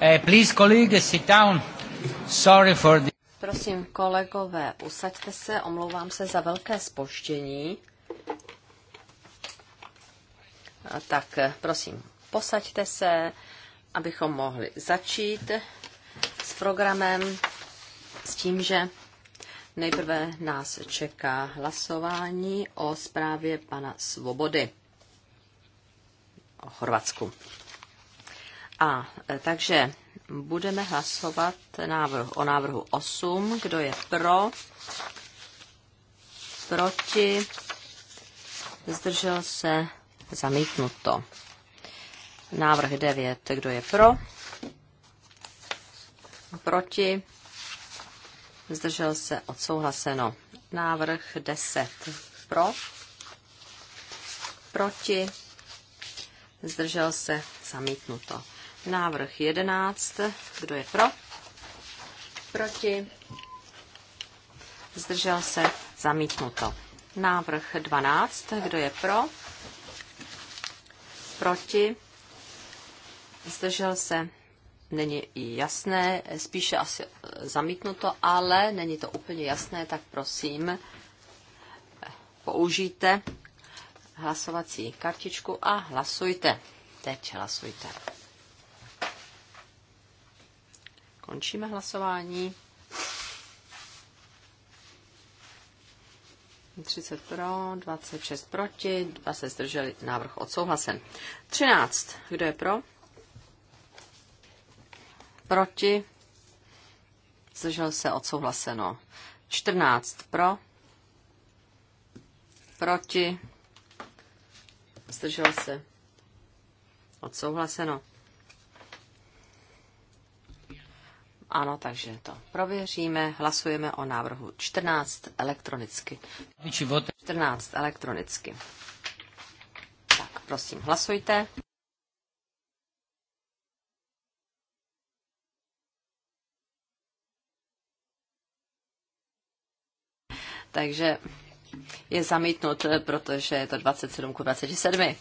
Eh, prosím, kolegové, usaďte se, omlouvám se za velké spoždění. Tak eh, prosím, posaďte se, abychom mohli začít s programem, s tím, že nejprve nás čeká hlasování o zprávě pana Svobody o Chorvatsku. A e, takže budeme hlasovat návrh, o návrhu 8. Kdo je pro? Proti? Zdržel se? Zamítnuto. Návrh 9. Kdo je pro? Proti? Zdržel se? Odsouhlaseno. Návrh 10. Pro? Proti? Zdržel se? Zamítnuto. Návrh 11. Kdo je pro? Proti? Zdržel se? Zamítnuto. Návrh 12. Kdo je pro? Proti? Zdržel se? Není jasné, spíše asi eh, zamítnuto, ale není to úplně jasné, tak prosím, eh, použijte hlasovací kartičku a hlasujte. Teď hlasujte. Končíme hlasování. 30 pro, 26 proti, 2 se zdrželi, návrh odsouhlasen. 13. Kdo je pro? Proti? Zdržel se odsouhlaseno. 14 pro? Proti? Zdržel se odsouhlaseno. Ano, takže to prověříme. Hlasujeme o návrhu 14 elektronicky. 14 elektronicky. Tak, prosím, hlasujte. Takže je zamítnut, protože je to 27 27.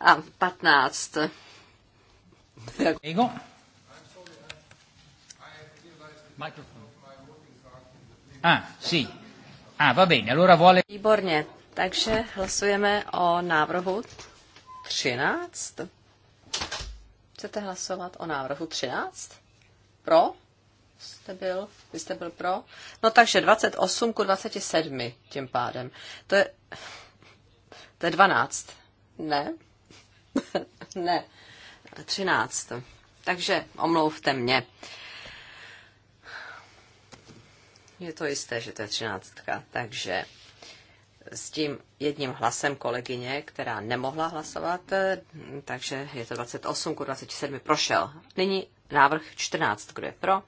A 15. Microphone. Ah, sì. Ah, va bene, allora vuole... Výborně, takže hlasujeme o návrhu 13. Chcete hlasovat o návrhu 13? Pro? Jste byl, vy jste byl pro? No takže 28 ku 27 tím pádem. To je, to je 12. Ne? ne. 13. Takže omlouvte mě. Je to jisté, že to je třináctka, takže s tím jedním hlasem kolegyně, která nemohla hlasovat, takže je to 28 ku 27 prošel. Nyní návrh 14, kdo je pro?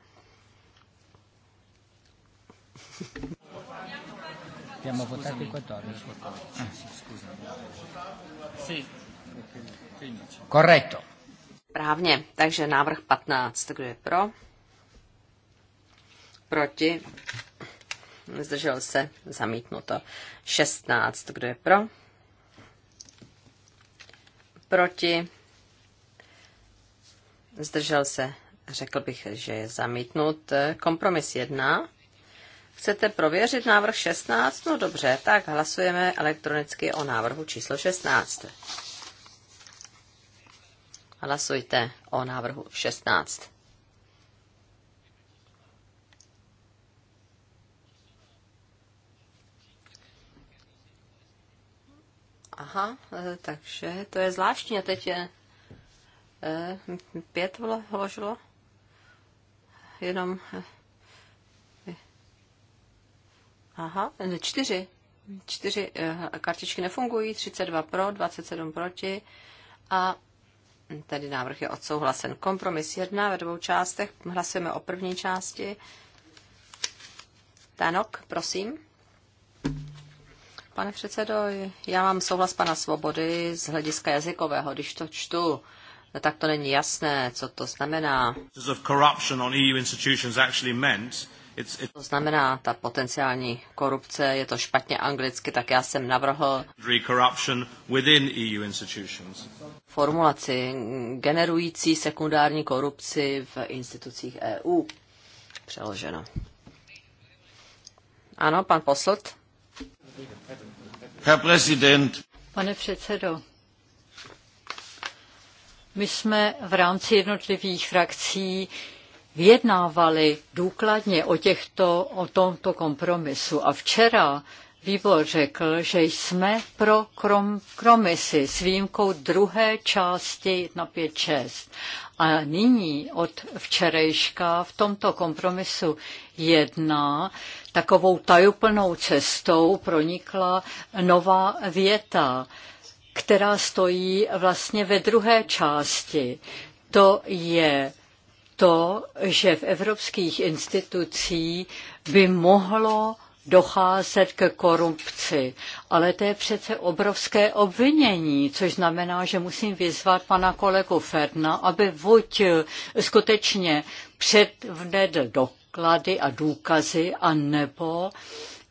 Abbiamo votato il 14. Sì. Corretto. Právně, takže návrh 15, kdo je pro? proti, zdržel se, zamítnuto. 16, kdo je pro, proti, zdržel se, řekl bych, že je zamítnut. Kompromis 1. Chcete prověřit návrh 16? No dobře, tak hlasujeme elektronicky o návrhu číslo 16. Hlasujte o návrhu 16. Aha, e, takže to je zvláštní. A teď je e, pět vložilo? Jenom... E, aha, čtyři. Čtyři kartičky nefungují, 32 pro, 27 proti a tady návrh je odsouhlasen. Kompromis jedna ve dvou částech. Hlasujeme o první části. Tanok, prosím. Pane předsedo, já mám souhlas pana Svobody z hlediska jazykového. Když to čtu, tak to není jasné, co to znamená. E to znamená, ta potenciální korupce, je to špatně anglicky, tak já jsem navrhl e formulaci generující sekundární korupci v institucích EU. Přeloženo. Ano, pan Poslot. Pane předsedo, my jsme v rámci jednotlivých frakcí vyjednávali důkladně o, těchto, o tomto kompromisu. A včera výbor řekl, že jsme pro kompromisy s výjimkou druhé části na 5.6. A nyní od včerejška v tomto kompromisu 1 Takovou tajuplnou cestou pronikla nová věta, která stojí vlastně ve druhé části. To je to, že v evropských institucích by mohlo docházet k korupci. Ale to je přece obrovské obvinění, což znamená, že musím vyzvat pana kolegu Ferna, aby buď skutečně předvedl do podklady a důkazy, anebo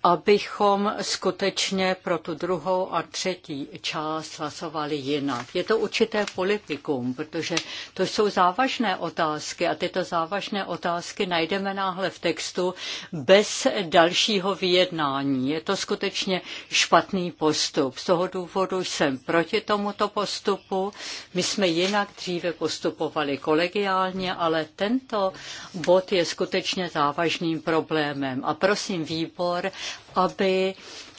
abychom skutečně pro tu druhou a třetí část hlasovali jinak. Je to určité politikum, protože to jsou závažné otázky a tyto závažné otázky najdeme náhle v textu bez dalšího vyjednání. Je to skutečně špatný postup. Z toho důvodu jsem proti tomuto postupu. My jsme jinak dříve postupovali kolegiálně, ale tento bod je skutečně závažným problémem. A prosím výbor, aby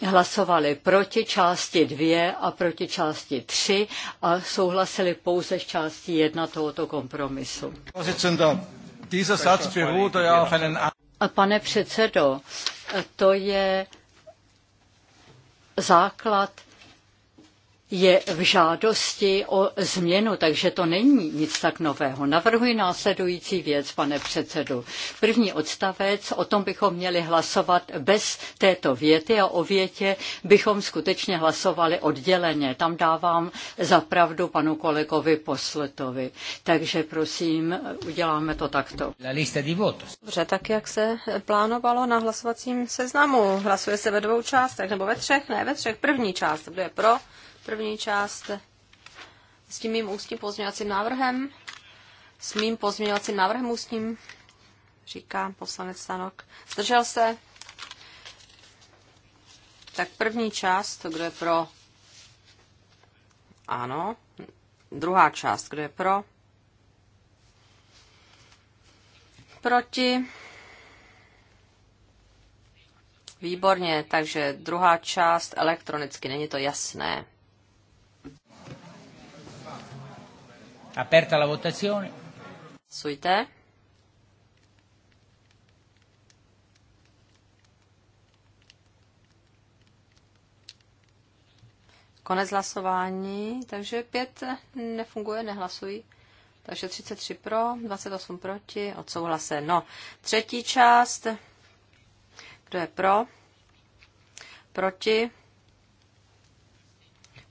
hlasovali proti části 2 a proti části 3 a souhlasili pouze s částí 1 tohoto kompromisu. A pane předsedo, to je základ je v žádosti o změnu, takže to není nic tak nového. Navrhuji následující věc, pane předsedu. První odstavec, o tom bychom měli hlasovat bez této věty a o větě bychom skutečně hlasovali odděleně. Tam dávám zapravdu panu kolegovi Posletovi. Takže prosím, uděláme to takto. Dobře, tak jak se plánovalo na hlasovacím seznamu? Hlasuje se ve dvou částech, nebo ve třech? Ne, ve třech. První část, kdo je pro? První část s tím mým ústním pozměňovacím návrhem, s mým pozměňovacím návrhem ústním, říká poslanec Stanok. Zdržel se? Tak první část, kdo je pro? Ano. Druhá část, kdo je pro? Proti? Výborně, takže druhá část elektronicky, není to jasné. Aperta la votazione. te. Konec hlasování, takže pět nefunguje, nehlasují. Takže 33 pro, 28 proti, No. Třetí část, kdo je pro, proti,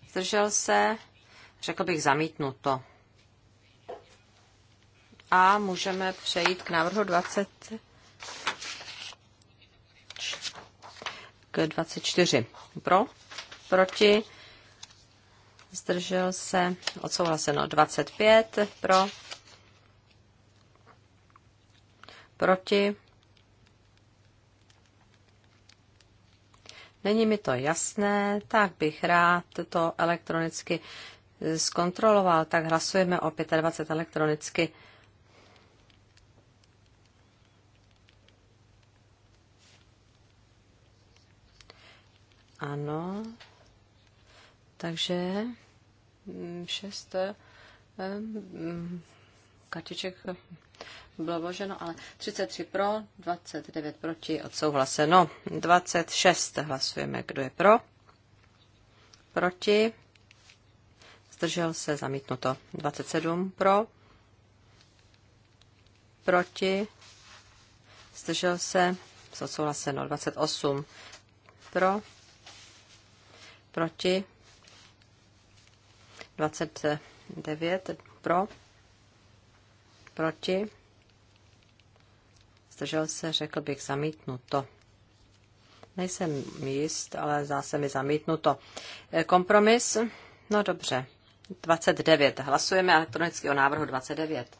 zdržel se, řekl bych zamítnuto a můžeme přejít k návrhu 20 k 24. Pro, proti, zdržel se, odsouhlaseno 25, pro, proti. Není mi to jasné, tak bych rád to elektronicky zkontroloval, tak hlasujeme o 25 elektronicky. Ano. Takže mm, šest eh, mm, kartiček bylo voženo, ale 33 pro, 29 proti, odsouhlaseno. 26 hlasujeme, kdo je pro, proti, zdržel se, zamítnuto. 27 pro, proti, zdržel se, odsouhlaseno. 28 pro, proti, 29 pro, proti, zdržel se, řekl bych zamítnuto. Nejsem jist, ale zdá se mi zamítnuto. E, kompromis? No dobře. 29. Hlasujeme elektronicky o návrhu 29.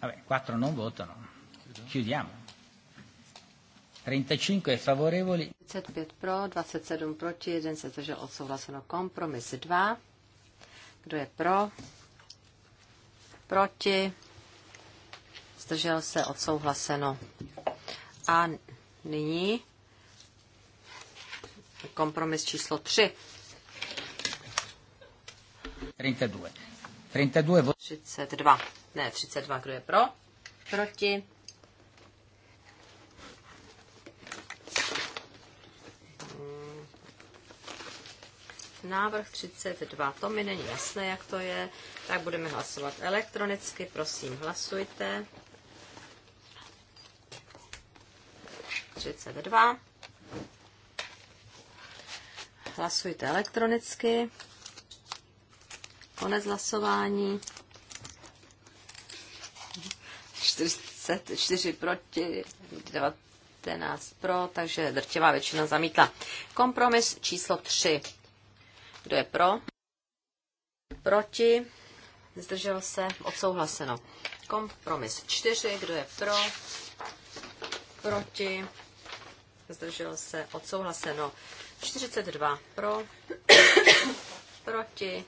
Vabbè, 4 non votano. Chiudiamo. 35 favorevoli. 35 pro, 27 proti, 1 se zdržel odsouhlaseno kompromis 2. Kdo je pro? Proti? Zdržel se odsouhlaseno. A nyní kompromis číslo 3. 32. 32. 32 ne, 32, kdo je pro, proti, návrh 32, to mi není jasné, jak to je, tak budeme hlasovat elektronicky, prosím, hlasujte. 32. Hlasujte elektronicky. Konec hlasování. 44 proti, 19 pro, takže drtivá většina zamítla. Kompromis číslo 3. Kdo je pro? Proti? Zdržel se? Odsouhlaseno. Kompromis 4. Kdo je pro? Proti? Zdržel se? Odsouhlaseno. 42 pro, proti,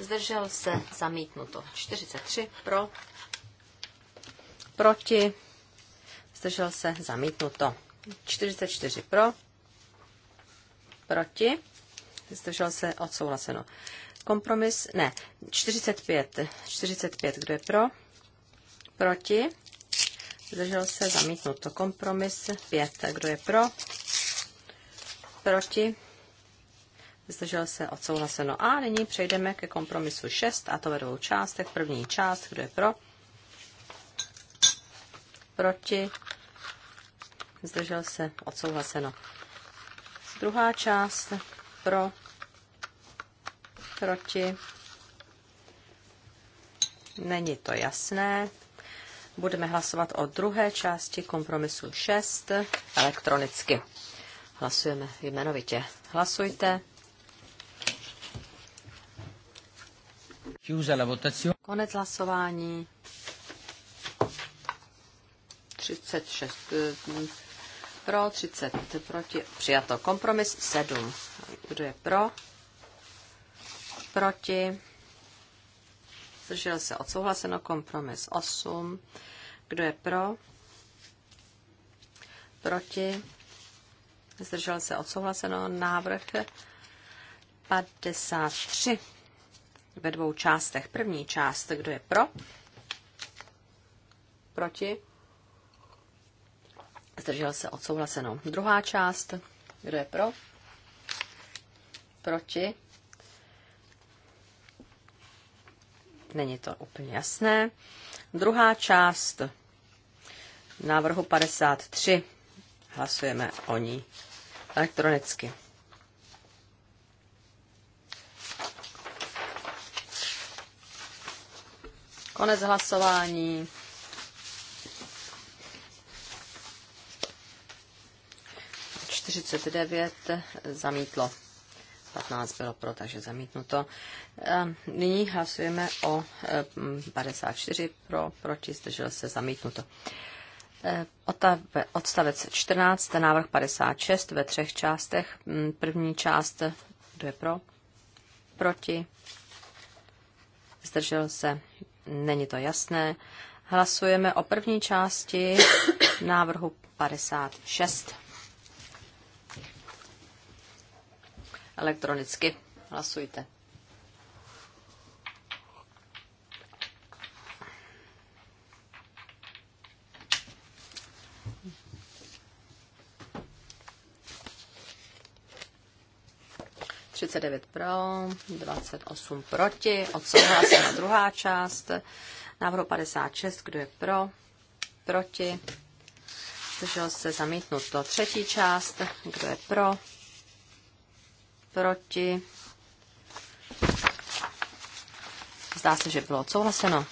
zdržel se, zamítnuto. 43 pro, proti, zdržel se, zamítnuto. 44 pro, proti, zdržel se, odsouhlaseno. Kompromis, ne, 45, 45, kdo je pro, proti, zdržel se, zamítnuto. Kompromis 5, kdo je pro, proti, zdržel se, odsouhlaseno. A nyní přejdeme ke kompromisu 6, a to ve dvou částech. První část, kdo je pro, proti, zdržel se, odsouhlaseno. Druhá část pro, proti, není to jasné. Budeme hlasovat o druhé části kompromisu 6 elektronicky. Hlasujeme jmenovitě. Hlasujte. Konec hlasování. 36 eh, pro, 30 proti, přijato. Kompromis 7. Kdo je pro? Proti? Zdržel se odsouhlaseno. Kompromis 8. Kdo je pro? Proti? Zdržel se odsouhlaseno. Návrh 53 ve dvou částech. První část, kdo je pro? Proti? Zdržel se odsouhlaseno. Druhá část. Kdo je pro? Proti? Není to úplně jasné. Druhá část návrhu 53. Hlasujeme o ní elektronicky. Konec hlasování. 49 zamítlo. 15 bylo pro, takže zamítnuto. Nyní hlasujeme o 54 e, pro, proti, zdržel se zamítnuto. E, odstavec 14, návrh 56 ve třech částech. Mm, první část, kdo je pro, proti, zdržel se, není to jasné. Hlasujeme o první části návrhu 56. Elektronicky hlasujte. pro, 28 proti, odsouhlasena druhá část, návrhu 56, kdo je pro, proti, zdržel se to Třetí část, kdo je pro, proti. Zdá se, že bylo odsouhlaseno,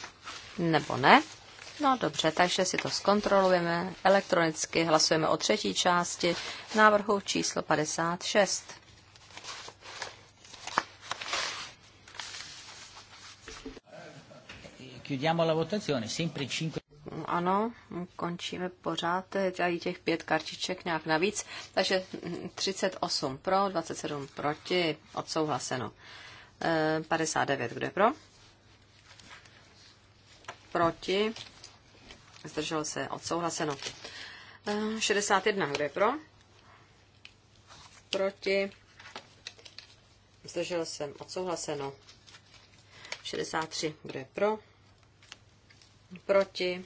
nebo ne. No dobře, takže si to zkontrolujeme elektronicky, hlasujeme o třetí části návrhu číslo 56. Chiudiamo la votazione, sempre 5 ano, končíme pořád, tady těch pět kartiček nějak navíc, takže 38 pro, 27 proti, odsouhlaseno. 59, eh, kde pro? Proti, zdrželo se, odsouhlaseno. 61, eh, kde pro? Proti, zdrželo se, odsouhlaseno. 63, kde pro? Proti,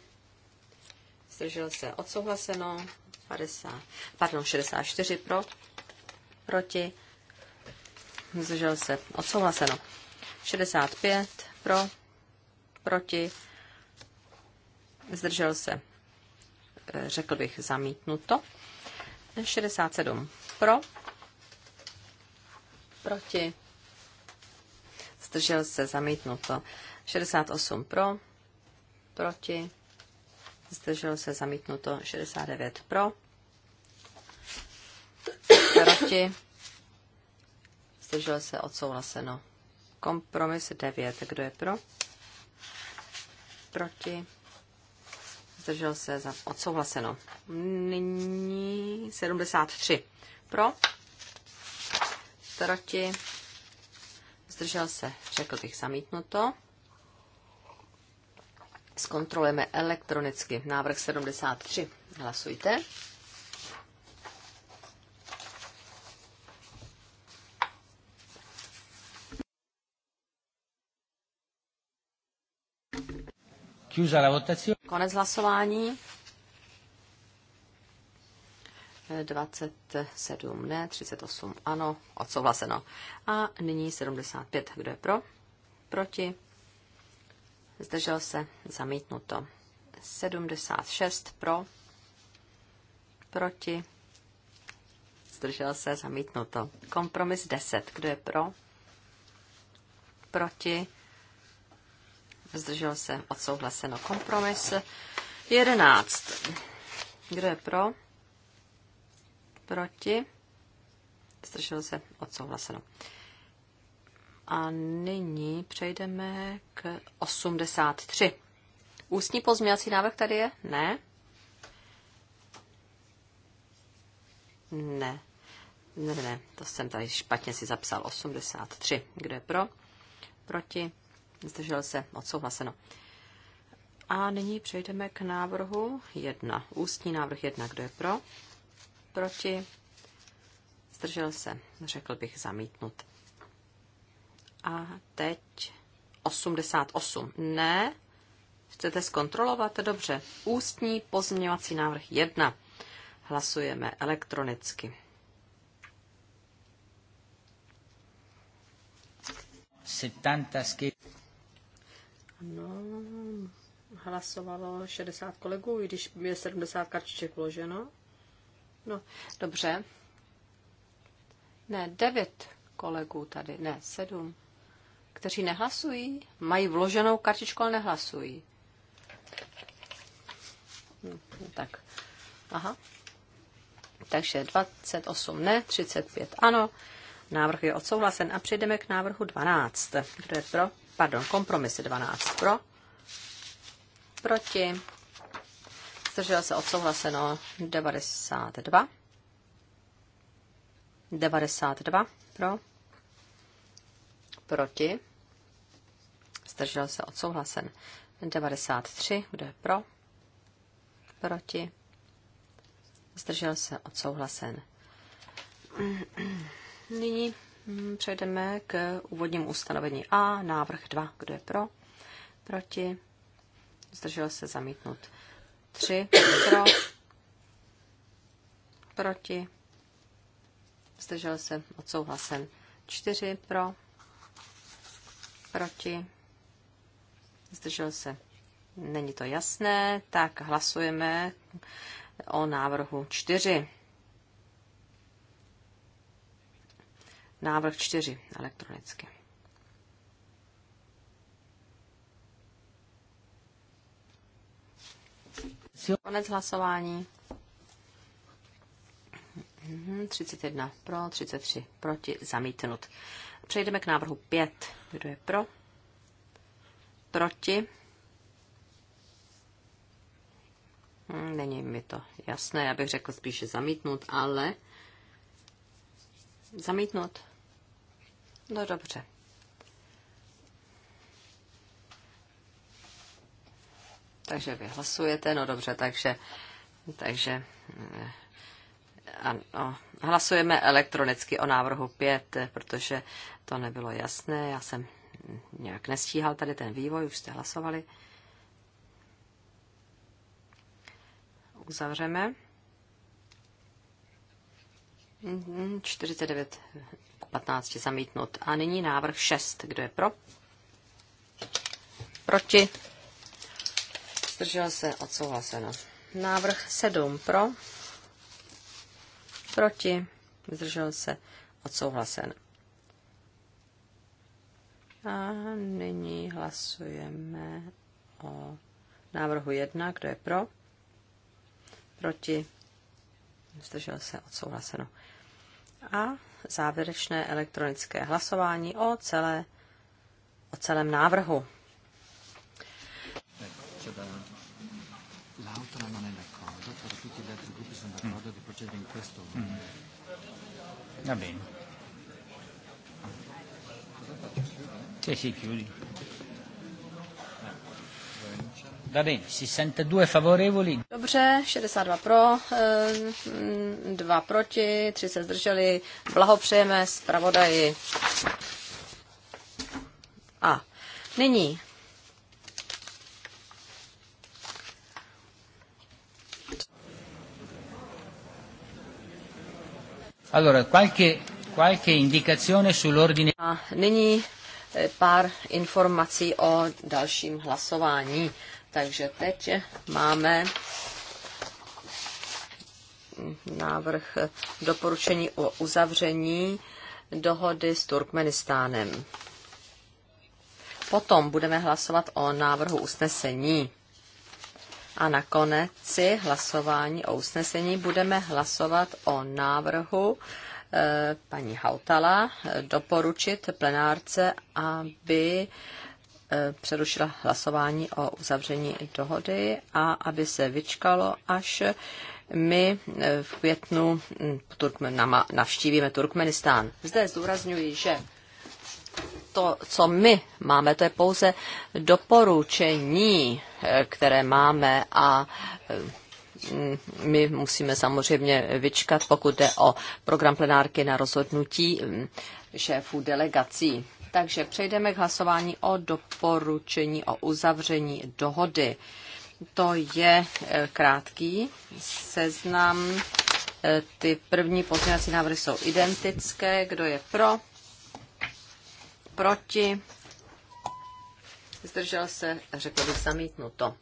zdržel se odsouhlaseno, 50, pardon, 64 pro, proti, zdržel se odsouhlaseno, 65 pro, proti, zdržel se, eh, řekl bych, zamítnuto, 67 pro, proti, zdržel se, zamítnuto, 68 pro, proti, zdržel se zamítnuto 69 pro, proti, zdržel se odsouhlaseno. Kompromis 9, kdo je pro? Proti, zdržel se za, odsouhlaseno. Nyní 73 pro, proti, zdržel se, řekl bych zamítnuto. Zkontrolujeme elektronicky. Návrh 73. Hlasujte. Konec hlasování. 27 eh, ne, 38 ano, odsouhlaseno. A nyní 75. Kdo je pro? Proti? zdržel se, zamítnuto. 76 pro, proti, zdržel se, zamítnuto. Kompromis 10, kdo je pro, proti, zdržel se, odsouhlaseno. Kompromis 11, kdo je pro, proti, zdržel se, odsouhlaseno. A nyní přejdeme k 83. Ústní pozměňovací návrh tady je? Ne? Ne. Ne, ne, to jsem tady špatně si zapsal. 83. Kdo je pro? Proti? Zdržel se? Odsouhlaseno. A nyní přejdeme k návrhu 1. Ústní návrh 1. Kdo je pro? Proti? Zdržel se? Řekl bych zamítnut. A teď 88. Ne. Chcete zkontrolovat? Dobře. Ústní pozměňovací návrh 1. Hlasujeme elektronicky. Ano, hlasovalo 60 kolegů, i když je 70 kartiček vloženo. No, dobře. Ne, 9 kolegů tady, ne, 7 kteří nehlasují? Mají vloženou kartičku, ale nehlasují. Hm, tak. Aha. Takže 28 ne, 35 ano. Návrh je odsouhlasen a přejdeme k návrhu 12. Kdo je pro? Pardon, kompromisy 12 pro. Proti. Zdržel se odsouhlaseno 92. 92 pro. Proti zdržel se odsouhlasen. 93, kdo je pro, proti, zdržel se odsouhlasen. Nyní přejdeme k úvodnímu ustanovení A, návrh 2, kdo je pro, proti, zdržel se zamítnut. 3, pro, proti, zdržel se odsouhlasen. 4, pro, proti, zdržel se. Není to jasné, tak hlasujeme o návrhu 4. Návrh 4 elektronicky. Konec hlasování. 31 mhm, pro, 33 proti, zamítnut. Přejdeme k návrhu 5. Kdo je pro? Proti? Hm, není mi to jasné, já bych řekl spíše zamítnout, ale zamítnout. No dobře. Takže vy hlasujete, no dobře, takže, takže eh, ano, hlasujeme elektronicky o návrhu 5, protože to nebylo jasné, já jsem nějak nestíhal tady ten vývoj, už jste hlasovali. Uzavřeme. 49 mhm, k 15 zamítnut. A nyní návrh 6. Kdo je pro? Proti? Zdržel se, odsouhlaseno. Návrh 7 pro? Proti? Zdržel se, odsouhlasen. A nyní hlasujeme o návrhu 1. Kdo je pro? Proti? Zdržel se odsouhlaseno. A závěrečné elektronické hlasování o, celé, o celém návrhu. L'autora non mm. Va bene. Sì, Va bene, 62 favorevoli. Dobře, 62 pro, 2 eh, proti, 3 se zdrželi. Blahopřejeme zpravodaji. A nyní Allora, qualche, qualche indicazione sull'ordine. Ah, nini pár informací o dalším hlasování. Takže teď máme návrh doporučení o uzavření dohody s Turkmenistánem. Potom budeme hlasovat o návrhu usnesení. A nakonec si hlasování o usnesení budeme hlasovat o návrhu paní Hautala doporučit plenárce, aby eh, přerušila hlasování o uzavření dohody a aby se vyčkalo, až my eh, v květnu hm, navštívíme Turkmenistán. Zde zdůrazňuji, že to, co my máme, to je pouze doporučení, eh, které máme a Mm, my musíme samozřejmě vyčkat, pokud jde o program plenárky na rozhodnutí mm, šéfů delegací. Takže přejdeme k hlasování o doporučení o uzavření dohody. To je eh, krátký seznam. Eh, ty první pozměňovací návrhy jsou identické. Kdo je pro? Proti? Zdržel se, řekl bych, zamítnuto.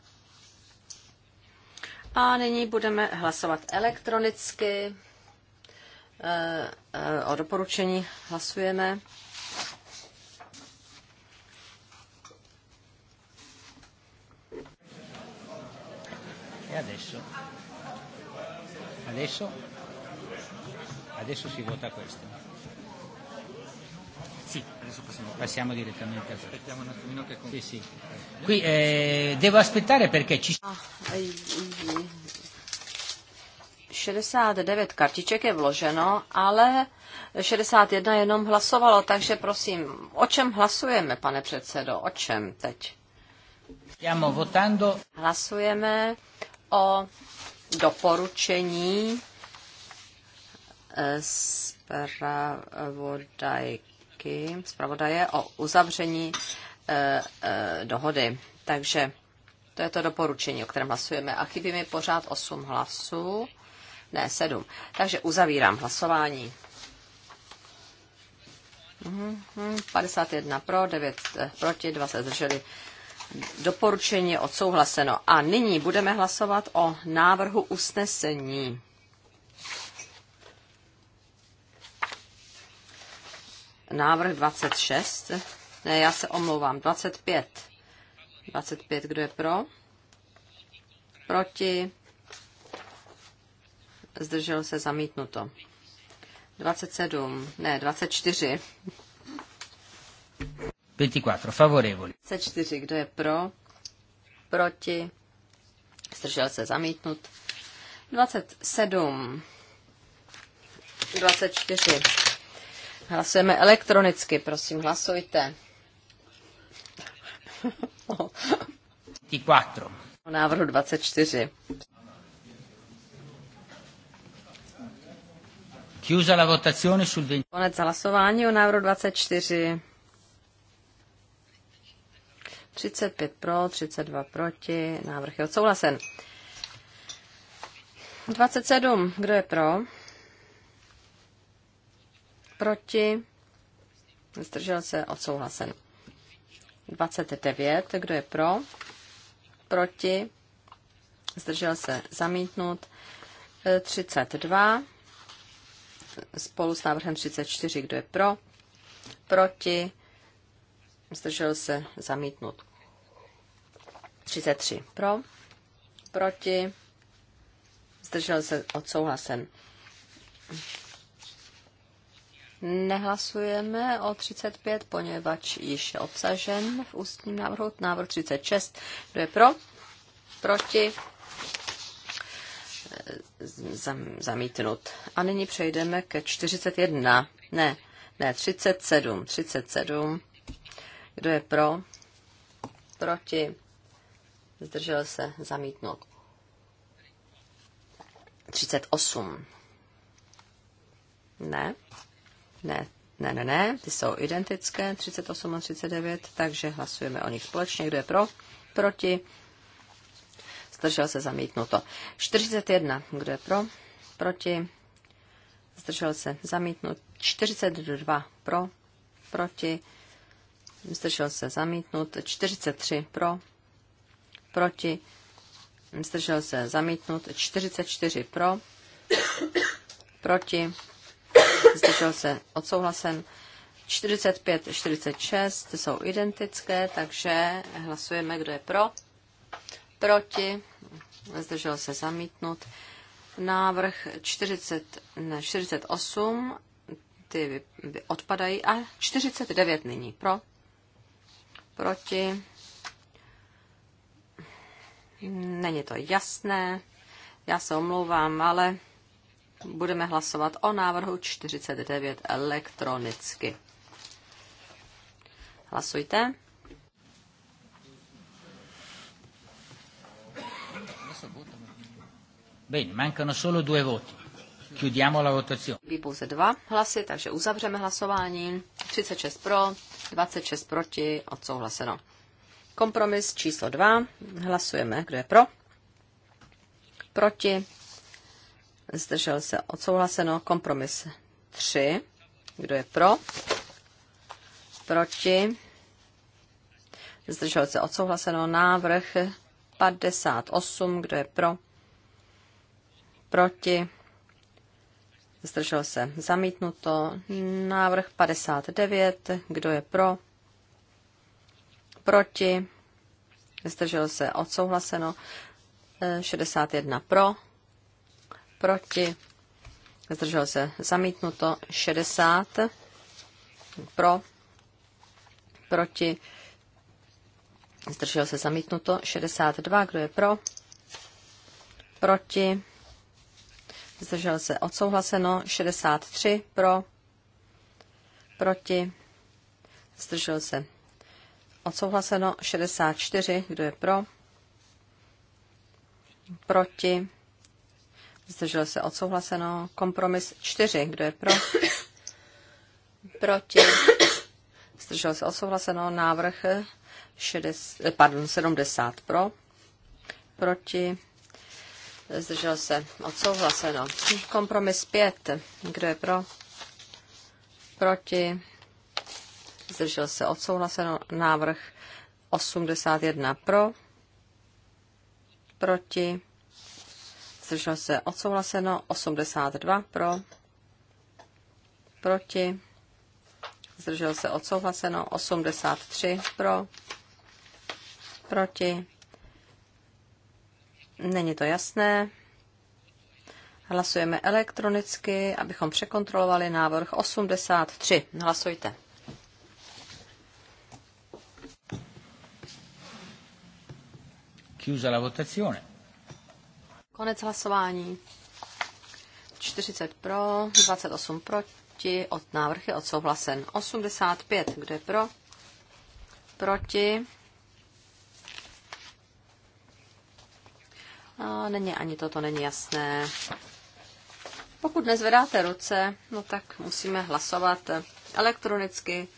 A nyní budeme hlasovat elektronicky. E, e, o doporučení hlasujeme. E adesso? Adesso? Adesso si vota questo. Sì. Adesso passiamo, passiamo direttamente a Aspettiamo un attimino che... Sì, sì. Qui eh, devo aspettare perché ci... Ah, 69 eh, kartiček je vloženo, ale 61 jenom hlasovalo, takže prosím, o čem hlasujeme, pane předsedo, o čem teď? Hlasujeme o doporučení eh, zpravodajky zpravodajky, zpravodaje o uzavření e, e, dohody. Takže to je to doporučení, o kterém hlasujeme. A chybí mi pořád 8 hlasů, ne 7. Takže uzavírám hlasování. 51 mhm, mhm, pro, 9 e, proti, 2 se zdrželi. Doporučení odsouhlaseno. A nyní budeme hlasovat o návrhu usnesení. návrh 26. Ne, já se omlouvám. 25. 25, kdo je pro? Proti? Zdržel se zamítnuto. 27, ne, 24. 24, favorevoli. 24, kdo je pro? Proti? Zdržel se zamítnut. 27, 24 Hlasujeme elektronicky, prosím, hlasujte. O návrhu 24. Konec hlasování o návrhu 24. 35 pro, 32 proti. Návrh je odsouhlasen. 27. Kdo je pro? proti, zdržel se, odsouhlasen. 29, kdo je pro, proti, zdržel se, zamítnut. 32, spolu s návrhem 34, kdo je pro, proti, zdržel se, zamítnut. 33 pro, proti, zdržel se, odsouhlasen. Nehlasujeme o 35, poněvadž již je obsažen v ústním návrhu. Návrh 36. Kdo je pro? Proti? Eh, zamítnut. A nyní přejdeme ke 41. Ne, ne, 37. 37. Kdo je pro? Proti? Zdržel se zamítnout. 38. Ne. Ne, ne, ne, ne, ty jsou identické, 38 a 39, takže hlasujeme o nich společně. Kdo je pro? Proti? Zdržel se zamítnuto. 41, kdo je pro? Proti? Zdržel se zamítnut. 42 pro? Proti? Zdržel se zamítnut. 43 pro? Proti? Zdržel se zamítnut. 44 pro? Proti? zdržel se odsouhlasen. 45, 46 jsou identické, takže hlasujeme, kdo je pro, proti, zdržel se zamítnut. Návrh 40, ne, 48, ty odpadají a 49 nyní pro, proti, není to jasné, já se omlouvám, ale budeme hlasovat o návrhu 49 elektronicky. Hlasujte. Bene, mancano solo due voti. Chiudiamo la votazione. pouze dva hlasy, takže uzavřeme hlasování. 36 pro, 26 proti, odsouhlaseno. Kompromis číslo 2. Hlasujeme, kdo je pro. Proti zdržel se odsouhlaseno, kompromis 3, kdo je pro, proti, zdržel se odsouhlaseno, návrh 58, kdo je pro, proti, zdržel se zamítnuto, návrh 59, kdo je pro, proti, zdržel se odsouhlaseno, 61 eh, pro, proti, zdržel se zamítnuto 60, pro, proti, zdržel se zamítnuto 62, kdo je pro, proti, zdržel se odsouhlaseno 63, pro, proti, zdržel se odsouhlaseno 64, kdo je pro, proti, Zdržel se odsouhlaseno. Kompromis 4. Kdo je pro? Proti. Zdržel se odsouhlaseno. Návrh 60, pardon, 70 pro. Proti. Zdržel se odsouhlaseno. Kompromis 5. Kdo je pro? Proti. Zdržel se odsouhlaseno. Návrh 81 pro. Proti zdržel se odsouhlaseno, 82 pro, proti, zdržel se odsouhlaseno, 83 pro, proti, není to jasné, hlasujeme elektronicky, abychom překontrolovali návrh 83, hlasujte. Chiusa la votazione. Konec hlasování. 40 pro, 28 proti, od návrh je odsouhlasen. 85, kdo je pro? Proti. A není, ani toto není jasné. Pokud nezvedáte ruce, no tak musíme hlasovat elektronicky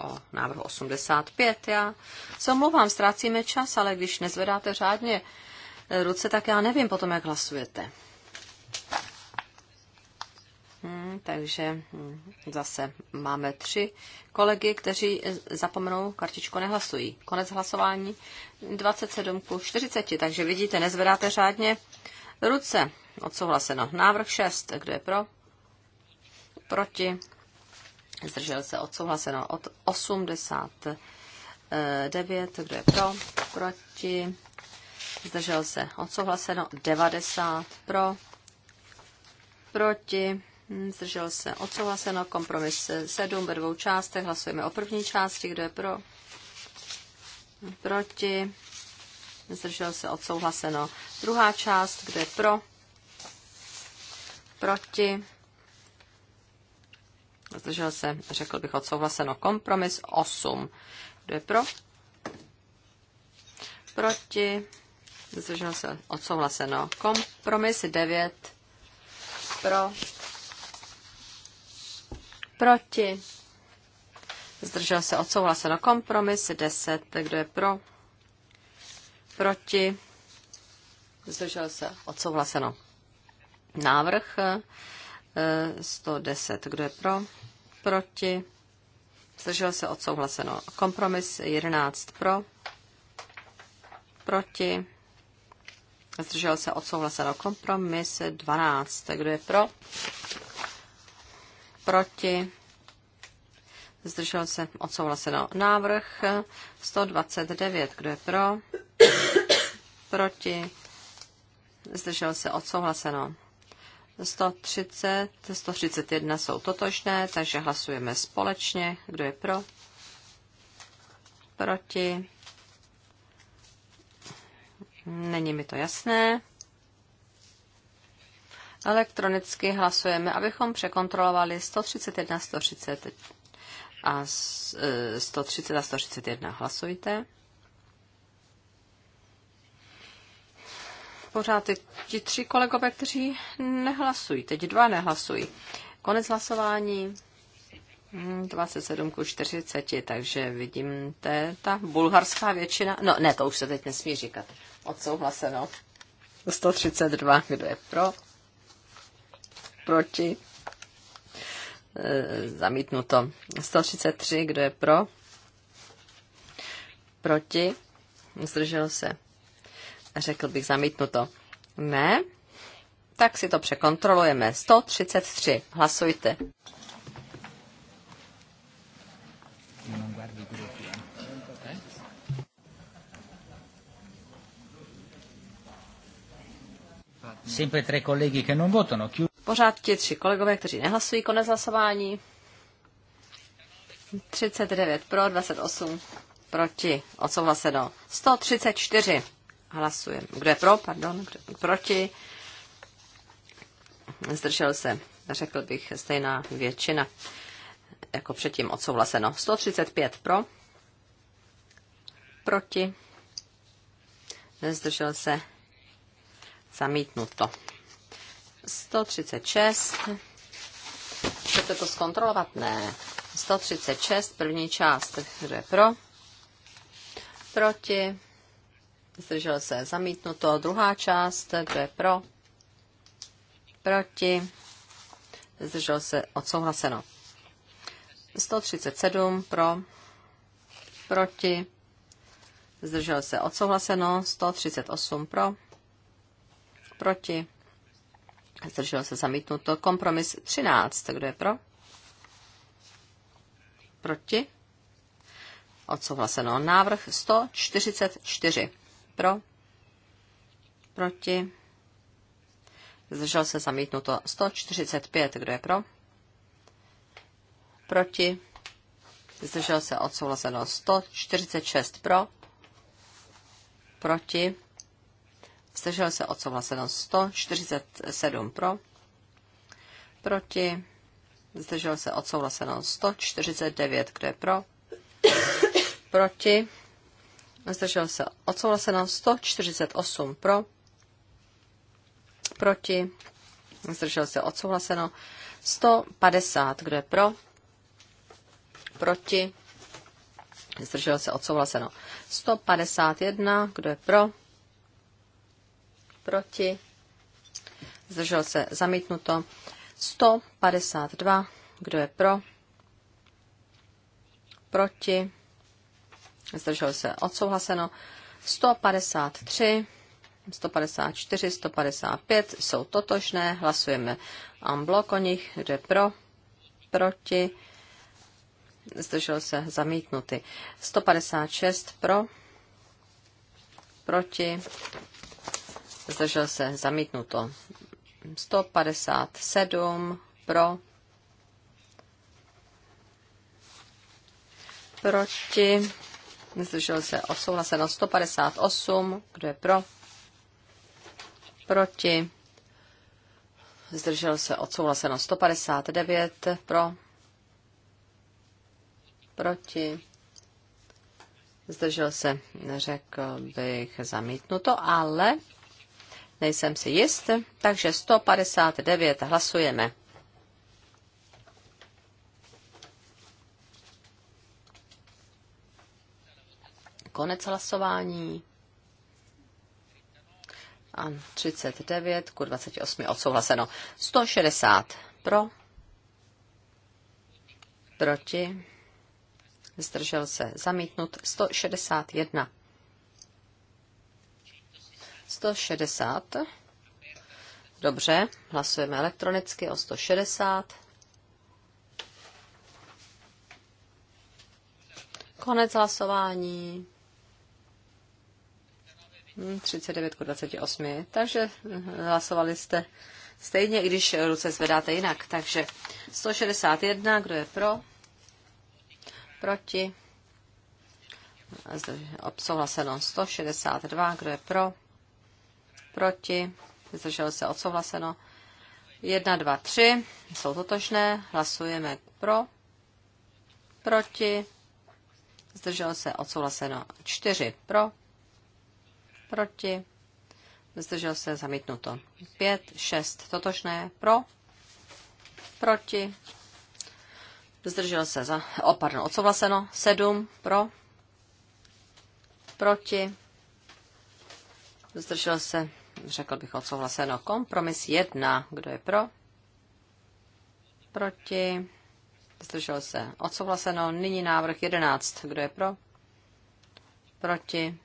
o návrhu 85. Já se omlouvám, ztrácíme čas, ale když nezvedáte řádně ruce, tak já nevím potom, jak hlasujete. Hmm, takže hmm, zase máme tři kolegy, kteří eh, zapomenou kartičku, nehlasují. Konec hlasování 27 ku 40, takže vidíte, nezvedáte řádně ruce. Odsouhlaseno. Návrh 6, kdo je pro? Proti? zdržel se odsouhlaseno od 89, kdo je pro, proti, zdržel se odsouhlaseno 90 pro, proti, zdržel se odsouhlaseno, kompromis 7 ve dvou částech, hlasujeme o první části, kdo je pro, proti, zdržel se odsouhlaseno druhá část, kdo je pro, proti, zdržel se, řekl bych odsouhlaseno. Kompromis 8. Kdo je pro? Proti, zdržel se, odsouhlaseno. Kompromis 9. Pro. Proti. Zdržel se odsouhlaseno kompromis 10. Kdo je pro? Proti? Zdržel se odsouhlaseno. Návrh 110. Eh, Kdo je pro? proti, zdržel se odsouhlaseno. Kompromis 11 pro, proti, zdržel se odsouhlaseno. Kompromis 12, kdo je pro, proti, zdržel se odsouhlaseno. Návrh 129, kdo je pro, proti, zdržel se odsouhlaseno. 130, 131 jsou totožné, takže hlasujeme společně. Kdo je pro? Proti? Není mi to jasné. Elektronicky hlasujeme, abychom překontrolovali 131, 130 a 130 e, a 131. Hlasujte. pořád ty, ti tři kolegové, kteří nehlasují. Teď dva nehlasují. Konec hlasování 27 hmm, ku 40, takže vidím, to je ta bulharská většina. No ne, to už se teď nesmí říkat. Odsouhlaseno. 132, kdo je pro? Proti? E, zamítnuto. 133, kdo je pro? Proti? Zdržel se řekl bych zamítnuto. Ne? Tak si to překontrolujeme. 133. Hlasujte. Sempre tre colleghi che non votano. Pořád ti tři kolegové, kteří nehlasují, konec hlasování. 39 pro, 28 proti, odsouhlaseno. 134 hlasujeme. Kdo je pro, pardon, kdo, proti? Zdržel se, řekl bych, stejná většina, jako předtím odsouhlaseno. 135 pro, proti, nezdržel se, zamítnuto. 136, chcete to zkontrolovat? Ne. 136, první část, kdo je pro, proti, zdržel se zamítnuto. Druhá část, kdo je pro, proti, zdržel se odsouhlaseno. 137 pro, proti, zdržel se odsouhlaseno. 138 pro, proti, zdržel se zamítnuto. Kompromis 13, kdo je pro, proti, odsouhlaseno. Návrh 144 pro, proti, zdržel se zamítnuto 145, kdo je pro, proti, zdržel se odsouhlaseno 146 pro, proti, zdržel se odsouhlaseno 147 pro, proti, zdržel se odsouhlaseno 149, kdo je pro, proti, zdržel se odsouhlaseno 148 pro, proti, zdržel se odsouhlaseno 150, kdo je pro, proti, zdržel se odsouhlaseno 151, kdo je pro, proti, zdržel se zamítnuto 152, kdo je pro, proti, zdržel se odsouhlaseno. 153, 154, 155 jsou totožné, hlasujeme en bloc o nich, kde pro, proti, zdržel se zamítnuty. 156 pro, proti, zdržel se zamítnuto. 157 pro, proti, Neslyšel se o souhlase na 158. Kdo je pro? Proti. Zdržel se od souhlase na 159. Pro. Proti. Zdržel se, řekl bych, zamítnuto, ale nejsem si jist, takže 159 hlasujeme. Konec hlasování. A 39 ku 28 odsouhlaseno. 160 pro, proti, zdržel se zamítnut. 161. 160. Dobře, hlasujeme elektronicky o 160. Konec hlasování. 39 k 28. Takže hm, hlasovali jste stejně, i když ruce zvedáte jinak. Takže 161, kdo je pro? Proti? Obsouhlaseno 162, kdo je pro? Proti? Zdrželo se odsouhlaseno. 1, 2, 3 jsou totožné. Hlasujeme pro. Proti? Zdrželo se odsouhlaseno 4 pro proti, zdržel se, zamítnuto. 5, 6, totožné, pro, proti, zdržel se, za, o, pardon, odsouhlaseno, 7, pro, proti, zdržel se, řekl bych odsouhlaseno, kompromis 1, kdo je pro, proti, zdržel se, odsouhlaseno, nyní návrh 11, kdo je pro, proti,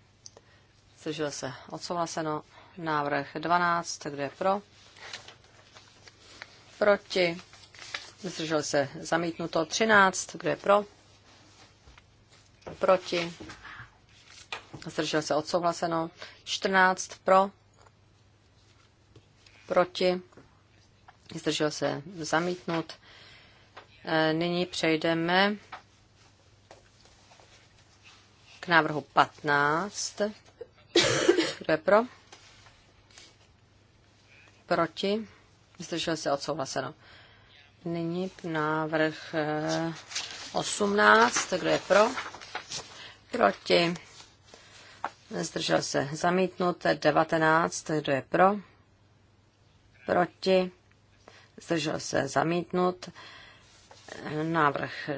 zdržel se odsouhlaseno. Návrh 12, kdo je pro? Proti, zdržel se zamítnuto. 13, kdo je pro? Proti, zdržel se odsouhlaseno. 14 pro, proti, zdržel se zamítnut. E, nyní přejdeme k návrhu 15. Kdo je pro? Proti? Zdržel se odsouhlaseno. Nyní návrh 18. Eh, Kdo je pro? Proti? Zdržel se zamítnut. 19. Kdo je pro? Proti? Zdržel se zamítnut. Návrh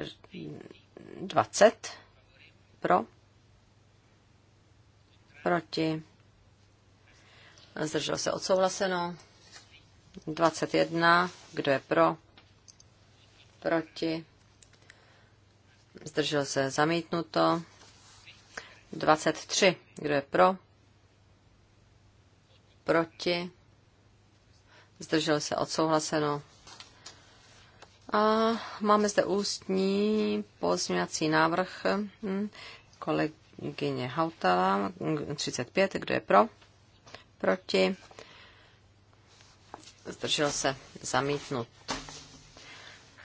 20. Pro? proti, zdrželo se odsouhlaseno, 21, kdo je pro, proti, zdržel se zamítnuto, 23, kdo je pro, proti, zdržel se odsouhlaseno. A máme zde ústní pozměňovací návrh hm, kolegy Gyně Hautala, 35, kdo je pro? Proti? Zdržel se zamítnut.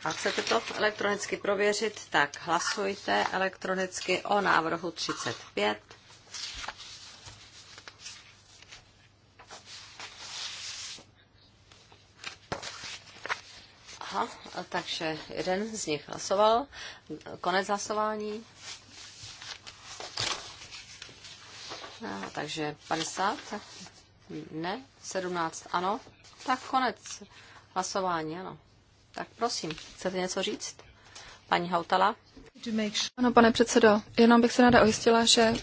A chcete to elektronicky prověřit, tak hlasujte elektronicky o návrhu 35. Aha, takže jeden z nich hlasoval. Konec hlasování. takže 50, ne, 17, ano, tak konec hlasování, ano. Tak prosím, chcete něco říct? Paní Hautala? Ano, pane předsedo, jenom bych se ráda ojistila, že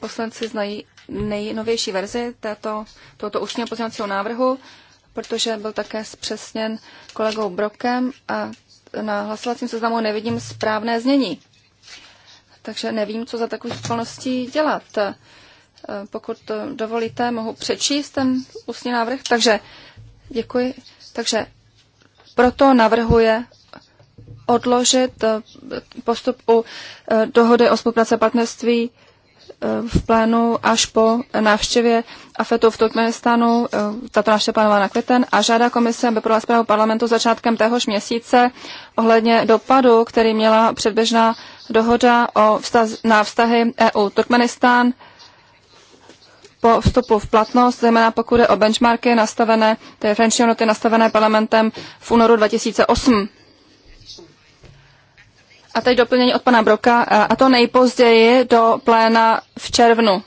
poslanci znají nejnovější verzi této, tohoto ústního pozměňovacího návrhu, protože byl také zpřesněn kolegou Brokem a na hlasovacím seznamu nevidím správné znění. Takže nevím, co za takových okolností dělat. Eh, pokud dovolíte, mohu přečíst ten ústní návrh. Takže děkuji. Takže proto navrhuje odložit eh, postup u eh, dohody o spolupráce partnerství v plénu až po návštěvě AFETu v Turkmenistánu, tato návštěva plánová na květen, a žádá komise, aby podala zprávu parlamentu začátkem téhož měsíce ohledně dopadu, který měla předběžná dohoda o vztaz, na vztahy EU-Turkmenistán po vstupu v platnost, zejména pokud je o benchmarky nastavené, ty referenční hodnoty nastavené parlamentem v únoru 2008. A teď doplnění od pana Broka, a to nejpozději do pléna v červnu.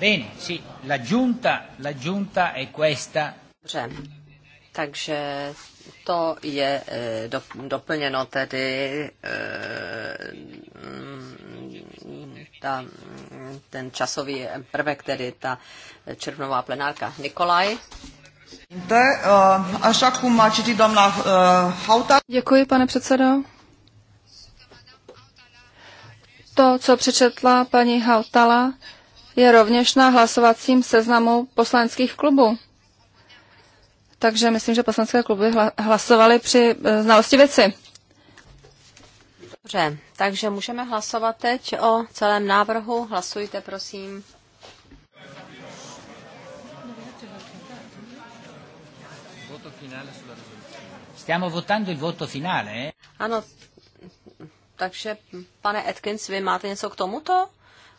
Bene, sì, la giunta, la giunta è questa. Dobře, takže to je eh, doplněno tedy eh, ta, ten časový prvek, tedy ta červnová plenárka. Nikolaj? Eh, Děkuji, pane předsedo. To, co přečetla paní Hautala, je rovněž na hlasovacím seznamu poslaneckých klubů takže myslím, že poslanské kluby hlasovaly při eh, znalosti věci. Dobře, takže můžeme hlasovat teď o celém návrhu. Hlasujte, prosím. Stiamo votando il voto finale. Ano, takže pane Atkins, vy máte něco k tomuto?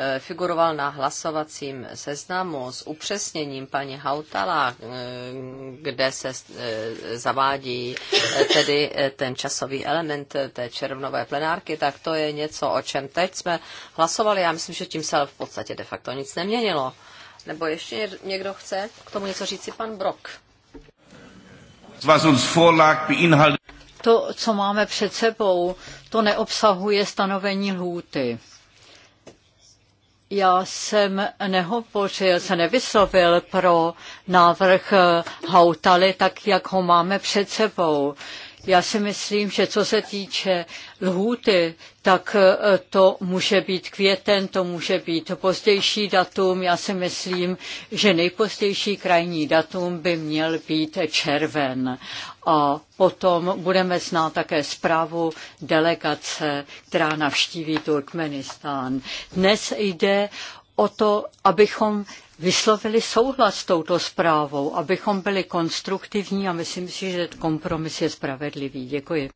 Eh, figuroval na hlasovacím seznamu s upřesněním paní Hautala, eh, kde se eh, zavádí tedy ten časový element té červnové plenárky, tak to je něco, o čem teď jsme hlasovali. Já myslím, že tím se v podstatě de facto nic neměnilo. Nebo ještě někdo chce k tomu něco říci? Pan Brok. To, co máme před sebou, to neobsahuje stanovení lhůty. Já jsem nehovořil, se nevyslovil pro návrh Hautaly, tak jak ho máme před sebou. Já si myslím, že co se týče lhůty, tak e, to může být květen, to může být pozdější datum. Já si myslím, že nejpozdější krajní datum by měl být červen. A potom budeme znát také zprávu delegace, která navštíví Turkmenistán. Dnes jde o to, abychom vyslovili souhlas s touto zprávou, abychom byli konstruktivní a myslím si, že kompromis je spravedlivý. Děkuji.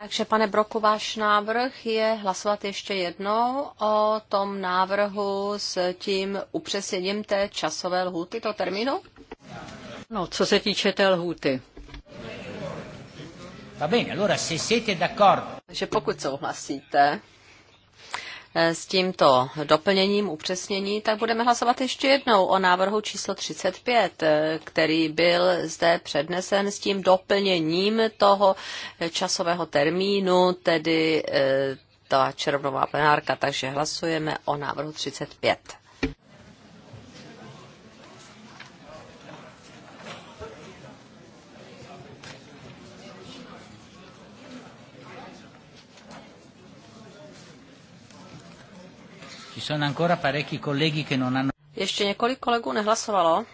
Takže pane Broku, váš návrh je hlasovat ještě jednou o tom návrhu s tím upřesněním té časové lhůty, to termínu? No, co se týče té lhůty. Va bene, allora se siete d'accordo. Takže pokud souhlasíte, E, s tímto doplněním, upřesnění, tak budeme hlasovat ještě jednou o návrhu číslo 35, e, který byl zde přednesen s tím doplněním toho e, časového termínu, tedy ta červnová plenárka, takže hlasujeme o návrhu 35. Ci sono ancora parecchi colleghi che non hanno... Ještě několik kolegů nehlasovalo.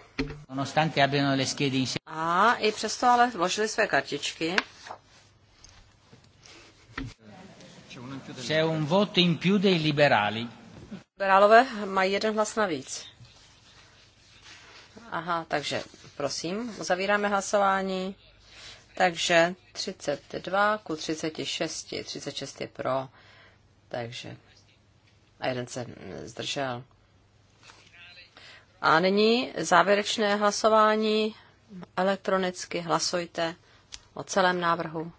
Nonostante abbiano le schede in... A i přesto ale vložili své kartičky. C'è un voto in più dei liberali. Liberálové mají jeden hlas navíc. Aha, takže prosím, uzavíráme hlasování. Takže 32 ku 36, 36 je pro, takže a jeden se zdržel. A nyní závěrečné hlasování. Elektronicky hlasujte o celém návrhu.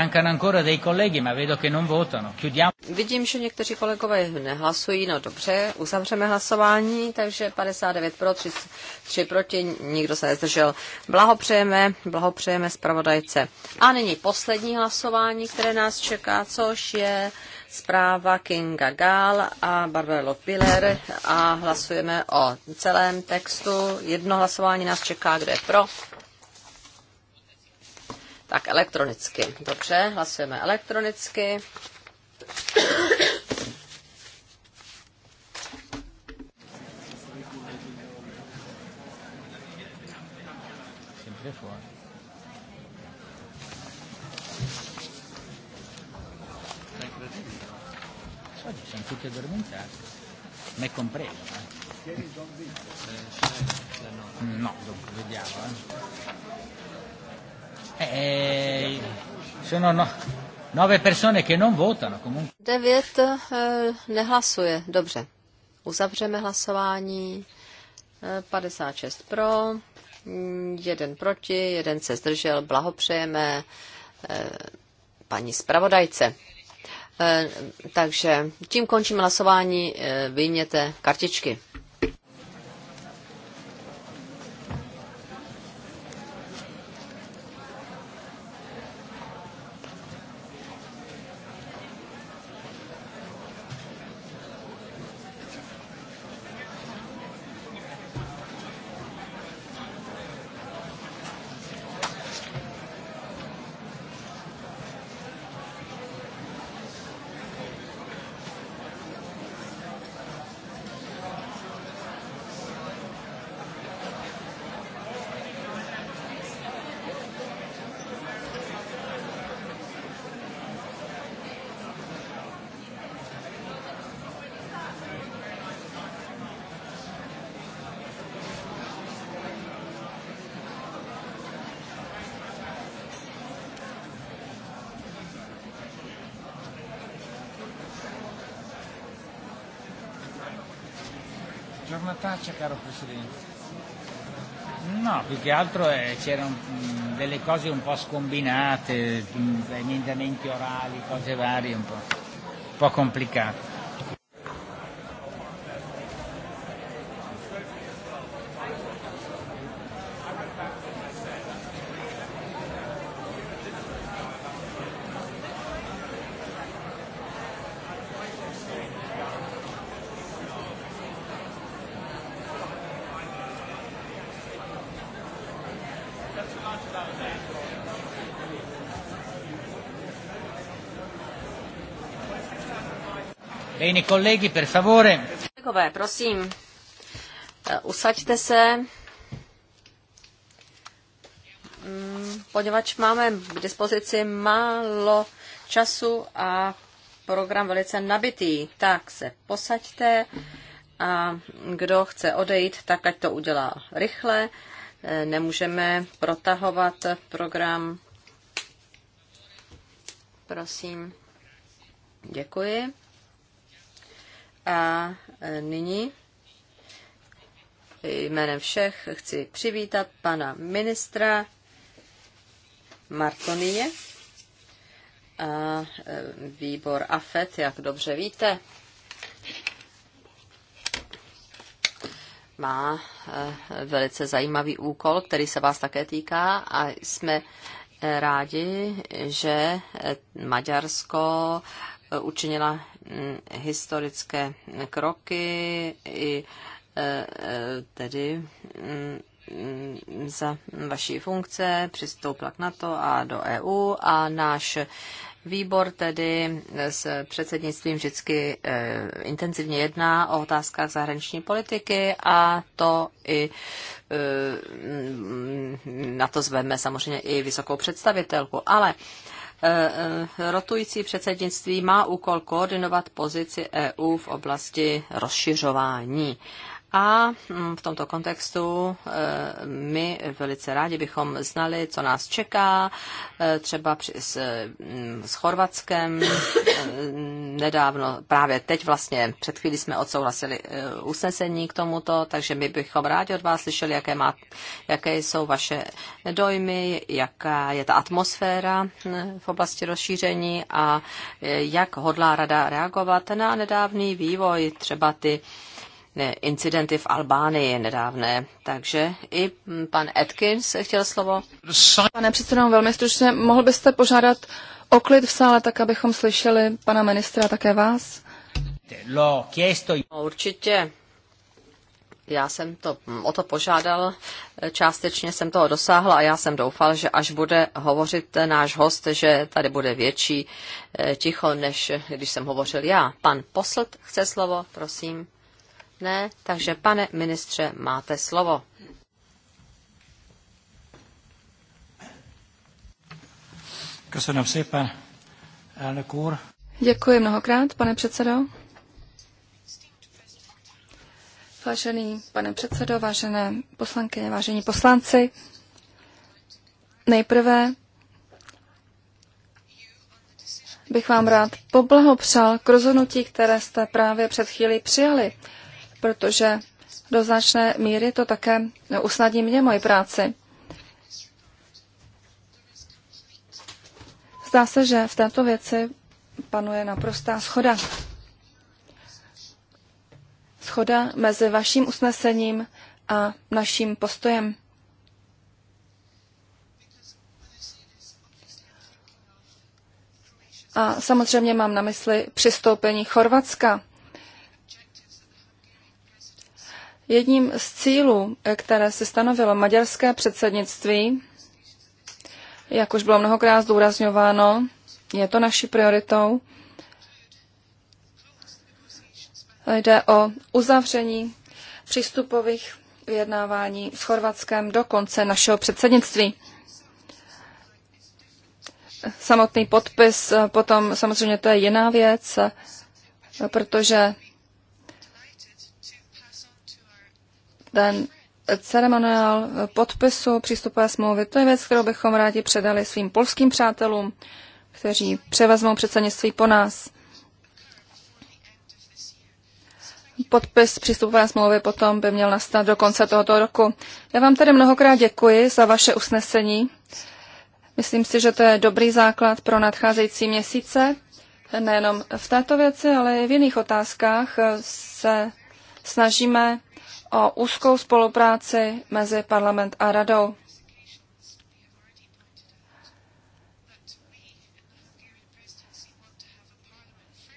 Mancano ancora dei colleghi, ma vedo che non votano. Chiudiamo. Vidím, že někteří kolegové nehlasují. No dobře, uzavřeme hlasování, takže 59 pro, 3, proti, nikdo se nezdržel. Blahopřejeme, blahopřejeme zpravodajce. A nyní poslední hlasování, které nás čeká, což je zpráva Kinga Gál a Barbara Lopiller a hlasujeme o celém textu. Jedno hlasování nás čeká, kde je pro tak elektronicky. Dobře, hlasujeme elektronicky. Oggi siamo tutti addormentati, me compreso. Eh. No, dunque, vediamo. Eh. Eh, sono no, persone che non votano comunque. Devět eh, nehlasuje, dobře. Uzavřeme hlasování. 56 eh, pro, mm, jeden proti, jeden se zdržel. Blahopřejeme paní zpravodajce. Takže tím končím hlasování. Vyjměte kartičky. caro Presidente. No, più che altro eh, c'erano delle cose un po' scombinate, mh, emendamenti orali, cose varie, un po', un po complicate. Bene, colleghi, per favore. Kolegové, prosím, eh, usaďte se. Mm, poněvadž máme k dispozici málo času a program velice nabitý, tak se posaďte a kdo chce odejít, tak ať to udělá rychle. Eh, nemůžeme protahovat program. Prosím. Děkuji. A e, nyní jménem všech chci přivítat pana ministra Martonie a e, výbor AFET, jak dobře víte, má e, velice zajímavý úkol, který se vás také týká a jsme rádi, že Maďarsko učinila Mm, historické kroky i e, e, tedy mm, za vaší funkce přistoupila k NATO a do EU a náš výbor tedy s předsednictvím vždycky e, intenzivně jedná o otázkách zahraniční politiky a to i mm, na to zveme samozřejmě i vysokou představitelku. Ale Eh, eh, rotující předsednictví má úkol koordinovat pozici EU v oblasti rozšiřování. A mm, v tomto kontextu eh, my velice rádi bychom znali, co nás čeká, eh, třeba s, mm, s Chorvatskem eh, nedávno, právě teď vlastně, před chvílí jsme odsouhlasili usnesení k tomuto, takže my bychom rádi od vás slyšeli, jaké, má, jaké jsou vaše dojmy, jaká je ta atmosféra v oblasti rozšíření a jak hodlá rada reagovat na nedávný vývoj, třeba ty incidenty v Albánii nedávné. Takže i pan Atkins chtěl slovo. Pane předsedo, velmi stručně, mohl byste požádat o klid v sále, tak abychom slyšeli pana ministra a také vás? No, určitě. Já jsem to o to požádal, částečně jsem toho dosáhla a já jsem doufal, že až bude hovořit náš host, že tady bude větší eh, ticho, než když jsem hovořil já. Pan Poslt chce slovo, prosím. Ne, takže pane ministře, máte slovo. Děkuji mnohokrát, pane předsedo. Vážený pane předsedo, vážené poslankyně, vážení poslanci, nejprve bych vám rád poblahopřál k rozhodnutí, které jste právě před chvílí přijali protože do značné míry to také usnadní mě moji práci. Zdá se, že v této věci panuje naprostá schoda. Schoda mezi vaším usnesením a naším postojem. A samozřejmě mám na mysli přistoupení Chorvatska Jedním z cílů, které se stanovilo maďarské předsednictví, jak už bylo mnohokrát zdůrazňováno, je to naší prioritou. Jde o uzavření přístupových vyjednávání s Chorvatskem do konce našeho předsednictví. Samotný podpis eh, potom samozřejmě to je jiná věc, eh, protože ten ceremoniál podpisu přístupové smlouvy, to je věc, kterou bychom rádi předali svým polským přátelům, kteří převezmou předsednictví po nás. Podpis přístupové smlouvy potom by měl nastat do konce tohoto roku. Já vám tedy mnohokrát děkuji za vaše usnesení. Myslím si, že to je dobrý základ pro nadcházející měsíce. Nejenom v této věci, ale i v jiných otázkách se snažíme o úzkou spolupráci mezi parlament a radou.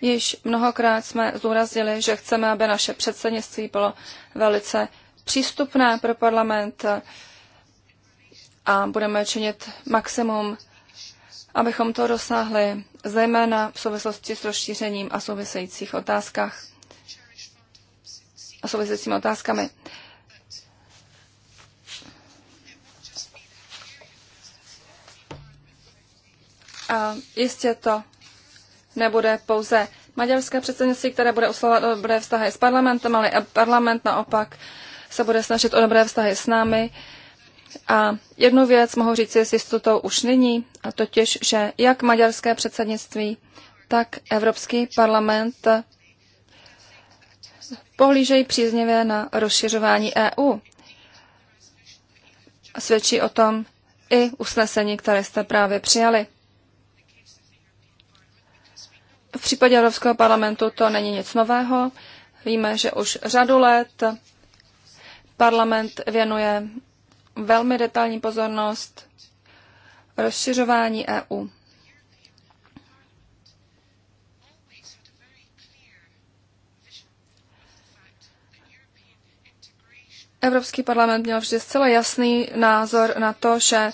Již mnohokrát jsme zdůraznili, že chceme, aby naše předsednictví bylo velice přístupné pro parlament a budeme činit maximum, abychom to dosáhli, zejména v souvislosti s rozšířením a souvisejících otázkách a souvisejícími otázkami. A jistě to nebude pouze maďarské předsednictví, které bude usilovat o dobré vztahy s parlamentem, ale parlament naopak se bude snažit o dobré vztahy s námi. A jednu věc mohu říct s jistotou už nyní, a totiž, že jak maďarské předsednictví, tak Evropský parlament pohlížejí příznivě na rozšiřování EU. Svědčí o tom i usnesení, které jste právě přijali. V případě Evropského parlamentu to není nic nového. Víme, že už řadu let parlament věnuje velmi detailní pozornost rozšiřování EU. Evropský parlament měl vždy zcela jasný názor na to, že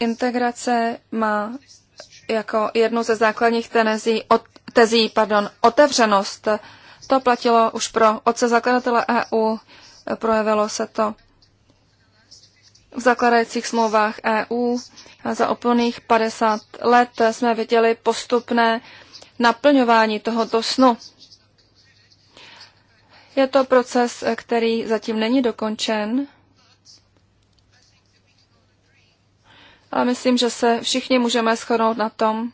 integrace má jako jednu ze základních tenezí, od, tezí pardon, otevřenost. To platilo už pro otce zakladatele EU, projevilo se to v zakladajících smlouvách EU. A za opilných 50 let jsme viděli postupné naplňování tohoto snu. Je to proces, který zatím není dokončen, ale myslím, že se všichni můžeme shodnout na tom,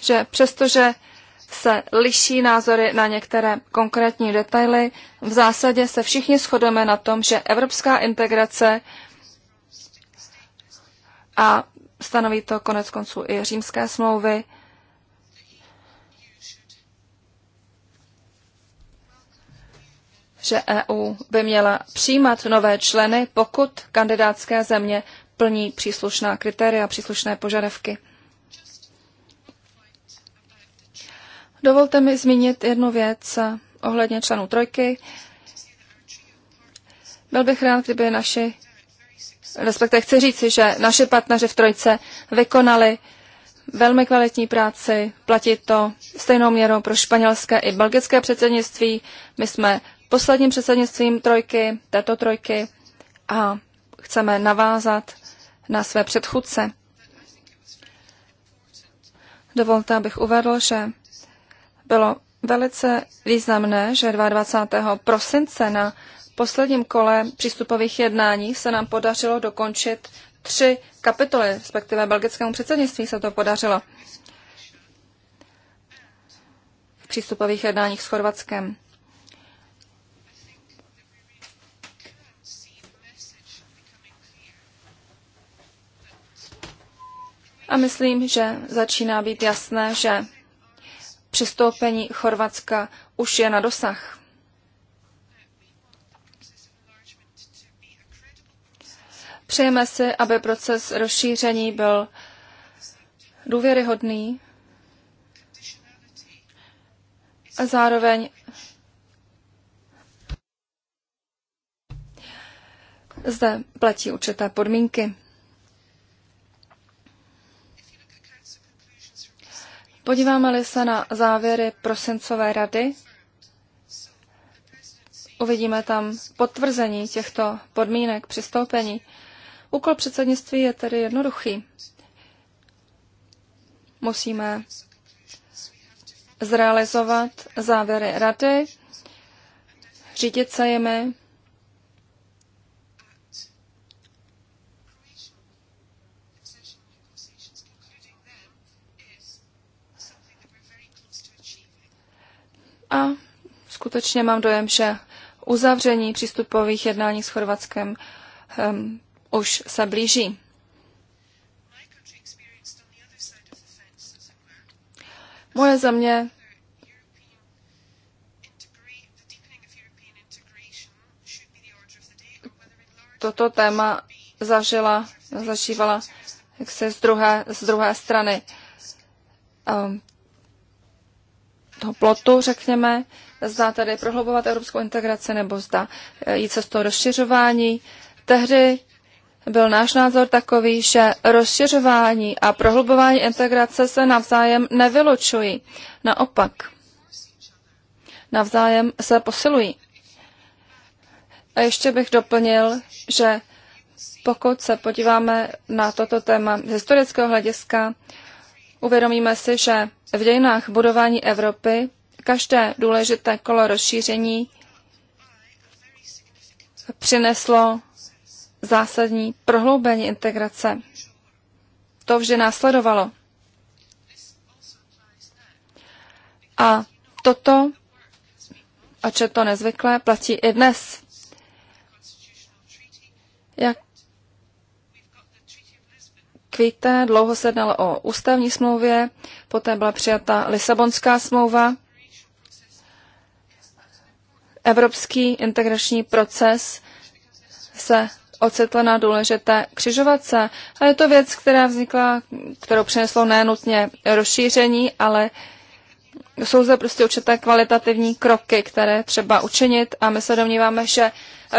že přestože se liší názory na některé konkrétní detaily, v zásadě se všichni shodujeme na tom, že evropská integrace a stanoví to konec konců i římské smlouvy, že EU by měla přijímat nové členy, pokud kandidátské země plní příslušná kritéria, příslušné požadavky. Dovolte mi zmínit jednu věc ohledně členů trojky. Byl bych rád, kdyby naši, respektive chci říci, že naši partneři v trojce vykonali velmi kvalitní práci, platí to stejnou měrou pro španělské i belgické předsednictví. My jsme posledním předsednictvím trojky, této trojky a chceme navázat na své předchůdce. Dovolte, abych uvedl, že bylo velice významné, že 22. prosince na posledním kole přístupových jednání se nám podařilo dokončit tři kapitoly, respektive belgickému předsednictví se to podařilo v přístupových jednáních s Chorvatskem. A myslím, že začíná být jasné, že přistoupení Chorvatska už je na dosah. Přejeme si, aby proces rozšíření byl důvěryhodný a zároveň zde platí určité podmínky. Podíváme-li se na závěry prosincové rady, uvidíme tam potvrzení těchto podmínek přistoupení. Úkol předsednictví je tedy jednoduchý. Musíme zrealizovat závěry rady, řídit se jimi A skutečně mám dojem, že uzavření přístupových jednání s Chorvatskem um, už se blíží. Moje země toto téma zažila, zažívala jak se z druhé, z druhé strany. Um, toho plotu, řekněme, zda tady prohlubovat evropskou integraci nebo zda eh, jít toho rozšiřování. Tehdy byl náš názor takový, že rozšiřování a prohlubování integrace se navzájem nevylučují. Naopak, navzájem se posilují. A ještě bych doplnil, že pokud se podíváme na toto téma z historického hlediska, Uvědomíme si, že v dějinách budování Evropy každé důležité kolo rozšíření přineslo zásadní prohloubení integrace. To vždy následovalo. A toto, ač je to nezvyklé, platí i dnes. Jak kvíte dlouho se jednalo o ústavní smlouvě, poté byla přijata Lisabonská smlouva. Evropský integrační proces se ocitl na důležité křižovatce. A je to věc, která vznikla, kterou přineslo nenutně rozšíření, ale jsou zde prostě určité kvalitativní kroky, které třeba učinit a my se domníváme, že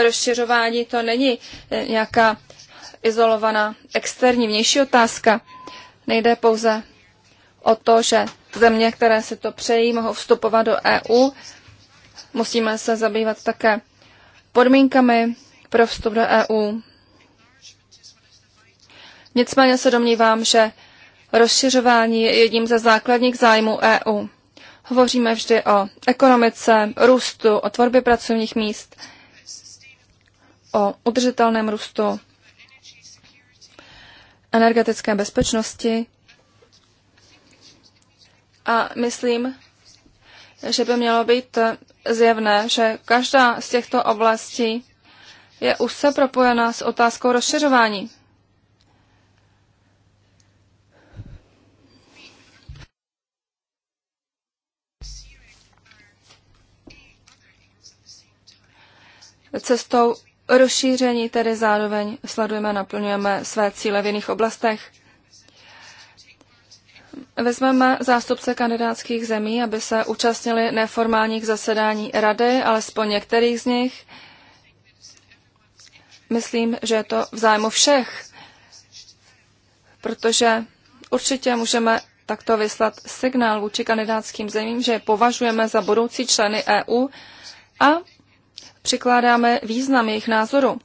rozšiřování to není nějaká izolovaná externí vnější otázka. Nejde pouze o to, že země, které si to přejí, mohou vstupovat do EU. Musíme se zabývat také podmínkami pro vstup do EU. Nicméně se domnívám, že rozšiřování je jedním ze základních zájmů EU. Hovoříme vždy o ekonomice, růstu, o tvorbě pracovních míst, o udržitelném růstu, energetické bezpečnosti a myslím, že by mělo být zjevné, že každá z těchto oblastí je úzce propojená s otázkou rozšiřování. Cestou rozšíření tedy zároveň sledujeme naplňujeme své cíle v jiných oblastech. Vezmeme zástupce kandidátských zemí, aby se účastnili neformálních zasedání rady, alespoň některých z nich. Myslím, že je to v zájmu všech, protože určitě můžeme takto vyslat signál vůči kandidátským zemím, že je považujeme za budoucí členy EU a přikládáme význam jejich názoru.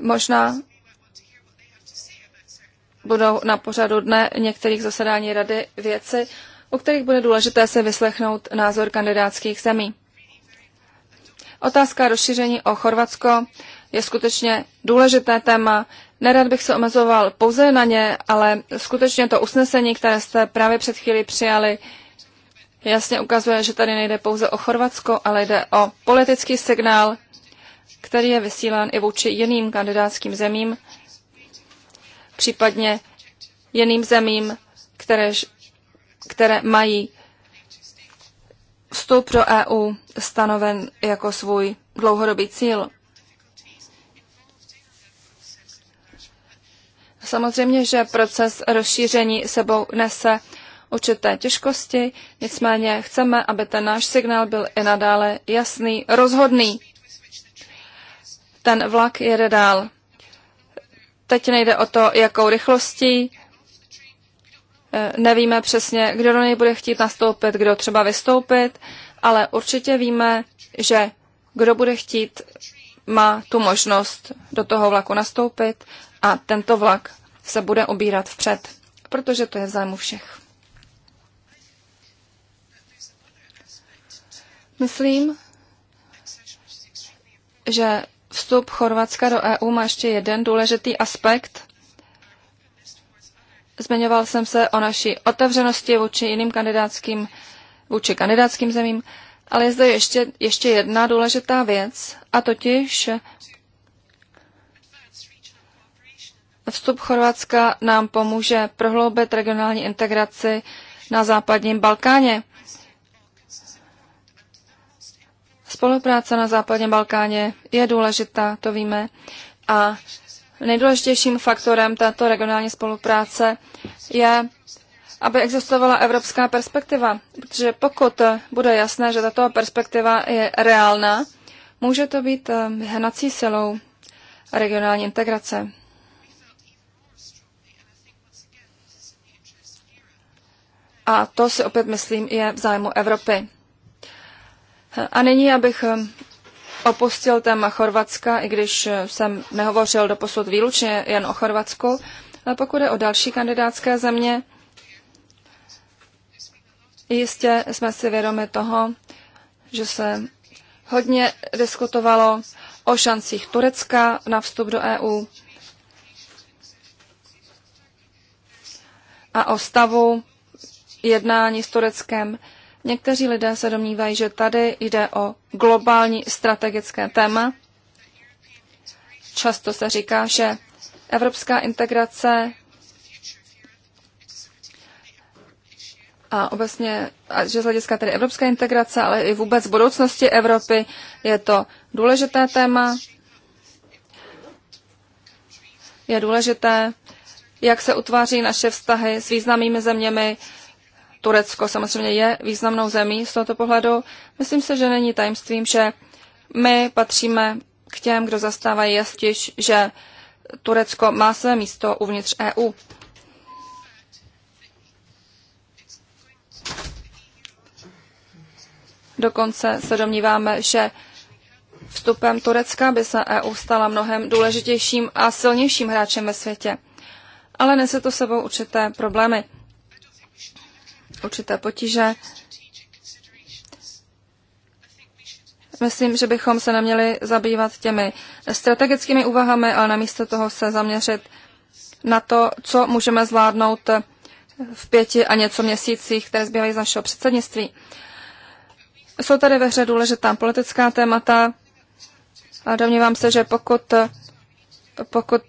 Možná budou na pořadu dne některých zasedání rady věci, u kterých bude důležité se vyslechnout názor kandidátských zemí. Otázka rozšíření o Chorvatsko je skutečně důležité téma. Nerad bych se omezoval pouze na ně, ale skutečně to usnesení, které jste právě před chvíli přijali, jasně ukazuje, že tady nejde pouze o Chorvatsko, ale jde o politický signál, který je vysílán i vůči jiným kandidátským zemím, případně jiným zemím, které, které mají vstup do EU stanoven jako svůj dlouhodobý cíl. Samozřejmě, že proces rozšíření sebou nese určité těžkosti, nicméně chceme, aby ten náš signál byl i nadále jasný, rozhodný. Ten vlak jede dál. Teď nejde o to, jakou rychlostí, e, nevíme přesně, kdo do něj bude chtít nastoupit, kdo třeba vystoupit, ale určitě víme, že kdo bude chtít, má tu možnost do toho vlaku nastoupit a tento vlak se bude obírat vpřed, protože to je v zájmu všech. Myslím, že vstup Chorvatska do EU má ještě jeden důležitý aspekt. Zmiňoval jsem se o naší otevřenosti vůči jiným kandidátským, vůči kandidátským zemím, ale je zde ještě, ještě jedna důležitá věc, a totiž Vstup Chorvatska nám pomůže prohloubit regionální integraci na západním Balkáně. Spolupráce na západním Balkáně je důležitá, to víme. A nejdůležitějším faktorem této regionální spolupráce je, aby existovala evropská perspektiva. Protože pokud bude jasné, že tato perspektiva je reálná, může to být eh, hnací silou regionální integrace. A to si opět myslím je v zájmu Evropy. A nyní, abych eh, opustil téma Chorvatska, i když eh, jsem nehovořil doposud výlučně jen o Chorvatsku, ale pokud je o další kandidátské země, jistě jsme si vědomi toho, že se hodně diskutovalo o šancích Turecka na vstup do EU a o stavu jednání s Tureckem. Někteří lidé se domnívají, že tady jde o globální strategické téma. Často se říká, že evropská integrace a obecně, a že z hlediska tedy evropské integrace, ale i vůbec budoucnosti Evropy je to důležité téma. Je důležité, jak se utváří naše vztahy s významnými zeměmi, Turecko samozřejmě je významnou zemí z tohoto pohledu. Myslím se, že není tajemstvím, že my patříme k těm, kdo zastávají jastěž, že Turecko má své místo uvnitř EU. Dokonce se domníváme, že vstupem Turecka by se EU stala mnohem důležitějším a silnějším hráčem ve světě. Ale nese to sebou určité problémy určité potíže. Myslím, že bychom se neměli zabývat těmi strategickými úvahami, ale namísto toho se zaměřit na to, co můžeme zvládnout v pěti a něco měsících, které zbývají z našeho předsednictví. Jsou tady ve hře důležitá politická témata a domnívám se, že pokud, pokud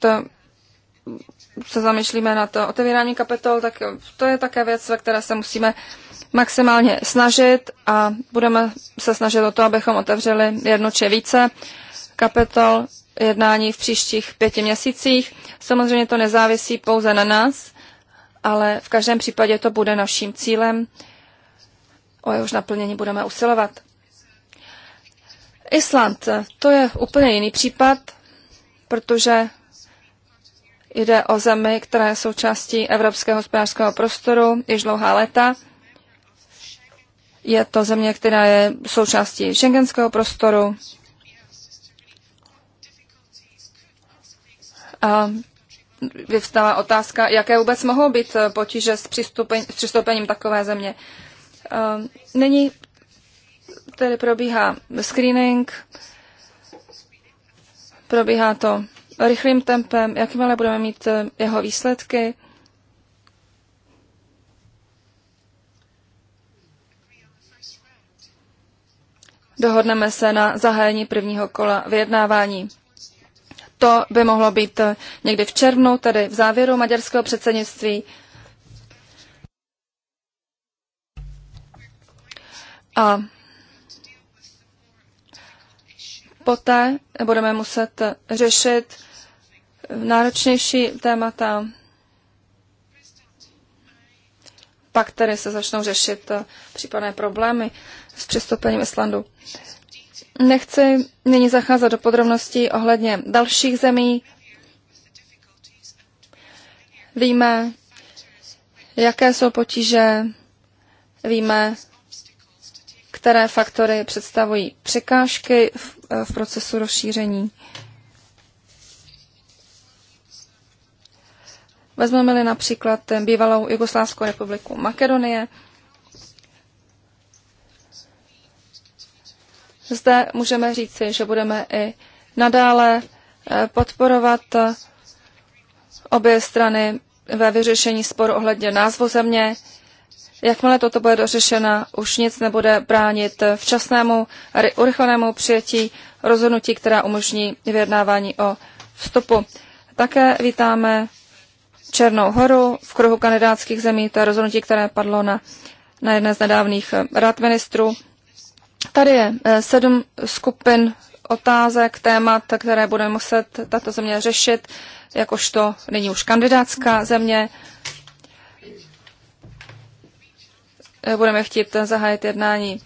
se zamýšlíme na to otevírání kapitol, tak to je také věc, ve které se musíme maximálně snažit a budeme se snažit o to, abychom otevřeli jedno či více kapitol jednání v příštích pěti měsících. Samozřejmě to nezávisí pouze na nás, ale v každém případě to bude naším cílem, o jehož naplnění budeme usilovat. Island, to je úplně jiný případ, protože Jde o zemi, která je součástí Evropského hospodářského prostoru již dlouhá léta. Je to země, která je součástí šengenského prostoru. A vyvstala otázka, jaké vůbec mohou být potíže s, přistupen, s přistoupením takové země. Ehm, nyní tedy probíhá screening, probíhá to rychlým tempem, jakmile budeme mít eh, jeho výsledky. Dohodneme se na zahájení prvního kola vyjednávání. To by mohlo být eh, někdy v červnu, tedy v závěru maďarského předsednictví. A Poté budeme muset řešit náročnější témata, pak tedy se začnou řešit eh, případné problémy s přistoupením Islandu. Nechci nyní zacházet do podrobností ohledně dalších zemí. Víme, jaké jsou potíže, víme, které faktory představují překážky v, eh, v procesu rozšíření. Vezmeme-li například bývalou Jugoslávskou republiku Makedonie, zde můžeme říci, že budeme i nadále eh, podporovat eh, obě strany ve vyřešení sporu ohledně názvu země, Jakmile toto bude dořešeno? už nic nebude bránit včasnému urychlenému přijetí rozhodnutí, která umožní vyjednávání o vstupu. Také vítáme Černou horu v kruhu kandidátských zemí, to je rozhodnutí, které padlo na, na jedné z nedávných eh, rad ministrů. Tady je eh, sedm skupin otázek, témat, které bude muset tato země řešit, jakožto není už kandidátská země. Eh, budeme chtít zahájit jednání.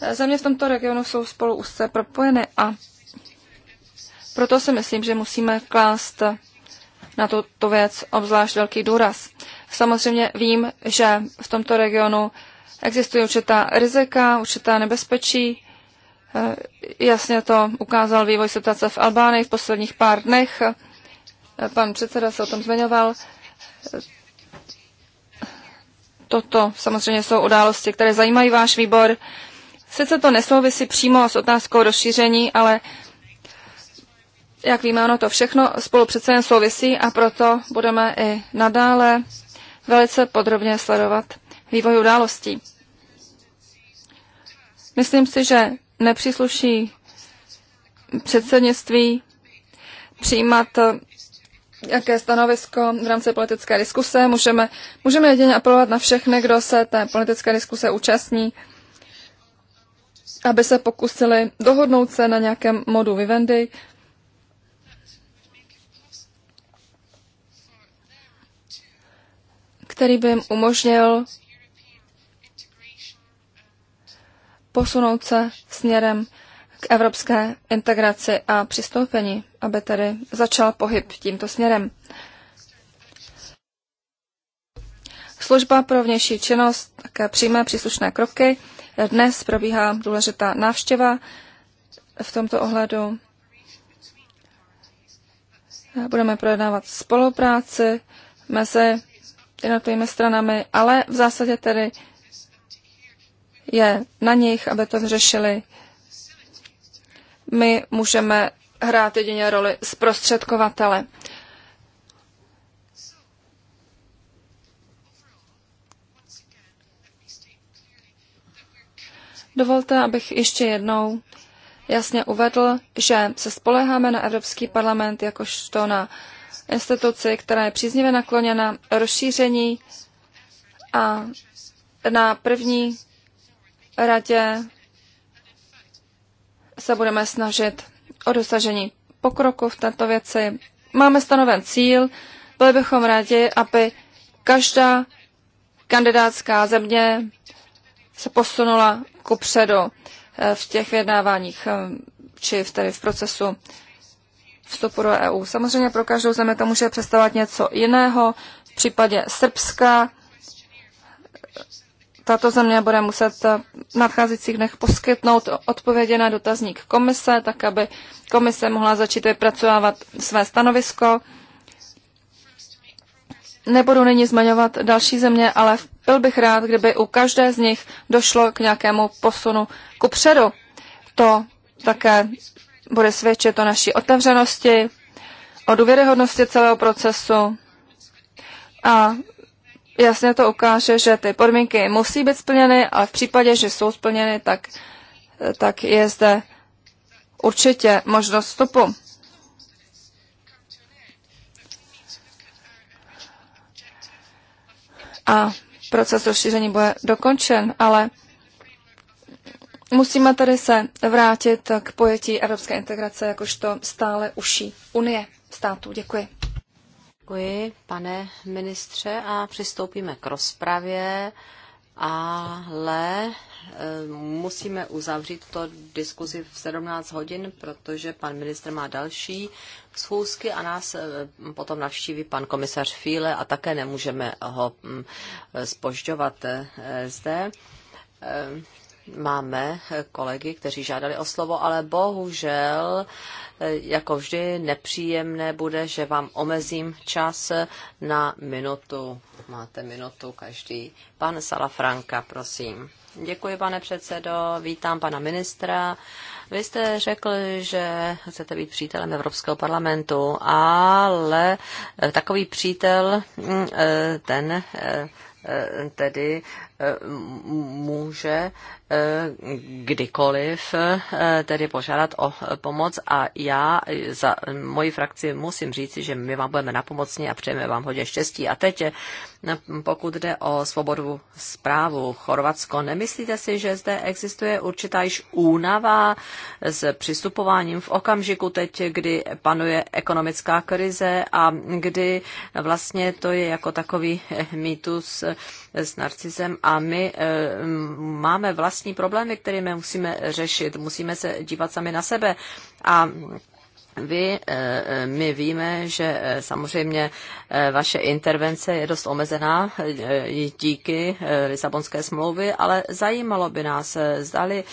Eh, země v tomto regionu jsou spolu úzce propojeny a proto si myslím, že musíme klást na tuto věc obzvlášť velký důraz. Samozřejmě vím, že v tomto regionu existují určitá rizika, určitá nebezpečí. Eh, jasně to ukázal vývoj situace v Albánii v posledních pár dnech. Pan předseda se o tom zmiňoval toto samozřejmě jsou události, které zajímají váš výbor. Sice to nesouvisí přímo s otázkou rozšíření, ale jak víme, ono to všechno spolu přece jen souvisí a proto budeme i nadále velice podrobně sledovat vývoj událostí. Myslím si, že nepřísluší předsednictví přijímat jaké stanovisko v rámci politické diskuse. Můžeme, můžeme jedině apelovat na všechny, kdo se té politické diskuse účastní, aby se pokusili dohodnout se na nějakém modu vivendi, který by jim umožnil posunout se směrem k evropské integraci a přistoupení, aby tedy začal pohyb tímto směrem. Služba pro vnější činnost také přijme příslušné kroky. Dnes probíhá důležitá návštěva v tomto ohledu. Budeme projednávat spolupráci mezi jednotlivými stranami, ale v zásadě tedy je na nich, aby to vyřešili my můžeme hrát jedině roli zprostředkovatele. Dovolte, abych ještě jednou jasně uvedl, že se spoleháme na Evropský parlament jakožto na instituci, která je příznivě nakloněna rozšíření a na první radě se budeme snažit o dosažení pokroku v této věci. Máme stanoven cíl, byli bychom rádi, aby každá kandidátská země se posunula ku předu eh, v těch vyjednáváních eh, či v, tedy v procesu vstupu do EU. Samozřejmě pro každou zemi to může představovat něco jiného. V případě Srbska tato země bude muset v nadcházejících dnech poskytnout odpovědi na dotazník komise, tak aby komise mohla začít vypracovávat své stanovisko. Nebudu nyní zmaňovat další země, ale byl bych rád, kdyby u každé z nich došlo k nějakému posunu ku předu. To také bude svědčit o naší otevřenosti, o důvěryhodnosti celého procesu a jasně to ukáže, že ty podmínky musí být splněny, a v případě, že jsou splněny, tak, tak je zde určitě možnost vstupu. A proces rozšíření bude dokončen, ale musíme tady se vrátit k pojetí evropské integrace jakožto stále uší unie států. Děkuji. Děkuji, pane ministře, a přistoupíme k rozpravě, ale eh, musíme uzavřít to diskuzi v 17 hodin, protože pan ministr má další schůzky a nás eh, potom navštíví pan komisař Fíle a také nemůžeme ho spožďovat mm, eh, zde máme kolegy, kteří žádali o slovo, ale bohužel, eh, jako vždy, nepříjemné bude, že vám omezím čas na minutu. Máte minutu každý. Pan Salafranka, prosím. Děkuji, pane předsedo. Vítám pana ministra. Vy jste řekl, že chcete být přítelem Evropského parlamentu, ale eh, takový přítel, mm, eh, ten tedy Eh, může eh, kdykoliv eh, tedy požádat o pomoc a já za moji frakci musím říci, že my vám budeme napomocni a přejeme vám hodně štěstí. A teď, pokud jde o svobodu zprávu Chorvatsko, nemyslíte si, že zde existuje určitá již únava s přistupováním v okamžiku teď, kdy panuje ekonomická krize a kdy vlastně to je jako takový mýtus s narcizem a my eh, máme vlastní problémy, které musíme řešit. Musíme se dívat sami na sebe a vy, eh, eh, my víme, že eh, samozřejmě vaše intervence je dost omezená díky Lisabonské smlouvy, ale zajímalo by nás, zdali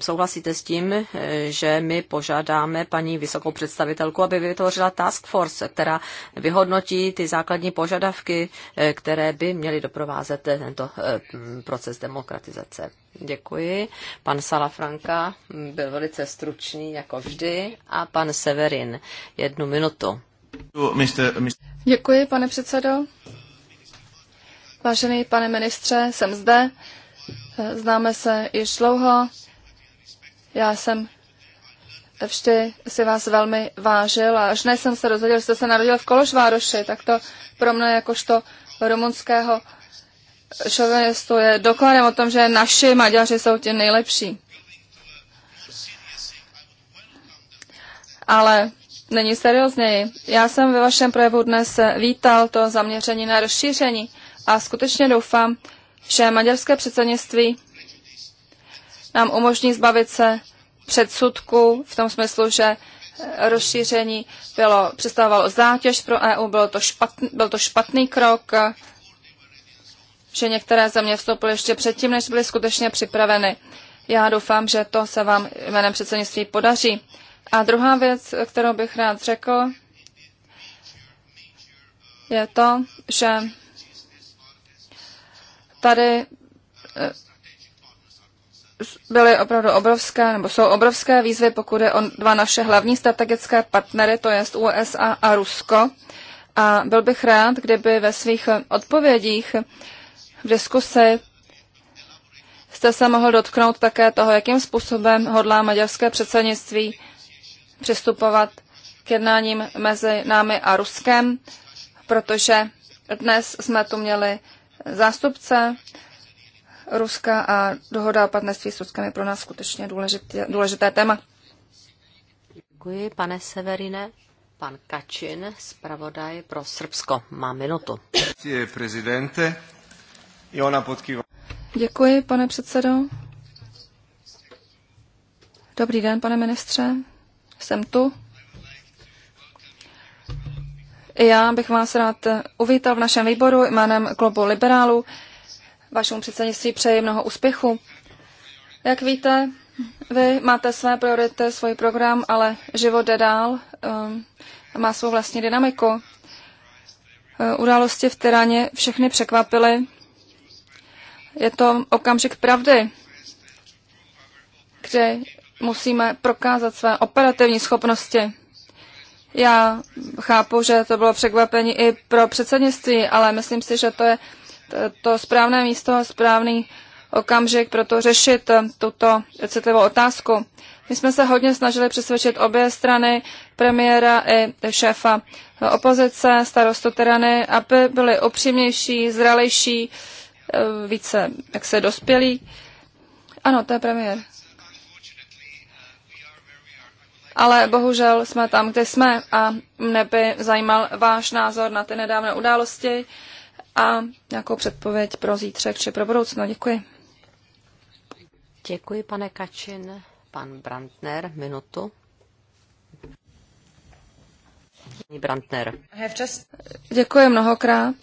souhlasíte s tím, že my požádáme paní vysokou představitelku, aby vytvořila task force, která vyhodnotí ty základní požadavky, které by měly doprovázet tento proces demokratizace. Děkuji. Pan Salafranka byl velice stručný, jako vždy, a pan Severin jednu minutu. Děkuji, pane předsedo. Vážený pane ministře, jsem zde. Známe se již dlouho. Já jsem vždy si vás velmi vážil a až než jsem se rozhodl, že jste se narodil v Kološvároši, tak to pro mne jakožto rumunského šovinistů je dokladem o tom, že naši Maďaři jsou ti nejlepší. Ale není seriózněji. Já jsem ve vašem projevu dnes vítal to zaměření na rozšíření a skutečně doufám, že maďarské předsednictví nám umožní zbavit se předsudku v tom smyslu, že rozšíření bylo, představovalo zátěž pro EU, bylo to špatný, byl to špatný krok, že některé země vstoupily ještě předtím, než byly skutečně připraveny. Já doufám, že to se vám jménem předsednictví podaří. A druhá věc, kterou bych rád řekl, je to, že tady eh, byly opravdu obrovské, nebo jsou obrovské výzvy, pokud je o dva naše hlavní strategické partnery, to je USA a Rusko. A byl bych rád, kdyby ve svých odpovědích v diskusi jste se mohl dotknout také toho, jakým způsobem hodlá maďarské předsednictví přistupovat k jednáním mezi námi a Ruskem, protože dnes jsme tu měli zástupce Ruska a dohoda o partnerství s Ruskem je pro nás skutečně důležité, důležité téma. Děkuji, pane Severine. Pan Kačin, zpravodaj pro Srbsko, má minutu. prezidente. Jona Podkýva. Děkuji, pane předsedo. Dobrý den, pane ministře. Jsem tu. Já bych vás rád uvítal v našem výboru jménem klubu liberálů. Vašemu předsednictví přeji mnoho úspěchu. Jak víte, vy máte své priority, svůj program, ale život jde dál, um, má svou vlastní dynamiku. Uh, události v Tyraně všechny překvapily je to okamžik pravdy, kde musíme prokázat své operativní schopnosti. Já chápu, že to bylo překvapení i pro předsednictví, ale myslím si, že to je to správné místo, správný okamžik pro to řešit tuto citlivou otázku. My jsme se hodně snažili přesvědčit obě strany, premiéra i šéfa opozice, starostu Terany, aby byli upřímnější, zralejší, Eh, více jak se dospělí. Ano, to je premiér. Ale bohužel jsme tam, kde jsme a mne by zajímal váš názor na ty nedávné události a nějakou předpověď pro zítřek či pro budoucno. Děkuji. Děkuji, pane Kačin. Pan Brandner, minutu. Brandner. Děkuji mnohokrát.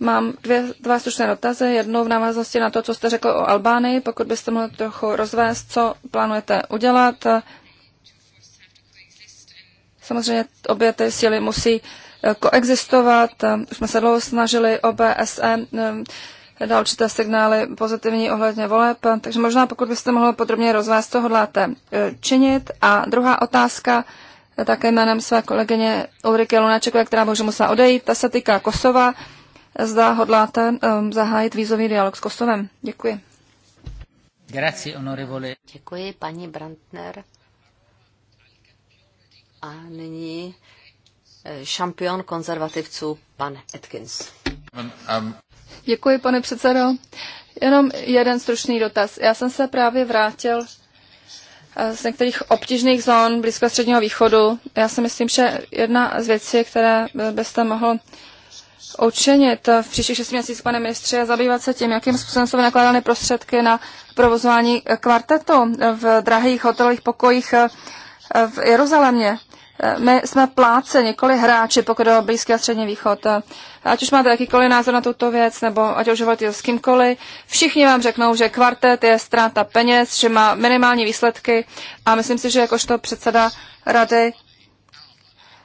Mám dvě, dva slušné dotazy. Jednou v návaznosti na to, co jste řekl o Albánii, pokud byste mohli trochu rozvést, co plánujete udělat. Samozřejmě obě ty síly musí eh, koexistovat. Už jsme se dlouho snažili o BSE eh, dá určité signály pozitivní ohledně voleb, takže možná pokud byste mohli podrobně rozvést, co hodláte eh, činit. A druhá otázka, také jménem své kolegyně Ulrike Lunáčekové, která bohužel musela odejít, ta se týká Kosova zda hodláte um, zahájit vízový dialog s Kosovem. Děkuji. Grazie, onorevole. Děkuji, paní Brandner. A nyní eh, šampion konzervativců, pan Atkins. Děkuji, pane předsedo. Jenom jeden stručný dotaz. Já jsem se právě vrátil eh, z některých obtížných zón blízko středního východu. Já si myslím, že jedna z věcí, které byste mohl učinit v příštích šesti měsících, pane ministře, a zabývat se tím, jakým způsobem jsou nakládány prostředky na provozování kvartetu v drahých hotelových pokojích eh, v Jeruzalémě. Eh, my jsme pláce, nikoli hráči, pokud o Blízký a Střední východ. Eh, ať už máte jakýkoliv názor na tuto věc, nebo ať už hovoríte s kýmkoliv, všichni vám řeknou, že kvartet je ztráta peněz, že má minimální výsledky a myslím si, že jakožto předseda rady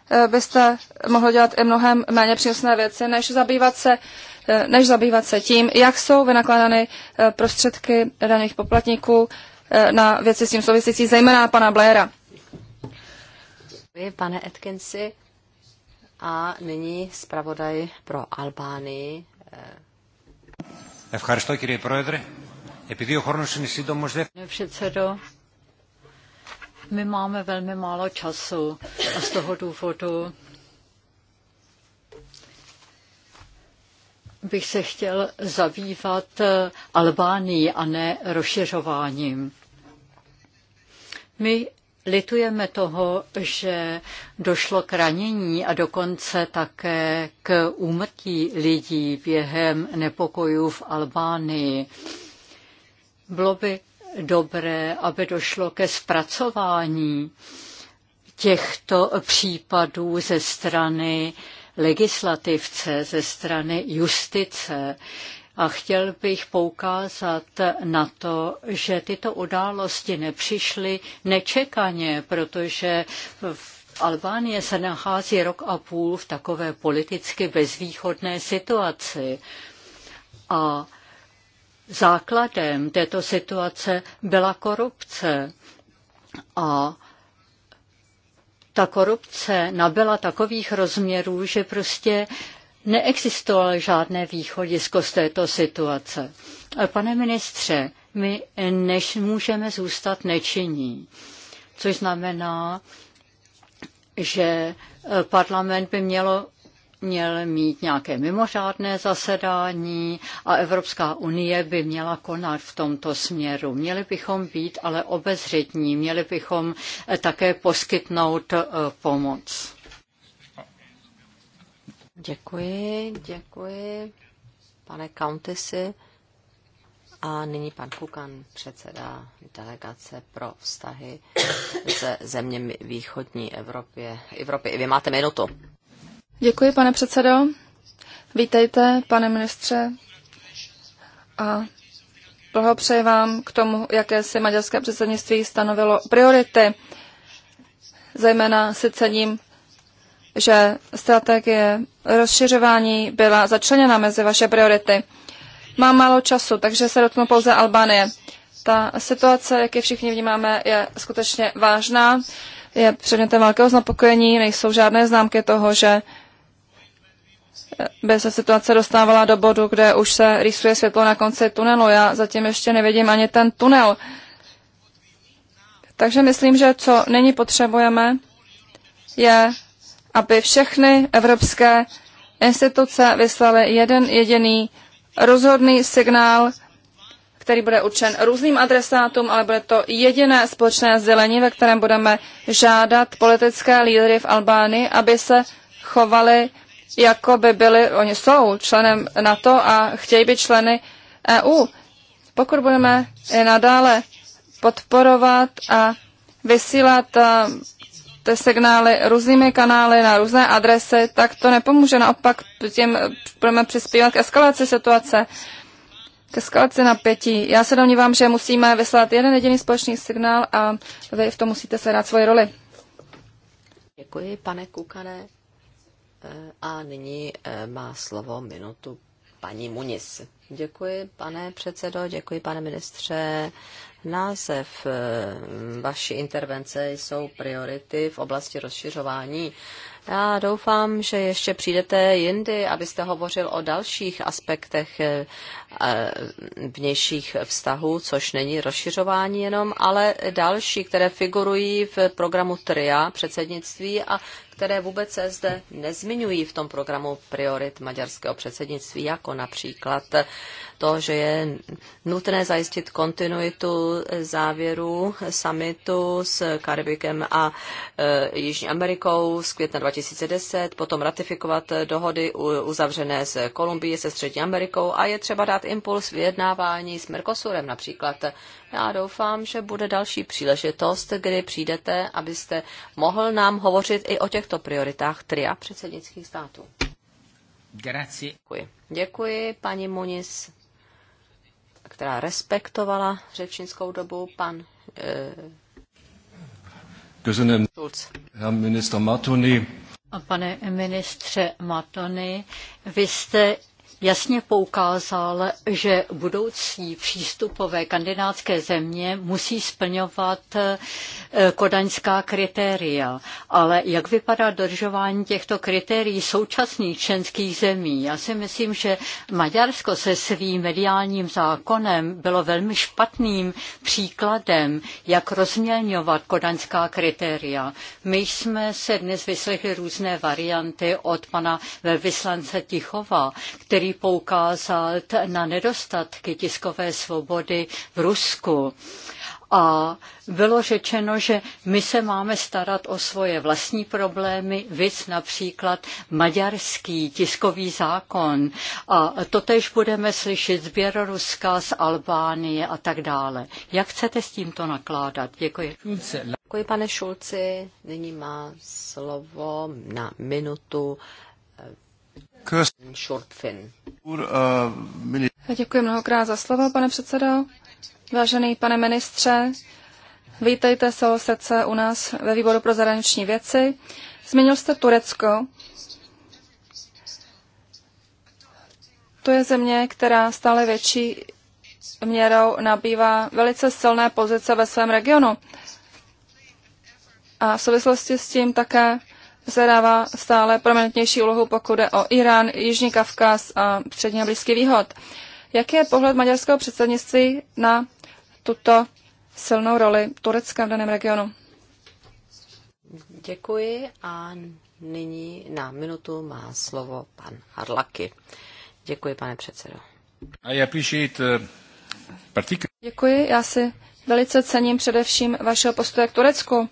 Eh, byste mohlo dělat i mnohem méně přínosné věci, než zabývat se eh, než zabývat se tím, jak jsou vynakládány eh, prostředky daných poplatníků na věci s tím související, zejména pana Blaira. Děkuji, pane Atkinsi. A nyní zpravodaj pro Albánii. Ευχαριστώ κύριε Πρόεδρε. Επειδή ο χρόνος είναι σύντομος, δεν... Předsedo, my máme velmi málo času a z toho důvodu bych se chtěl zabývat eh, Albánií a ne rozšiřováním. My litujeme toho, že došlo k ranění a dokonce také k úmrtí lidí během nepokojů v Albánii. Bylo by dobré, aby došlo ke zpracování těchto případů ze strany legislativce, ze strany justice. A chtěl bych poukázat na to, že tyto události nepřišly nečekaně, protože v Albánie se nachází rok a půl v takové politicky bezvýchodné situaci. A základem této situace byla korupce. A ta korupce nabyla takových rozměrů, že prostě neexistovalo žádné východisko z této situace. Pane ministře, my než můžeme zůstat nečinní, což znamená, že eh, parlament by mělo měl mít nějaké mimořádné zasedání a Evropská unie by měla konat v tomto směru. Měli bychom být ale obezřetní, měli bychom eh, také poskytnout eh, pomoc. Děkuji, děkuji, pane Countessy. A nyní pan Kukan, předseda delegace pro vztahy se zeměmi východní Evropy. Evropy. Vy máte minutu. Děkuji, pane předsedo. Vítejte, pane ministře. A blahopřeji vám k tomu, jaké si maďarské předsednictví stanovilo priority. Zejména si cením, že strategie rozšiřování byla začleněna mezi vaše priority. Mám málo času, takže se dotknu pouze Albánie. Ta situace, jak ji všichni vnímáme, je skutečně vážná. Je předmětem velkého znepokojení, nejsou žádné známky toho, že by se situace dostávala do bodu, kde už se rýsuje světlo na konci tunelu. Já zatím ještě nevidím ani ten tunel. Takže myslím, že co nyní potřebujeme, je, aby všechny evropské instituce vyslaly jeden jediný rozhodný signál, který bude určen různým adresátům, ale bude to jediné společné sdělení, ve kterém budeme žádat politické lídry v Albánii, aby se chovali jako by byli, oni jsou členem NATO a chtějí být členy EU. Pokud budeme i nadále podporovat a vysílat eh, ty signály různými kanály na různé adresy, tak to nepomůže. Naopak tím budeme přispívat k eskalaci situace, k eskalaci napětí. Já se domnívám, že musíme vyslat jeden jediný společný signál a vy v tom musíte dát svoji roli. Děkuji, pane Kukane. A nyní eh, má slovo minutu paní Munis. Děkuji, pane předsedo, děkuji, pane ministře. Název eh, vaší intervence jsou priority v oblasti rozšiřování. Já doufám, že ještě přijdete jindy, abyste hovořil o dalších aspektech eh, vnějších vztahů, což není rozšiřování jenom, ale další, které figurují v programu TRIA předsednictví a které vůbec se zde nezmiňují v tom programu priorit maďarského předsednictví, jako například to, že je nutné zajistit kontinuitu závěru summitu s Karibikem a e, Jižní Amerikou z května 2010, potom ratifikovat dohody uzavřené s Kolumbií, se Střední Amerikou a je třeba dát impuls vyjednávání s Mercosurem například. Já doufám, že bude další příležitost, kdy přijdete, abyste mohl nám hovořit i o těchto prioritách tria předsednických států. Grazie. Děkuji. Děkuji, paní Munis která respektovala řečnickou dobu. Pan eh, Köszönöm, Herr Minister Matoni. Pane ministře Matony, vy jste jasně poukázal, že budoucí přístupové kandidátské země musí splňovat eh, kodaňská kritéria. Ale jak vypadá dodržování těchto kritérií současných členských zemí? Já si myslím, že Maďarsko se svým mediálním zákonem bylo velmi špatným příkladem, jak rozmělňovat kodaňská kritéria. My jsme se dnes vyslechli různé varianty od pana velvyslance Tichova, který poukázat na nedostatky tiskové svobody v Rusku. A bylo řečeno, že my se máme starat o svoje vlastní problémy, víc například maďarský tiskový zákon. A to tež budeme slyšet z Běloruska, z Albánie a tak dále. Jak chcete s tímto nakládat? Děkuji. Děkuji, pane Šulci. Nyní má slovo na minutu Shortfin. Děkuji mnohokrát za slovo, pane předsedo. Vážený pane ministře, vítejte se srdce u nás ve výboru pro zahraniční věci. Zmínil jste Turecko. To je země, která stále větší měrou nabývá velice silné pozice ve svém regionu. A v souvislosti s tím také zadává stále prominentnější úlohu, pokud jde o Irán, Jižní Kavkaz a přední a Blízký východ. Jaký je pohled maďarského předsednictví na tuto silnou roli Turecka v daném regionu? Děkuji a nyní na minutu má slovo pan Harlaky. Děkuji, pane předsedo. I appreciate, uh, Děkuji, já si velice cením především vašeho postoje k Turecku.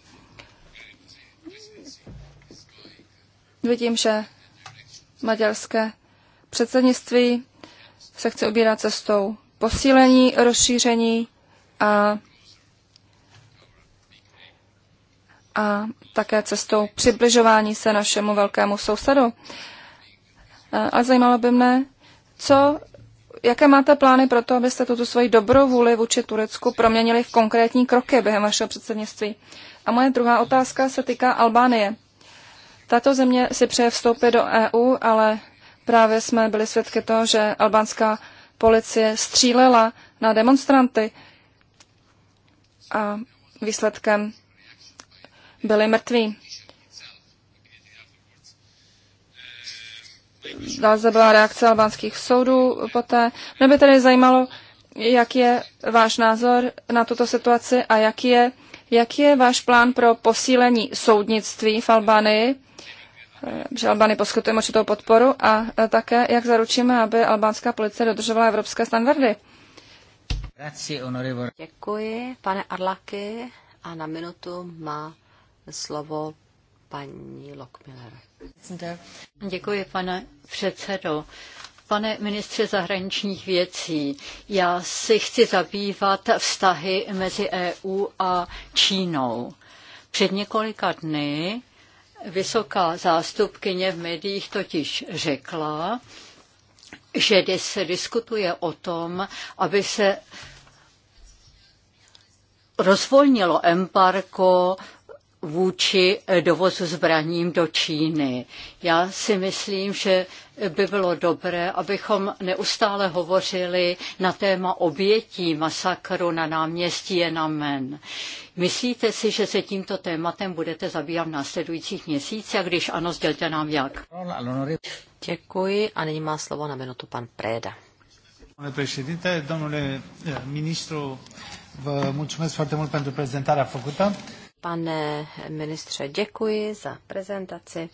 Vidím, že maďarské předsednictví se chce ubírat cestou posílení, rozšíření a, a také cestou přibližování se našemu velkému sousedu. A zajímalo by mne, co, jaké máte plány pro to, abyste tuto svoji dobrou vůli vůči Turecku proměnili v konkrétní kroky během vašeho předsednictví? A moje druhá otázka se týká Albánie. Tato země si přeje vstoupit do EU, ale právě jsme byli svědky toho, že albánská policie střílela na demonstranty a výsledkem byli mrtví. Dále byla reakce albánských soudů poté. Mě by tedy zajímalo, jak je váš názor na tuto situaci a jak je, jak je váš plán pro posílení soudnictví v Albánii že Albány poskytujeme určitou podporu a e, také, jak zaručíme, aby albánská policie dodržovala evropské standardy. Děkuji, pane Arlaky. A na minutu má slovo paní Lokmiller. Děkuji, pane předsedo. Pane ministře zahraničních věcí, já si chci zabývat vztahy mezi EU a Čínou. Před několika dny Vysoká zástupkyně v médiích totiž řekla, že se diskutuje o tom, aby se rozvolnilo embargo vůči dovozu zbraním do Číny. Já si myslím, že by bylo dobré, abychom neustále hovořili na téma obětí masakru na náměstí Jenamen. Myslíte si, že se tímto tématem budete zabývat v následujících měsících a když ano, sdělte nám jak. Děkuji a nyní má slovo na minutu pan Preda. Pane președinte, domnule eh, ministru, vă mulțumesc foarte mult pentru prezentarea făcută. Pane ministře, děkuji za prezentaci.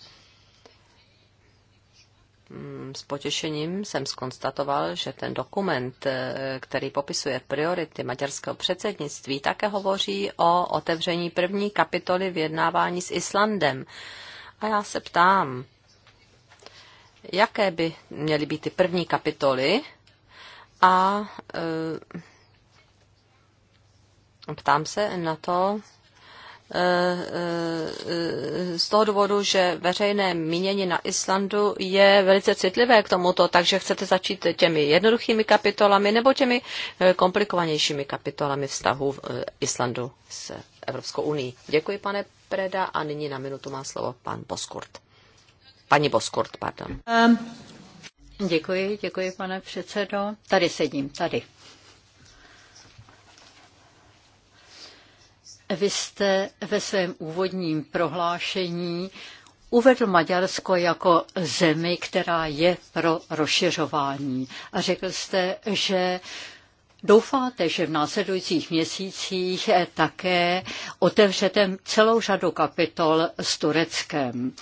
Mm, s potěšením jsem skonstatoval, že ten dokument, eh, který popisuje priority maďarského předsednictví, také hovoří o otevření první kapitoly vyjednávání s Islandem. A já se ptám, jaké by měly být ty první kapitoly a e, ptám se na to, z toho důvodu, že veřejné mínění na Islandu je velice citlivé k tomuto, takže chcete začít těmi jednoduchými kapitolami nebo těmi eh, komplikovanějšími kapitolami vztahu eh, Islandu s Evropskou unii. Děkuji, pane Preda, a nyní na minutu má slovo pan Boskurt. Paní Boskurt, pardon. Um, děkuji, děkuji, pane předsedo. Tady sedím, tady. Vy jste ve svém úvodním prohlášení uvedl Maďarsko jako zemi, která je pro rozšiřování. A řekl jste, že Doufáte, že v následujících měsících také otevřete celou řadu kapitol s Tureckem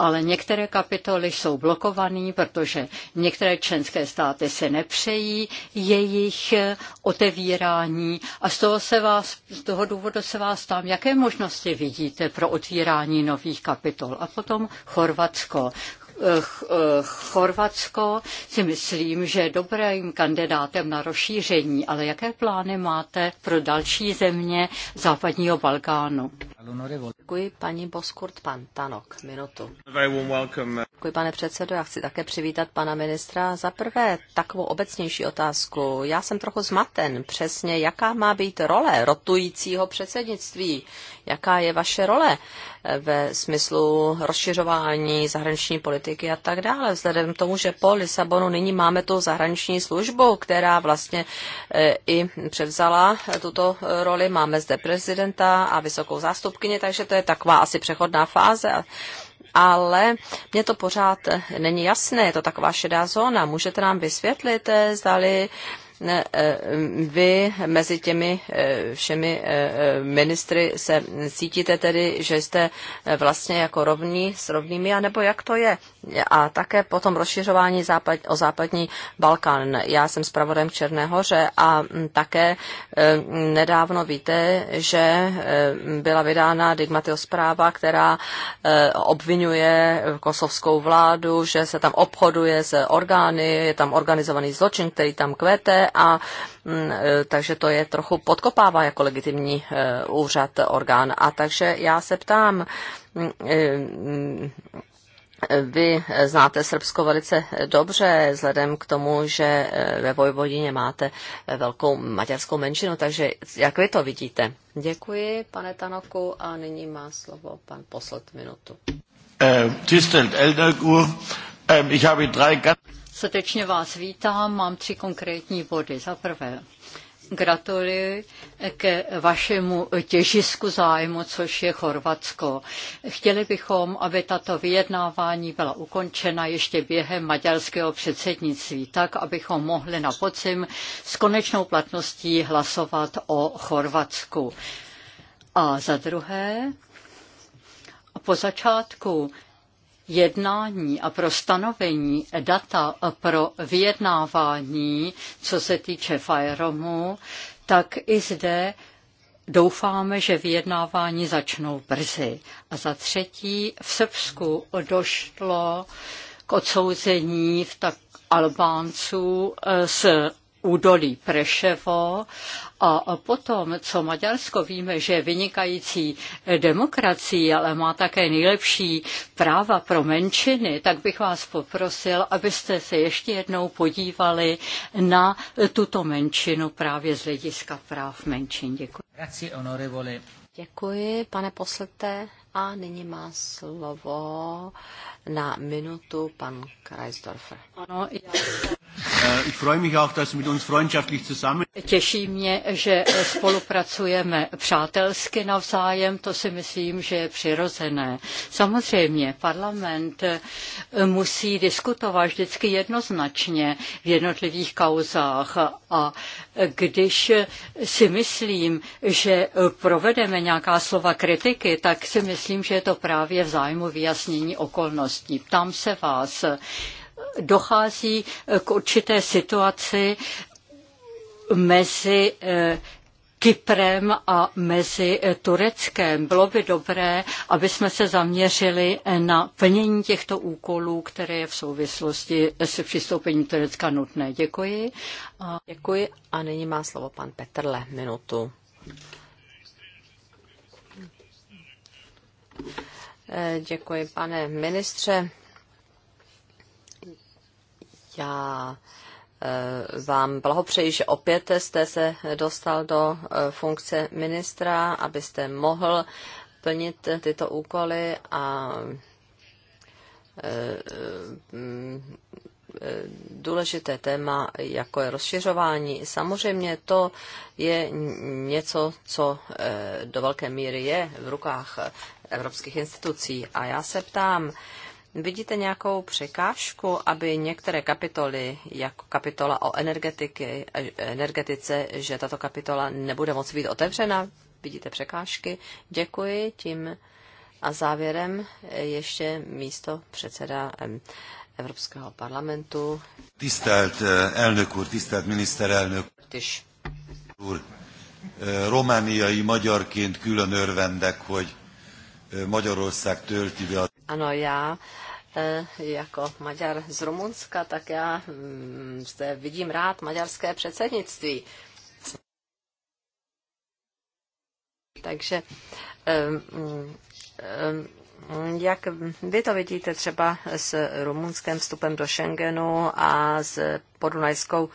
ale některé kapitoly jsou blokované, protože některé členské státy se nepřejí jejich otevírání a z toho, se vás, z toho důvodu se vás tam, jaké možnosti vidíte pro otvírání nových kapitol. A potom Chorvatsko. Eh, Chorvatsko si myslím, že je dobrým kandidátem na rozšíření, ale jaké plány máte pro další země západního Balkánu? Děkuji paní Boskurt, pan Tanok, minutu. Děkuji pane předsedo, já chci také přivítat pana ministra. Za prvé takovou obecnější otázku. Já jsem trochu zmaten přesně, jaká má být role rotujícího předsednictví jaká je vaše role eh, ve smyslu rozšiřování zahraniční politiky a tak dále. Vzhledem k tomu, že po Lisabonu nyní máme tu zahraniční službu, která vlastně eh, i převzala eh, tuto roli. Máme zde prezidenta a vysokou zástupkyni, takže to je taková asi přechodná fáze ale mně to pořád není jasné, je to taková šedá zóna. Můžete nám vysvětlit, zdali Eh, vy mezi těmi eh, všemi eh, ministry se cítíte tedy, že jste vlastně jako rovní s rovnými, anebo jak to je? A také potom rozšiřování západ, o západní Balkán. Já jsem zpravodem Černé hoře a mm, také nedávno víte, že byla vydána Digmatio zpráva, která obvinuje kosovskou vládu, že se tam obchoduje s orgány, je tam organizovaný zločin, který tam kvete a mm, e, takže to je trochu podkopává jako legitimní e, úřad, orgán. A takže já se ptám, mm, e, mm, vy znáte Srbsko velice dobře, vzhledem k tomu, že ve Vojvodině máte velkou maďarskou menšinu, takže jak vy to vidíte? Děkuji, pane Tanoku, a nyní má slovo pan posled minutu. Ehm, Tisztelt Srdečně vás vítám, mám tři konkrétní body. Za prvé, gratuluji ke vašemu těžisku zájmu, což je Chorvatsko. Chtěli bychom, aby tato vyjednávání byla ukončena ještě během maďarského předsednictví, tak, abychom mohli na podzim s konečnou platností hlasovat o Chorvatsku. A za druhé, po začátku jednání a pro stanovení data pro vyjednávání, co se týče Fajromu, tak i zde Doufáme, že vyjednávání začnou brzy. A za třetí, v Srbsku došlo k odsouzení v tak Albánců z eh, údolí Preševo a potom, co Maďarsko víme, že je vynikající demokracií, ale má také nejlepší práva pro menšiny, tak bych vás poprosil, abyste se ještě jednou podívali na tuto menšinu právě z hlediska práv menšin. Děkuji. Děkuji, pane poslete. A nyní má slovo na minutu pan Kreisdorfer. Ano, já... Eh, ich freue mich auch, dass mit uns freundschaftlich zusammen... Těší mě, že spolupracujeme přátelsky navzájem, to si myslím, že je přirozené. Samozřejmě parlament eh, musí diskutovat vždycky jednoznačně v jednotlivých kauzách a když si myslím, že provedeme nějaká slova kritiky, tak si myslím, že je to právě v zájmu vyjasnění okolností. Ptám se vás, dochází k určité situaci mezi eh, Kyprem a mezi Tureckem. Bylo by dobré, aby jsme se zaměřili na plnění těchto úkolů, které je v souvislosti se přistoupením Turecka nutné. Děkuji. A... Děkuji a nyní má slovo pan Petrle. Minutu. Eh, děkuji, pane ministře. Já Eh, vám blahopřeji, že opět jste se dostal do eh, funkce ministra, abyste mohl plnit tyto úkoly a eh, důležité téma, jako je rozšiřování. Samozřejmě to je něco, co do velké míry je v rukách evropských institucí. A já se ptám, Vidíte nějakou překážku, aby některé kapitoly, jako kapitola o energetiky, energetice, že tato kapitola nebude moc být otevřena? Vidíte překážky? Děkuji tím. A závěrem ještě místo předseda Evropského parlamentu. Tisztelt eh, elnök úr, tisztelt miniszterelnök úr, eh, romániai magyarként külön örvendek, hogy eh, Magyarország tölti be a... Ano, já eh, jako Maďar z Rumunska, tak já mm, zde vidím rád maďarské předsednictví. Takže eh, mm, eh, jak vy to vidíte třeba s rumunským vstupem do Schengenu a s podunajskou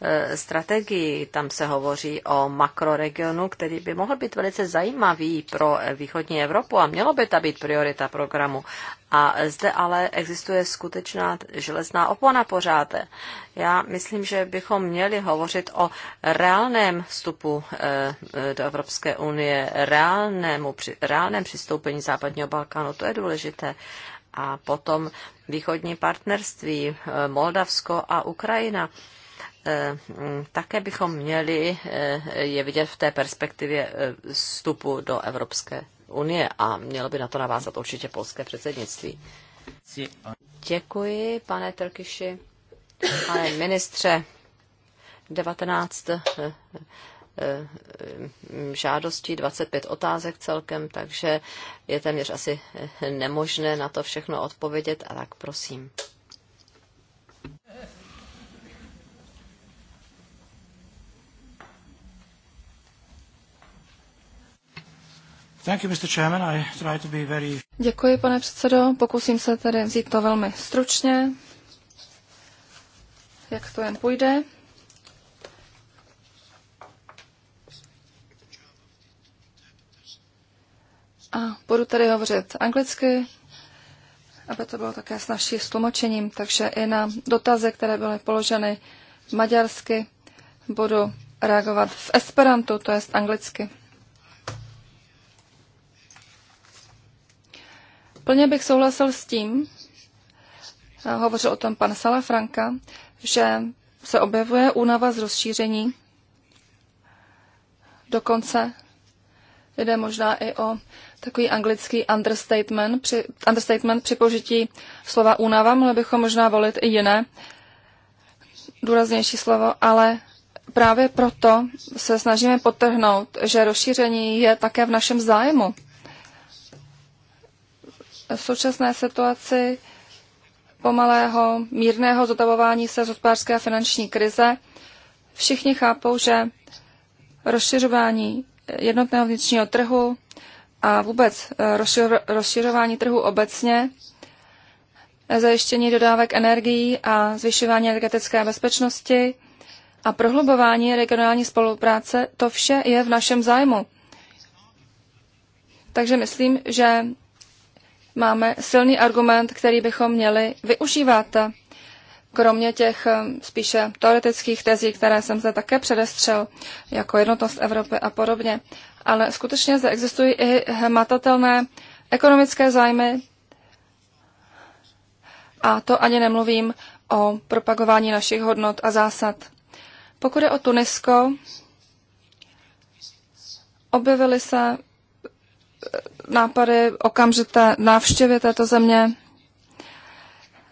e, strategii. Tam se hovoří o makroregionu, který by mohl být velice zajímavý pro e, východní Evropu a mělo by ta být priorita programu. A zde ale existuje skutečná železná opona pořád. Já myslím, že bychom měli hovořit o reálném vstupu e, do Evropské unie, reálnému, reálném přistoupení západního Balkánu. To je důležité a potom východní partnerství eh, Moldavsko a Ukrajina. Eh, mm, také bychom měli eh, je vidět v té perspektivě vstupu do Evropské unie a mělo by na to navázat určitě polské předsednictví. Děkuji, pane Trkiši. Pane ministře, 19 Eh, žádostí, 25 otázek celkem, takže je téměř asi nemožné na to všechno odpovědět, a tak prosím. Děkuji, pane předsedo. Pokusím se tedy vzít to velmi stručně, jak to jen půjde. A budu tady hovořit anglicky, aby to bylo také s naším tlumočením, takže i na dotazy, které byly položeny maďarsky, budu reagovat v esperantu, to jest anglicky. Plně bych souhlasil s tím, hovořil o tom pan Salafranka, že se objevuje únava z rozšíření. Dokonce Jde možná i o takový anglický understatement při, understatement při použití slova únava. Mohli bychom možná volit i jiné důraznější slovo, ale právě proto se snažíme potrhnout, že rozšíření je také v našem zájmu. V současné situaci pomalého, mírného zotavování se z hospodářské a finanční krize všichni chápou, že rozšiřování jednotného vnitřního trhu a vůbec eh, rozšiřování trhu obecně, eh, zajištění dodávek energií a zvyšování energetické bezpečnosti a prohlubování regionální spolupráce, to vše je v našem zájmu. Takže myslím, že máme silný argument, který bychom měli využívat kromě těch eh, spíše teoretických tezí, které jsem zde také předestřel, jako jednotnost Evropy a podobně. Ale skutečně zde existují i hmatatelné ekonomické zájmy a to ani nemluvím o propagování našich hodnot a zásad. Pokud je o Tunisko, objevily se eh, nápady okamžité návštěvy této země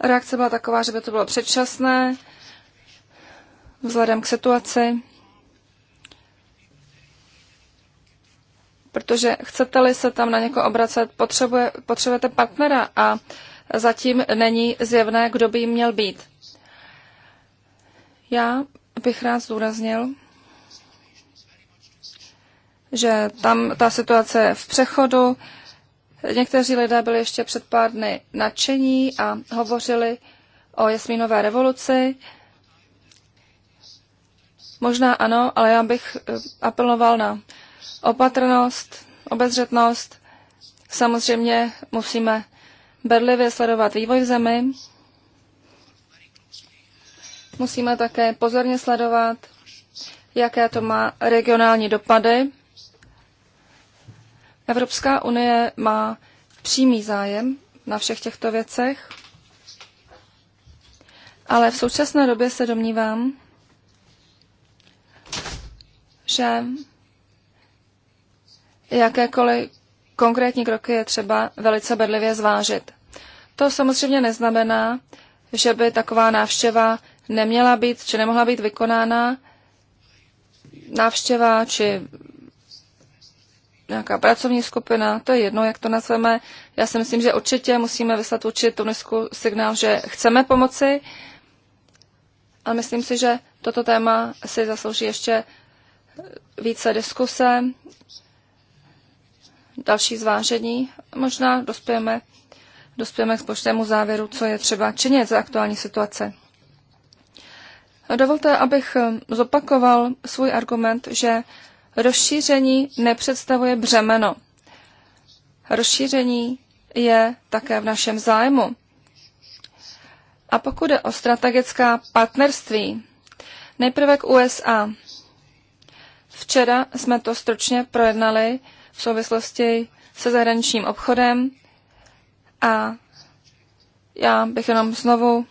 Reakce byla taková, že by to bylo předčasné vzhledem k situaci, protože chcete-li se tam na někoho obracet, potřebuje, potřebujete partnera a zatím není zjevné, kdo by jim měl být. Já bych rád zdůraznil, že tam ta situace je v přechodu, Někteří lidé byli ještě před pár dny nadšení a hovořili o jasmínové revoluci. Možná ano, ale já bych eh, apeloval na opatrnost, obezřetnost. Samozřejmě musíme bedlivě sledovat vývoj v zemi. Musíme také pozorně sledovat, jaké to má regionální dopady Evropská unie má přímý zájem na všech těchto věcech, ale v současné době se domnívám, že jakékoliv konkrétní kroky je třeba velice bedlivě zvážit. To samozřejmě neznamená, že by taková návštěva neměla být či nemohla být vykonána. Návštěva či nějaká pracovní skupina, to je jedno, jak to nazveme. Já si myslím, že určitě musíme vyslat určitě Tunisku signál, že chceme pomoci, ale myslím si, že toto téma si zaslouží ještě více diskuse, další zvážení. Možná dospějeme, dospějeme k počtému závěru, co je třeba činit za aktuální situace. Dovolte, abych zopakoval svůj argument, že rozšíření nepředstavuje břemeno. Rozšíření je také v našem zájmu. A pokud je o strategická partnerství, nejprve k USA. Včera jsme to stručně projednali v souvislosti se zahraničním obchodem a já bych jenom znovu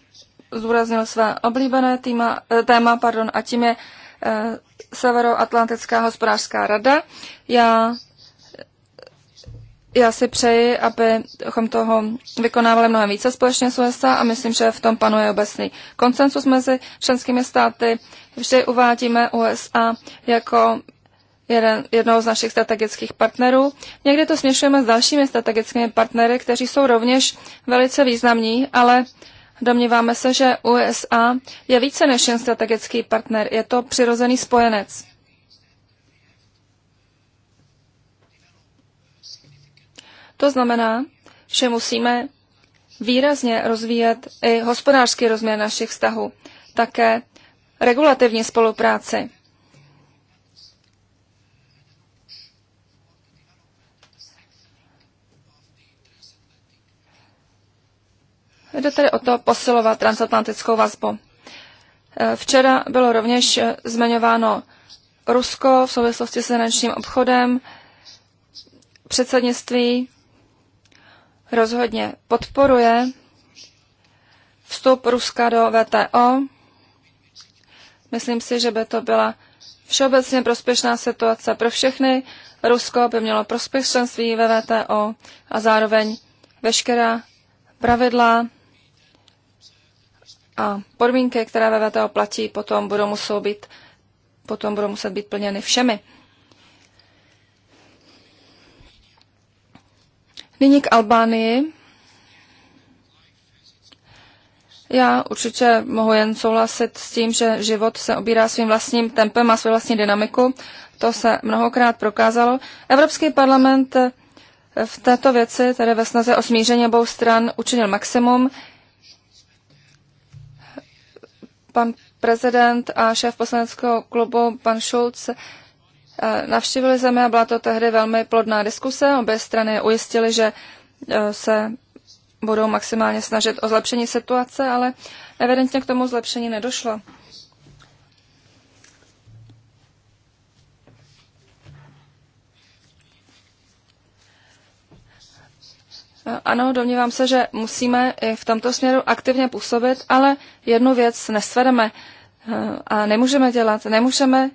zúraznil své oblíbené týma, téma pardon, a tím je Eh, Severoatlantická hospodářská rada. Já, já si přeji, abychom toho vykonávali mnohem více společně s USA a myslím, že v tom panuje obecný konsensus mezi členskými státy. Vždy uvádíme USA jako jeden, jednoho z našich strategických partnerů. Někdy to směšujeme s dalšími strategickými partnery, kteří jsou rovněž velice významní, ale uh, Domníváme se, že USA je více než jen strategický partner, je to přirozený spojenec. To znamená, že musíme výrazně rozvíjet i hospodářský rozměr našich vztahů, také regulativní spolupráci. Jde tedy o to posilovat transatlantickou vazbu. E, včera bylo rovněž e, zmiňováno Rusko v souvislosti s finančním obchodem. Předsednictví rozhodně podporuje vstup Ruska do VTO. Myslím si, že by to byla všeobecně prospěšná situace pro všechny. Rusko by mělo prospěšenství ve VTO a zároveň veškerá pravidla a podmínky, které ve VTO platí, potom budou, muset být, potom budou muset být plněny všemi. Nyní k Albánii. Já určitě mohu jen souhlasit s tím, že život se obírá svým vlastním tempem a svou vlastní dynamiku. To se mnohokrát prokázalo. Evropský parlament v této věci, tedy ve snaze o smíření obou stran, učinil maximum pan prezident a šéf poslaneckého klubu, pan Schulz, eh, navštívili zemi a byla to tehdy velmi plodná diskuse. Obě strany ujistili, že eh, se budou maximálně snažit o zlepšení situace, ale evidentně k tomu zlepšení nedošlo. Ano, domnívám se, že musíme i v tomto směru aktivně působit, ale jednu věc nesvedeme eh, a nemůžeme dělat. Nemůžeme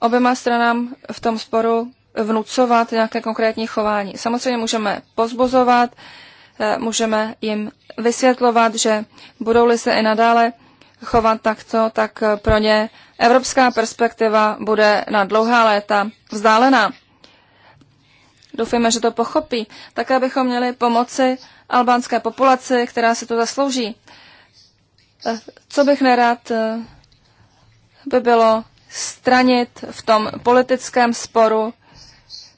oběma stranám v tom sporu vnucovat nějaké konkrétní chování. Samozřejmě můžeme pozbuzovat, eh, můžeme jim vysvětlovat, že budou-li se i nadále chovat takto, tak pro ně evropská perspektiva bude na dlouhá léta vzdálená. Doufejme, že to pochopí. Také bychom měli pomoci albánské populaci, která si to zaslouží. Eh, co bych nerad, eh, by bylo stranit v tom politickém sporu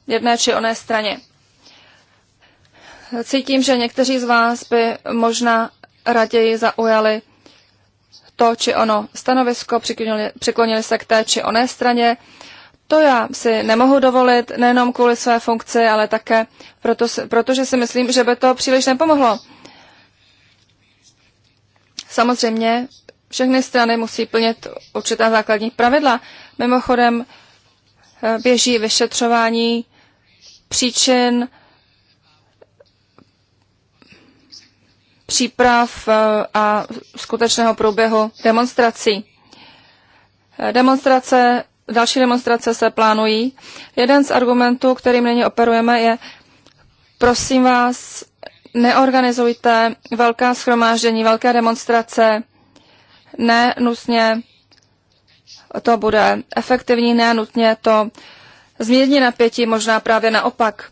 jedné či oné straně. Cítím, že někteří z vás by možná raději zaujali to či ono stanovisko, přiklonili, přiklonili se k té či oné straně. To já si nemohu dovolit nejenom kvůli své funkci, ale také proto, protože si myslím, že by to příliš nepomohlo. Samozřejmě všechny strany musí plnit určitá základní pravidla. Mimochodem eh, běží vyšetřování příčin příprav eh, a skutečného průběhu demonstrací. Eh, demonstrace další demonstrace se plánují. Jeden z argumentů, kterým nyní operujeme, je prosím vás, neorganizujte velká schromáždění, velké demonstrace, ne nutně to bude efektivní, ne nutně to zmírní napětí, možná právě naopak.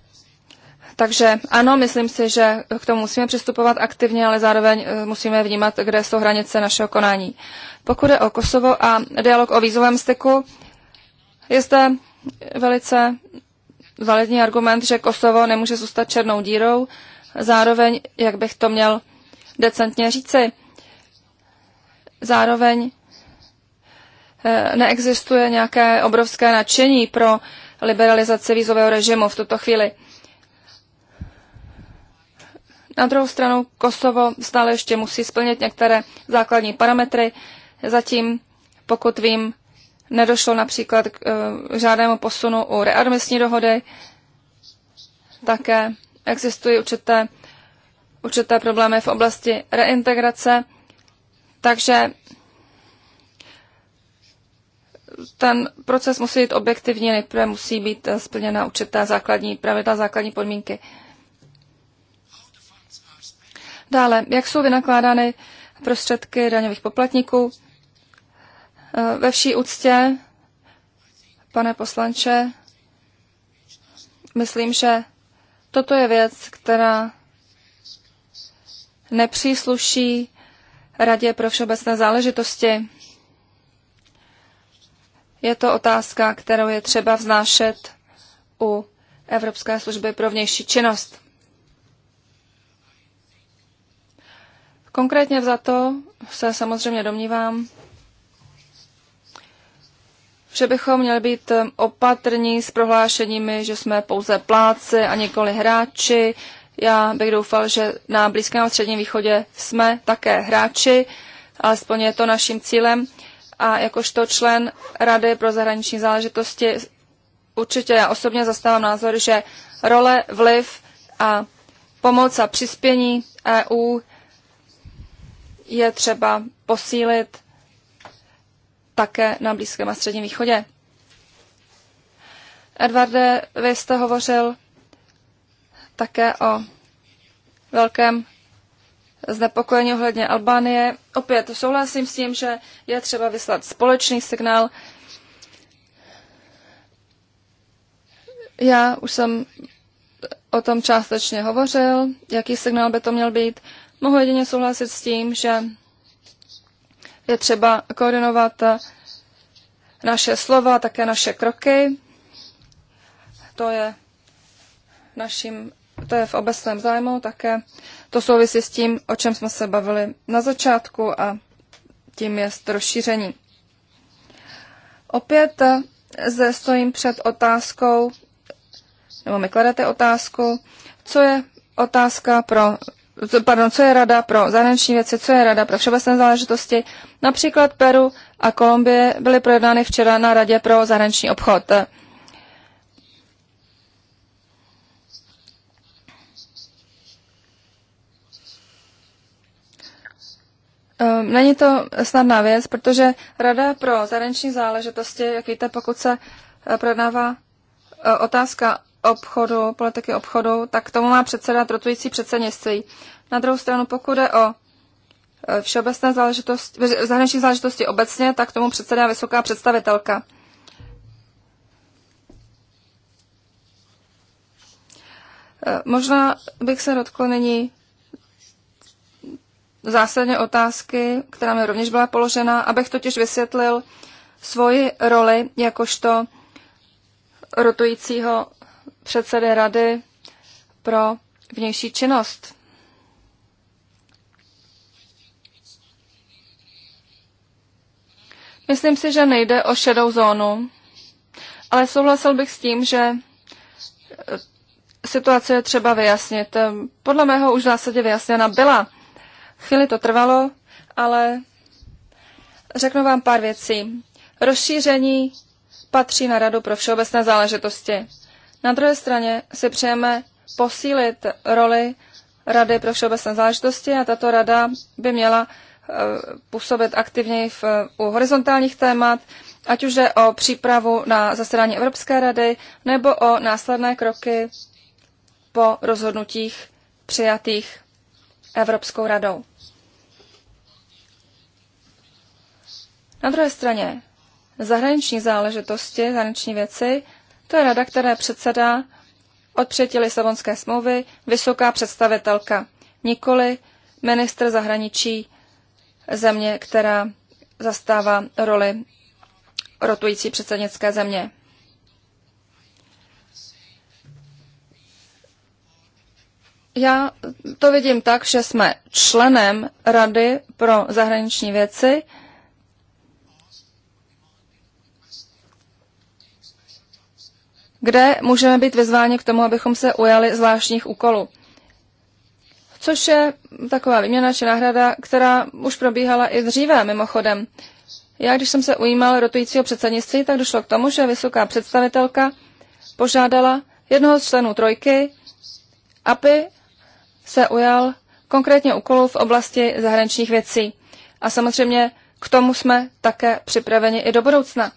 Takže ano, myslím si, že k tomu musíme přistupovat aktivně, ale zároveň eh, musíme vnímat, kde jsou hranice našeho konání. Pokud je o Kosovo a dialog o vízovém styku, je zde velice validní argument, že Kosovo nemůže zůstat černou dírou. Zároveň, jak bych to měl decentně říci, zároveň eh, neexistuje nějaké obrovské nadšení pro liberalizaci vízového režimu v tuto chvíli. Na druhou stranu Kosovo stále ještě musí splnit některé základní parametry. Zatím, pokud vím, Nedošlo například k eh, žádnému posunu u readmisní dohody. Také existují určité, určité problémy v oblasti reintegrace, takže ten proces musí být objektivní, nejprve musí být eh, splněna určitá základní pravidla, základní podmínky. Dále, jak jsou vynakládány prostředky daňových poplatníků? Eh, ve vší úctě, pane poslanče, myslím, že toto je věc, která nepřísluší Radě pro všeobecné záležitosti. Je to otázka, kterou je třeba vznášet u Evropské služby pro vnější činnost. Konkrétně za to se samozřejmě domnívám, že bychom měli být eh, opatrní s prohlášeními, že jsme pouze pláci a nikoli hráči. Já bych doufal, že na Blízkém a Středním východě jsme také hráči, alespoň je to naším cílem. A jakožto člen Rady pro zahraniční záležitosti určitě já osobně zastávám názor, že role, vliv a pomoc a přispění EU je třeba posílit také na Blízkém a Středním východě. Edvarde, vy jste hovořil také o velkém znepokojení ohledně Albánie. Opět souhlasím s tím, že je třeba vyslat společný signál. Já už jsem o tom částečně hovořil, jaký signál by to měl být. Mohu jedině souhlasit s tím, že je třeba koordinovat eh, naše slova, také naše kroky. To je naším, to je v obecném zájmu, také to souvisí s tím, o čem jsme se bavili na začátku a tím je rozšíření. Opět eh, zde stojím před otázkou, nebo mi kladete otázku, co je otázka pro pardon, co je rada pro zahraniční věci, co je rada pro všeobecné záležitosti. Například Peru a Kolumbie byly projednány včera na radě pro zahraniční obchod. Ehm, není to snadná věc, protože Rada pro zahraniční záležitosti, jak víte, pokud se eh, projednává eh, otázka obchodu, politiky obchodu, tak tomu má předseda rotující předsednictví. Na druhou stranu, pokud je o e, všeobecné záležitosti, zahraniční záležitosti obecně, tak tomu předsedá vysoká představitelka. E, možná bych se dotkl nyní zásadně otázky, která mi rovněž byla položena, abych totiž vysvětlil svoji roli jakožto rotujícího předsedy Rady pro vnější činnost. Myslím si, že nejde o šedou zónu, ale souhlasil bych s tím, že eh, situace je třeba vyjasnit. Eh, podle mého už v zásadě vyjasněna byla. Chvíli to trvalo, ale řeknu vám pár věcí. Rozšíření patří na Radu pro všeobecné záležitosti. Na druhé straně si přejeme posílit roli Rady pro všeobecné záležitosti a tato rada by měla eh, působit aktivněji v, u horizontálních témat, ať už je o přípravu na zasedání Evropské rady nebo o následné kroky po rozhodnutích přijatých Evropskou radou. Na druhé straně zahraniční záležitosti, zahraniční věci to je rada, které předsedá od přijetí Lisabonské smlouvy vysoká představitelka, nikoli ministr zahraničí země, která zastává roli rotující předsednické země. Já to vidím tak, že jsme členem Rady pro zahraniční věci, kde můžeme být vyzváni k tomu, abychom se ujali zvláštních úkolů. Což je taková výměna či náhrada, která už probíhala i dříve, mimochodem. Já, když jsem se ujímal rotujícího předsednictví, tak došlo k tomu, že vysoká představitelka požádala jednoho z členů trojky, aby se ujal konkrétně úkolů v oblasti zahraničních věcí. A samozřejmě k tomu jsme také připraveni i do budoucna.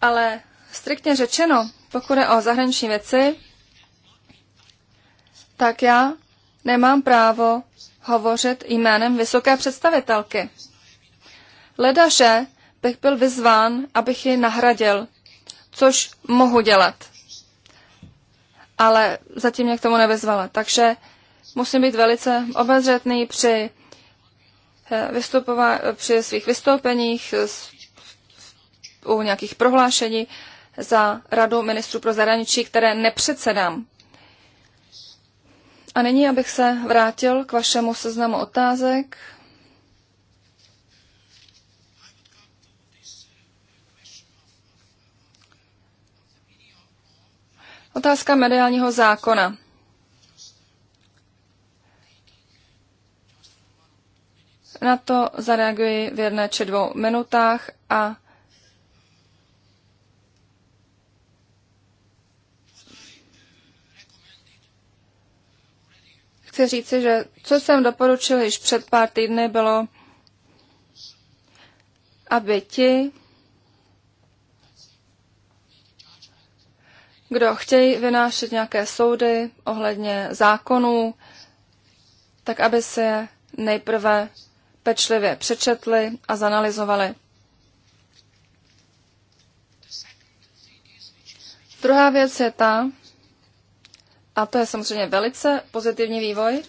Ale striktně řečeno, pokud je o zahraniční věci, tak já nemám právo hovořit jménem vysoké představitelky. Ledaže bych byl vyzván, abych ji nahradil, což mohu dělat. Ale zatím mě k tomu nevyzvala. Takže musím být velice obezřetný při, eh, při svých vystoupeních u nějakých prohlášení za Radu ministrů pro zahraničí, které nepředsedám. A nyní, abych se vrátil k vašemu seznamu otázek. Otázka mediálního zákona. Na to zareaguji v jedné či dvou minutách a chci říci, že co jsem doporučil již před pár týdny bylo, aby ti, kdo chtějí vynášet nějaké soudy ohledně zákonů, tak aby se nejprve pečlivě přečetli a zanalizovali. Druhá věc je ta, a to je samozřejmě velice pozitivní vývoj,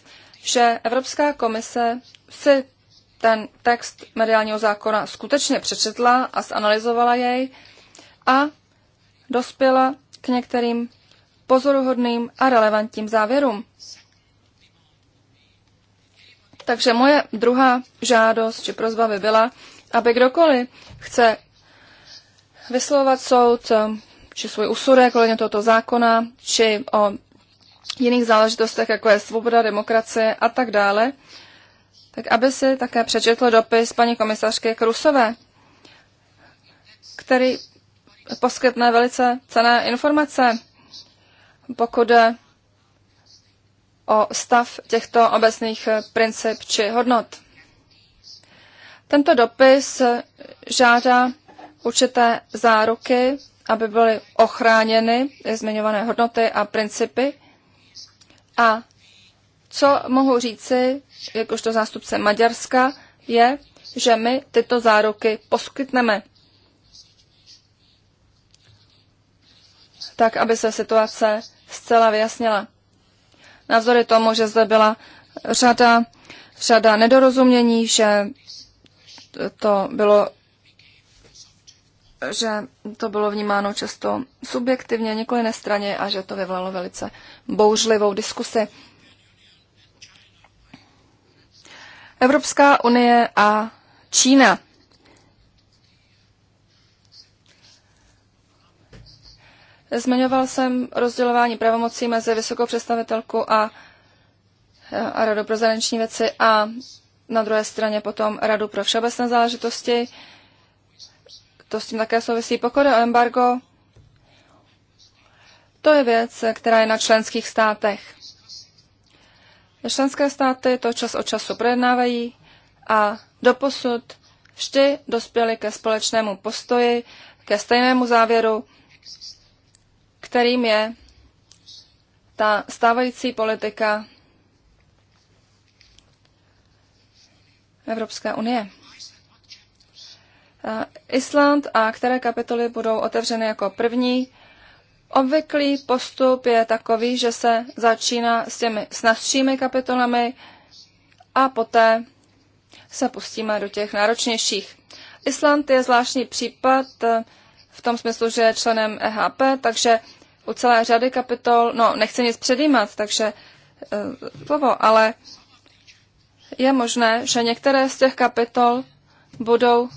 že Evropská komise si ten text mediálního zákona skutečně přečetla a zanalizovala jej a dospěla k některým pozoruhodným a relevantním závěrům. Takže moje druhá žádost či prozba by byla, aby kdokoliv chce vyslovovat soud či svůj úsudek kolem tohoto zákona, či o jiných záležitostech, jako je svoboda, demokracie a tak dále, tak aby si také přečetl dopis paní komisařky Krusové, který poskytne velice cené informace, pokud je o stav těchto obecných princip či hodnot. Tento dopis žádá určité záruky, aby byly ochráněny zmiňované hodnoty a principy, a co mohu říci, jakožto zástupce Maďarska, je, že my tyto záruky poskytneme. Tak, aby se situace zcela vyjasnila. Navzory tomu, že zde byla řada, řada nedorozumění, že to bylo že to bylo vnímáno často subjektivně, nikoli nestraně a že to vyvolalo velice bouřlivou diskusi. Evropská unie a Čína. Zmiňoval jsem rozdělování pravomocí mezi vysokou představitelku a, a Radu pro zahraniční věci a na druhé straně potom Radu pro všeobecné záležitosti to s tím také souvisí. Pokud o embargo, to je věc, která je na členských státech. Členské státy to čas od času projednávají a doposud vždy dospěli ke společnému postoji, ke stejnému závěru, kterým je ta stávající politika Evropské unie. Eh, Island a které kapitoly budou otevřeny jako první. Obvyklý postup je takový, že se začíná s těmi snazšími kapitolami a poté se pustíme do těch náročnějších. Island je zvláštní případ eh, v tom smyslu, že je členem EHP, takže u celé řady kapitol, no nechci nic předjímat, takže eh, slovo, ale je možné, že některé z těch kapitol budou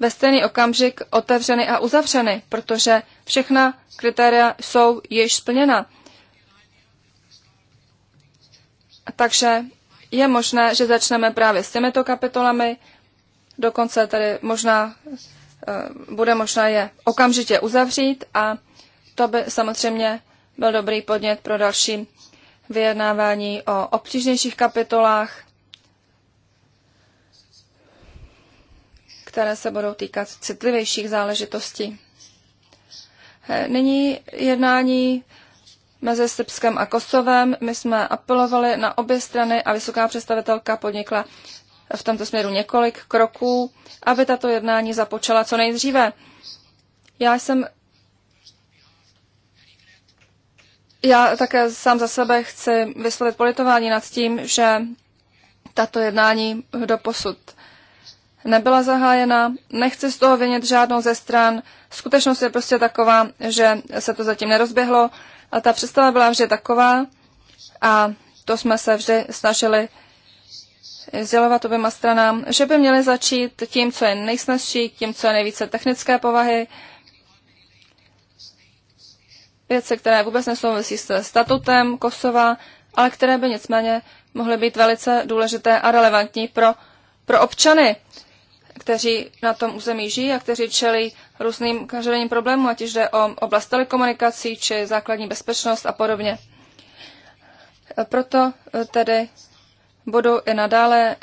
ve stejný okamžik otevřeny a uzavřeny, protože všechna kritéria jsou již splněna. Takže je možné, že začneme právě s těmito kapitolami, dokonce tady možná eh, bude možné je okamžitě uzavřít a to by samozřejmě byl dobrý podnět pro další vyjednávání o obtížnějších kapitolách které se budou týkat citlivějších záležitostí. Eh, nyní jednání mezi Srbskem a Kosovem. My jsme apelovali na obě strany a vysoká představitelka podnikla v tomto směru několik kroků, aby tato jednání započala co nejdříve. Já jsem Já také sám za sebe chci vyslovit politování nad tím, že tato jednání do posud nebyla zahájena. Nechci z toho vinit žádnou ze stran. Skutečnost je prostě taková, že se to zatím nerozběhlo, a ta představa byla vždy taková a to jsme se vždy snažili sdělovat oběma stranám, že by měli začít tím, co je nejsnažší, tím, co je nejvíce technické povahy, věci, které vůbec nesouvisí se statutem Kosova, ale které by nicméně mohly být velice důležité a relevantní pro, pro občany kteří na tom území žijí a kteří čelí různým každodenním problémům, ať už jde o oblast telekomunikací či základní bezpečnost a podobně. Proto eh, tedy budu i nadále,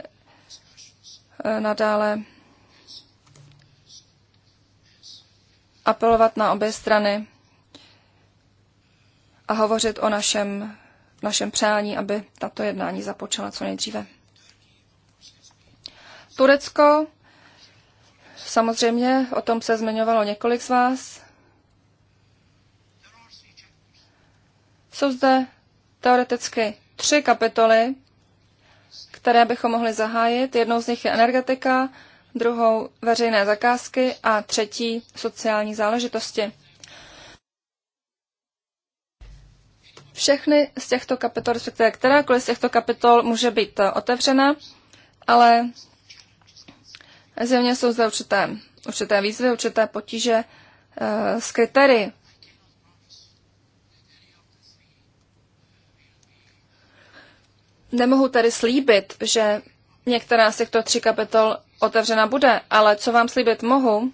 eh, nadále apelovat na obě strany a hovořit o našem, našem přání, aby tato jednání započala co nejdříve. Turecko Samozřejmě o tom se zmiňovalo několik z vás. Jsou zde teoreticky tři kapitoly, které bychom mohli zahájit. Jednou z nich je energetika, druhou veřejné zakázky a třetí sociální záležitosti. Všechny z těchto kapitol, respektive kterákoliv z těchto kapitol může být otevřena, ale Zjevně jsou zde určité, určité výzvy, určité potíže eh, s kritérií. Nemohu tady slíbit, že některá z těchto tří kapitol otevřena bude, ale co vám slíbit mohu,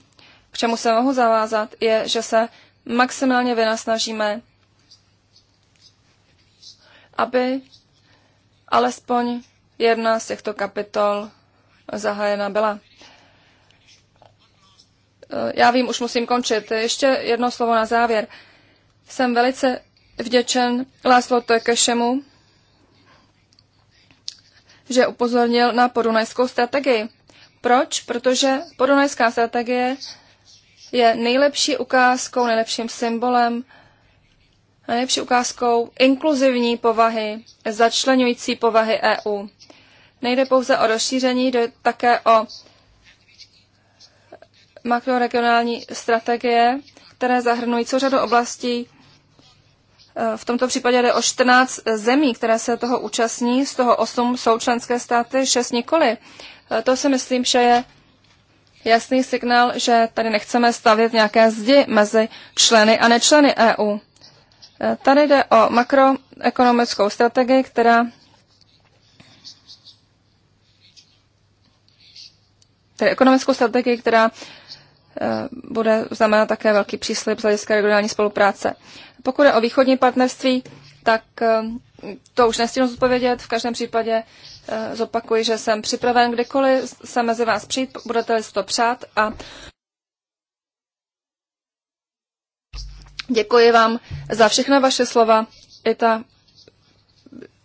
k čemu se mohu zavázat, je, že se maximálně vynasnažíme, aby alespoň jedna z těchto kapitol zahájena byla. Eh, já vím, už musím končit. Ještě jedno slovo na závěr. Jsem velice vděčen Láslo Tekešemu, že upozornil na podunajskou strategii. Proč? Protože podunajská strategie je nejlepší ukázkou, nejlepším symbolem, nejlepší ukázkou inkluzivní povahy, začlenující povahy EU. Nejde pouze o rozšíření, jde také o makroregionální strategie, které zahrnují celou řadu oblastí. E, v tomto případě jde o 14 zemí, které se toho účastní, z toho 8 jsou členské státy, 6 nikoli. E, to si myslím, že je jasný signál, že tady nechceme stavět nějaké zdi mezi členy a nečleny EU. E, tady jde o makroekonomickou strategii, která tedy ekonomickou strategii, která Eh, bude znamenat také velký příslip z hlediska regionální spolupráce. Pokud je o východní partnerství, tak eh, to už nestihnu zodpovědět. V každém případě eh, zopakuji, že jsem připraven kdykoliv se mezi vás přijít, budete si to přát a děkuji vám za všechna vaše slova, i ta,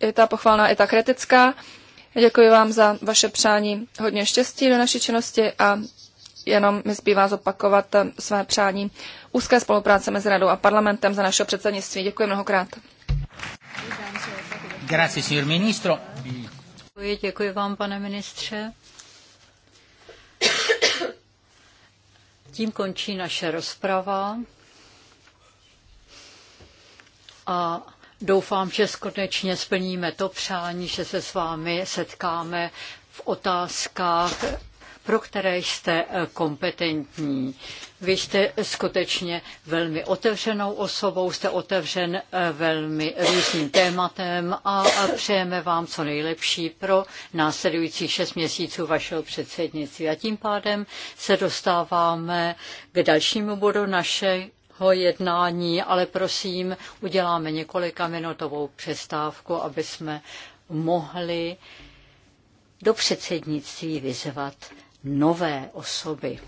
i ta pochválná, i ta kritická. Děkuji vám za vaše přání hodně štěstí do naší činnosti a jenom mi zbývá zopakovat eh, své přání úzké spolupráce mezi radou a parlamentem za našeho předsednictví. Děkuji mnohokrát. Grazie, signor ministro. Děkuji, děkuji vám, pane ministře. Tím končí naše rozprava a doufám, že skutečně splníme to přání, že se s vámi setkáme v otázkách pro které jste eh, kompetentní. Vy jste skutečně velmi otevřenou osobou, jste otevřen eh, velmi různým tématem a přejeme vám co nejlepší pro následujících šest měsíců vašeho předsednictví. A tím pádem se dostáváme k dalšímu bodu naše jednání, ale prosím, uděláme několika minutovou přestávku, aby jsme mohli do předsednictví vyzvat nové osoby.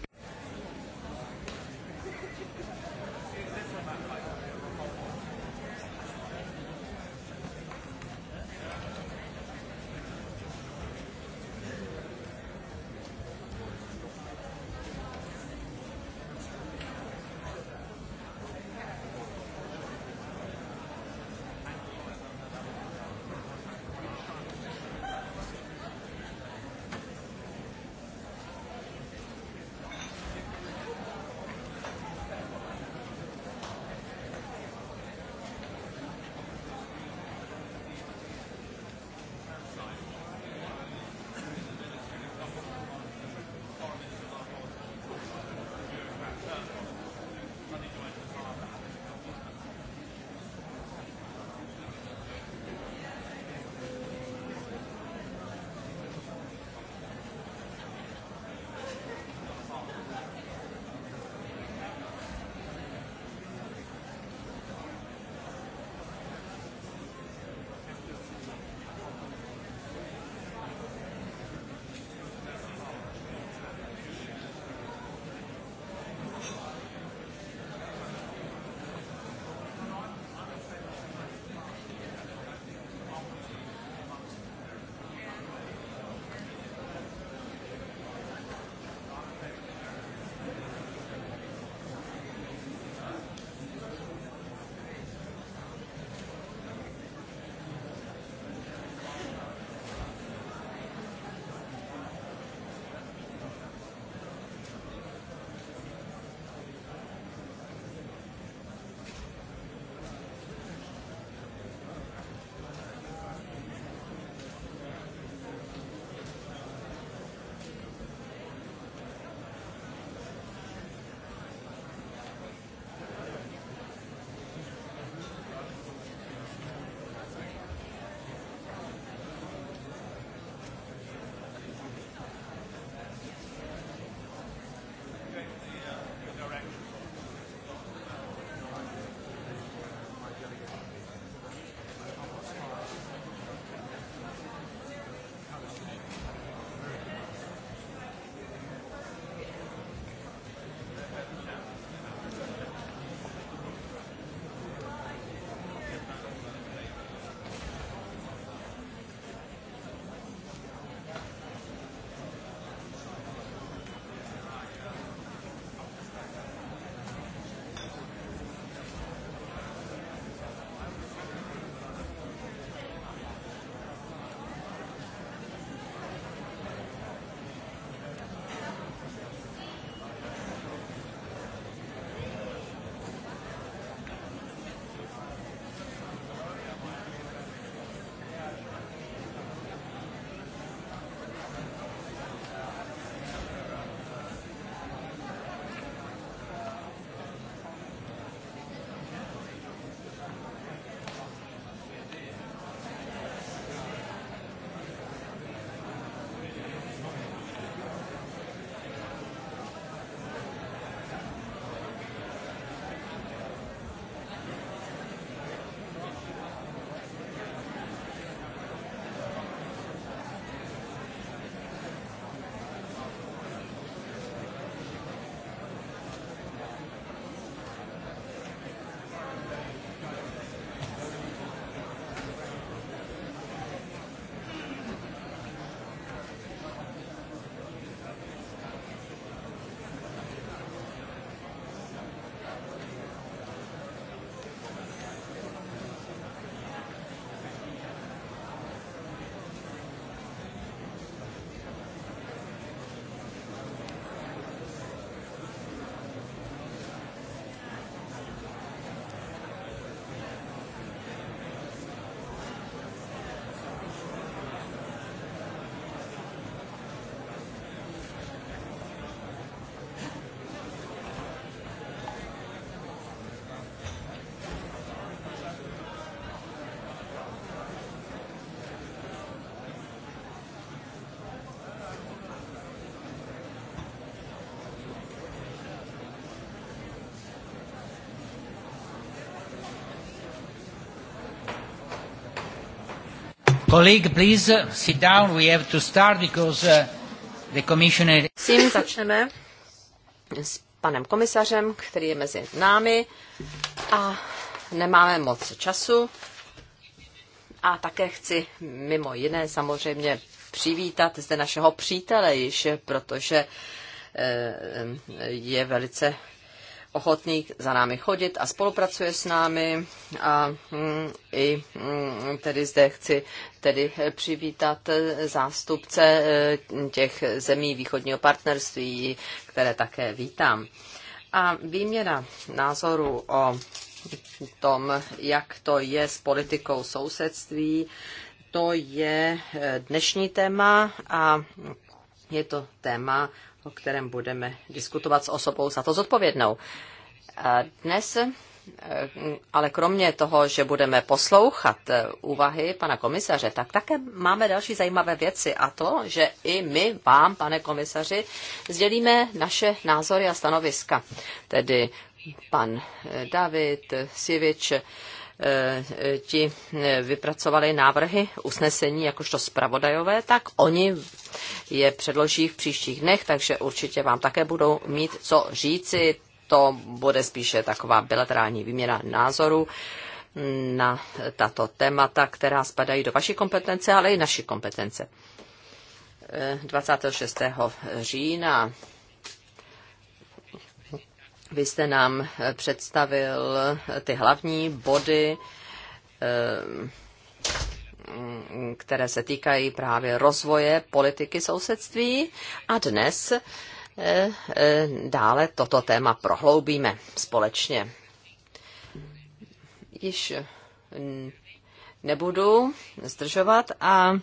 Colleague, please uh, sit down. We have to start because uh, the commissioner... Sim, začneme s panem komisařem, který je mezi námi a nemáme moc času. A také chci mimo jiné samozřejmě přivítat zde našeho přítele již, protože eh, je velice ochotný za námi chodit a spolupracuje s námi a mm, i mm, tedy zde chci tedy eh, přivítat eh, zástupce eh, těch zemí východního partnerství, které také vítám. A výměna názoru o tom, jak to je s politikou sousedství, to je dnešní téma a je to téma, o kterém budeme diskutovat s osobou za to zodpovědnou. dnes eh, ale kromě toho, že budeme poslouchat eh, úvahy pana komisaře, tak také máme další zajímavé věci a to, že i my vám, pane komisaři, sdělíme naše názory a stanoviska. Tedy pan eh, David Sivič Eh, ti eh, vypracovali návrhy usnesení jakožto spravodajové, tak oni je předloží v příštích dnech, takže určitě vám také budou mít co říci. To bude spíše taková bilaterální výměna názorů mm, na tato témata, která spadají do vaší kompetence, ale i naší kompetence. Eh, 26. října vy jste nám eh, představil eh, ty hlavní body, eh, které se týkají právě rozvoje politiky sousedství a dnes dále toto téma prohloubíme společně. Již mm, nebudu zdržovat a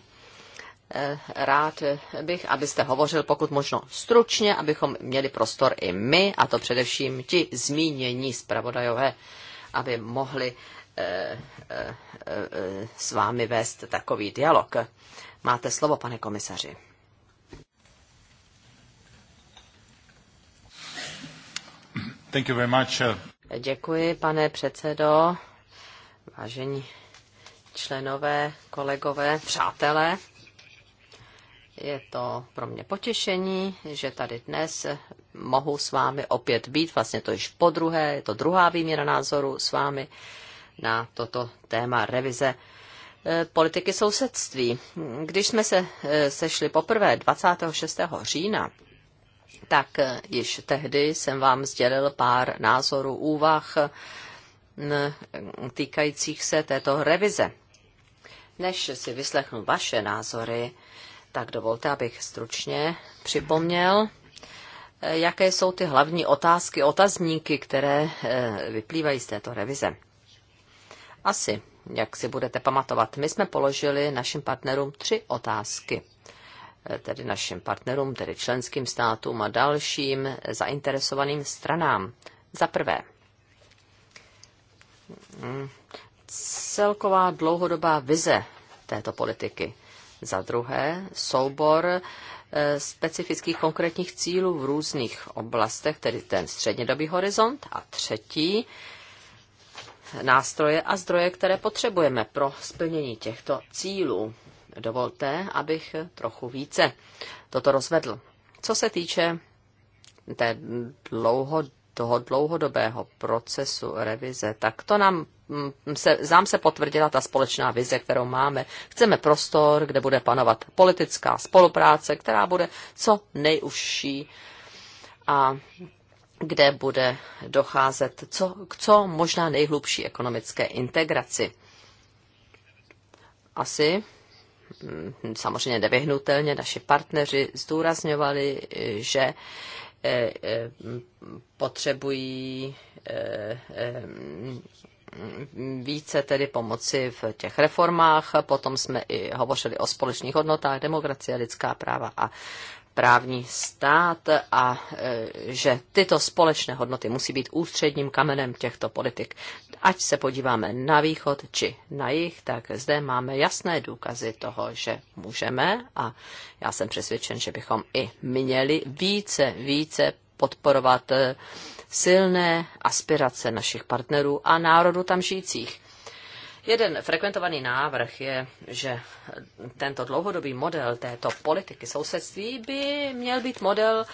Eh, rád bych, abyste hovořil pokud možno stručně, abychom měli prostor i my, a to především ti zmínění zpravodajové, aby mohli eh, eh, s vámi vést takový dialog. Máte slovo, pane komisaři. Thank you very much. Děkuji, pane předsedo, vážení členové, kolegové, přátelé. Je to pro mě potěšení, že tady dnes mohu s vámi opět být, vlastně to již po druhé, je to druhá výměna názoru s vámi na toto téma revize eh, politiky sousedství. Když jsme se eh, sešli poprvé 26. října, tak eh, již tehdy jsem vám sdělil pár názorů, úvah týkajících se této revize. Než si vyslechnu vaše názory, tak dovolte, abych stručně připomněl, eh, jaké jsou ty hlavní otázky, otazníky, které eh, vyplývají z této revize. Asi, jak si budete pamatovat, my jsme položili našim partnerům tři otázky eh, tedy našim partnerům, tedy členským státům a dalším zainteresovaným stranám. Za prvé, mm, celková dlouhodobá vize této politiky. Za druhé, soubor eh, specifických konkrétních cílů v různých oblastech, tedy ten střednědobý horizont. A třetí, nástroje a zdroje, které potřebujeme pro splnění těchto cílů. Dovolte, abych trochu více toto rozvedl. Co se týče té dlouhodobé toho dlouhodobého procesu revize, tak to nám mm, se, zám se potvrdila ta společná vize, kterou máme. Chceme prostor, kde bude panovat politická spolupráce, která bude co nejužší a kde bude docházet co, k co možná nejhlubší ekonomické integraci. Asi mm, samozřejmě nevyhnutelně naši partneři zdůrazňovali, že Eh, eh, potřebují eh, více tedy pomoci v těch reformách. Potom jsme i hovořili o společných hodnotách, demokracie, lidská práva a právní stát a e, že tyto společné hodnoty musí být ústředním kamenem těchto politik. Ať se podíváme na východ či na jih, tak zde máme jasné důkazy toho, že můžeme a já jsem přesvědčen, že bychom i měli více, více podporovat e, silné aspirace našich partnerů a národů tam žijících. Jeden frekventovaný návrh je, že tento dlouhodobý model této politiky sousedství by měl být model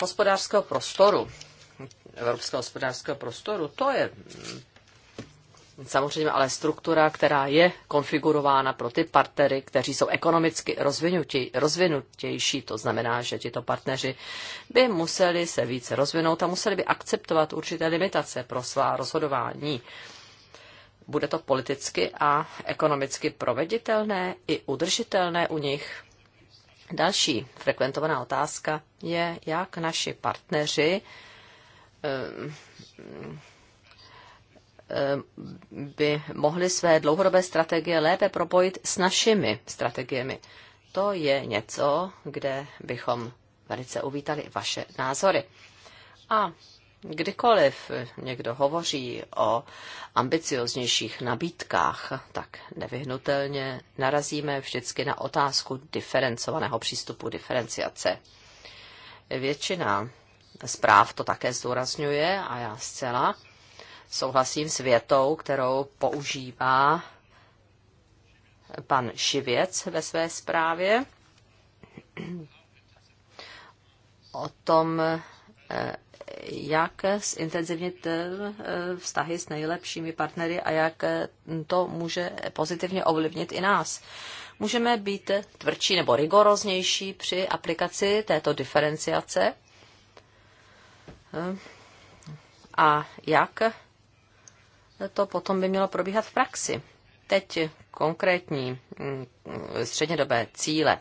hospodářského prostoru. Evropského hospodářského prostoru. To je samozřejmě ale struktura, která je konfigurována pro ty partnery, kteří jsou ekonomicky rozvinutí, rozvinutější. To znamená, že tito partneři by museli se více rozvinout a museli by akceptovat určité limitace pro svá rozhodování. Bude to politicky a ekonomicky proveditelné i udržitelné u nich? Další frekventovaná otázka je, jak naši partneři ehm, ehm, by mohli své dlouhodobé strategie lépe propojit s našimi strategiemi. To je něco, kde bychom velice uvítali vaše názory. A Kdykoliv někdo hovoří o ambicioznějších nabídkách, tak nevyhnutelně narazíme vždycky na otázku diferencovaného přístupu diferenciace. Většina zpráv to také zdůrazňuje a já zcela souhlasím s větou, kterou používá pan Šivěc ve své zprávě o tom, eh, jak zintenzivnit eh, vztahy s nejlepšími partnery a jak eh, to může pozitivně ovlivnit i nás. Můžeme být tvrdší nebo rigoroznější při aplikaci této diferenciace eh, a jak to potom by mělo probíhat v praxi. Teď konkrétní mm, střednědobé cíle.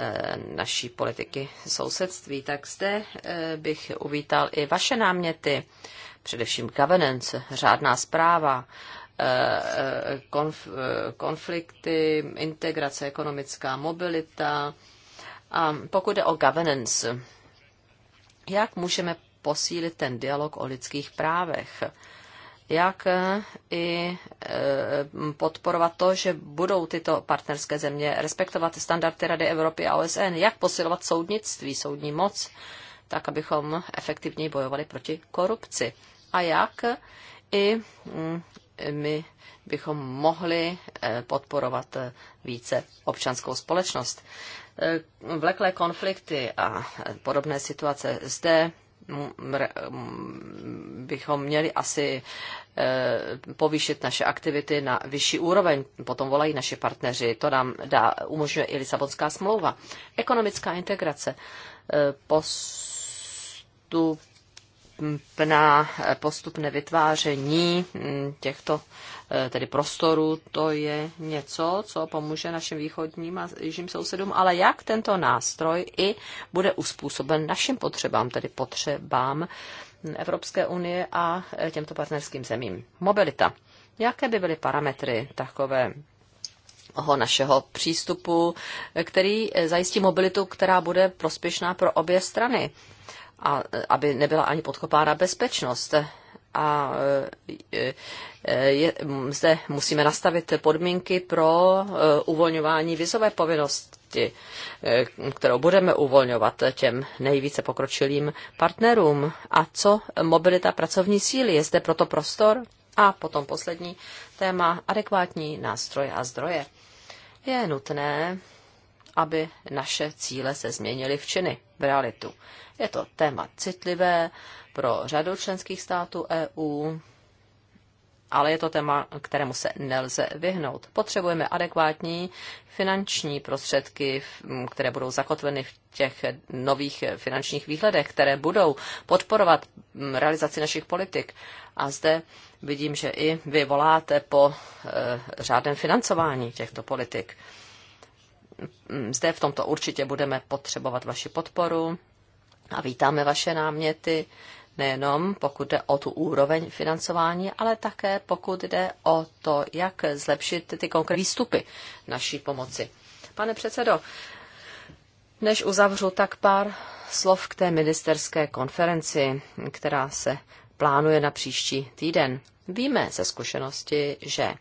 Eh, naší politiky sousedství, tak zde eh, bych uvítal i vaše náměty, především governance, řádná zpráva, eh, konf, konflikty, integrace, ekonomická mobilita. A pokud jde o governance, jak můžeme posílit ten dialog o lidských právech? jak eh, i eh, podporovat to, že budou tyto partnerské země respektovat standardy Rady Evropy a OSN, jak posilovat soudnictví, soudní moc, tak abychom efektivněji bojovali proti korupci. A jak i mm, my bychom mohli eh, podporovat více občanskou společnost. Vleklé konflikty a podobné situace zde Mm, mm, bychom měli asi eh, povýšit naše aktivity na vyšší úroveň. Potom volají naši partneři, to nám dá, umožňuje i Lisabonská smlouva. Ekonomická integrace. Eh, postup postupná, postupné vytváření mm, těchto eh, tedy prostorů, to je něco, co pomůže našim východním a jižním sousedům, ale jak tento nástroj i bude uspůsoben našim potřebám, tedy potřebám Evropské unie a eh, těmto partnerským zemím. Mobilita. Jaké by byly parametry takové našeho přístupu, eh, který zajistí mobilitu, která bude prospěšná pro obě strany a aby nebyla ani podkopána bezpečnost. A e, e, je, zde musíme nastavit podmínky pro e, uvolňování vizové povinnosti, kterou budeme uvolňovat těm nejvíce pokročilým partnerům. A co mobilita pracovní síly? Je zde proto prostor? A potom poslední téma, adekvátní nástroje a zdroje. Je nutné aby naše cíle se změnily v činy, v realitu. Je to téma citlivé pro řadu členských států EU, ale je to téma, kterému se nelze vyhnout. Potřebujeme adekvátní finanční prostředky, které budou zakotveny v těch nových finančních výhledech, které budou podporovat realizaci našich politik. A zde vidím, že i vy voláte po eh, řádném financování těchto politik zde v tomto určitě budeme potřebovat vaši podporu a vítáme vaše náměty, nejenom pokud jde o tu úroveň financování, ale také pokud jde o to, jak zlepšit ty konkrétní výstupy naší pomoci. Pane předsedo, než uzavřu, tak pár slov k té ministerské konferenci, která se plánuje na příští týden. Víme ze zkušenosti, že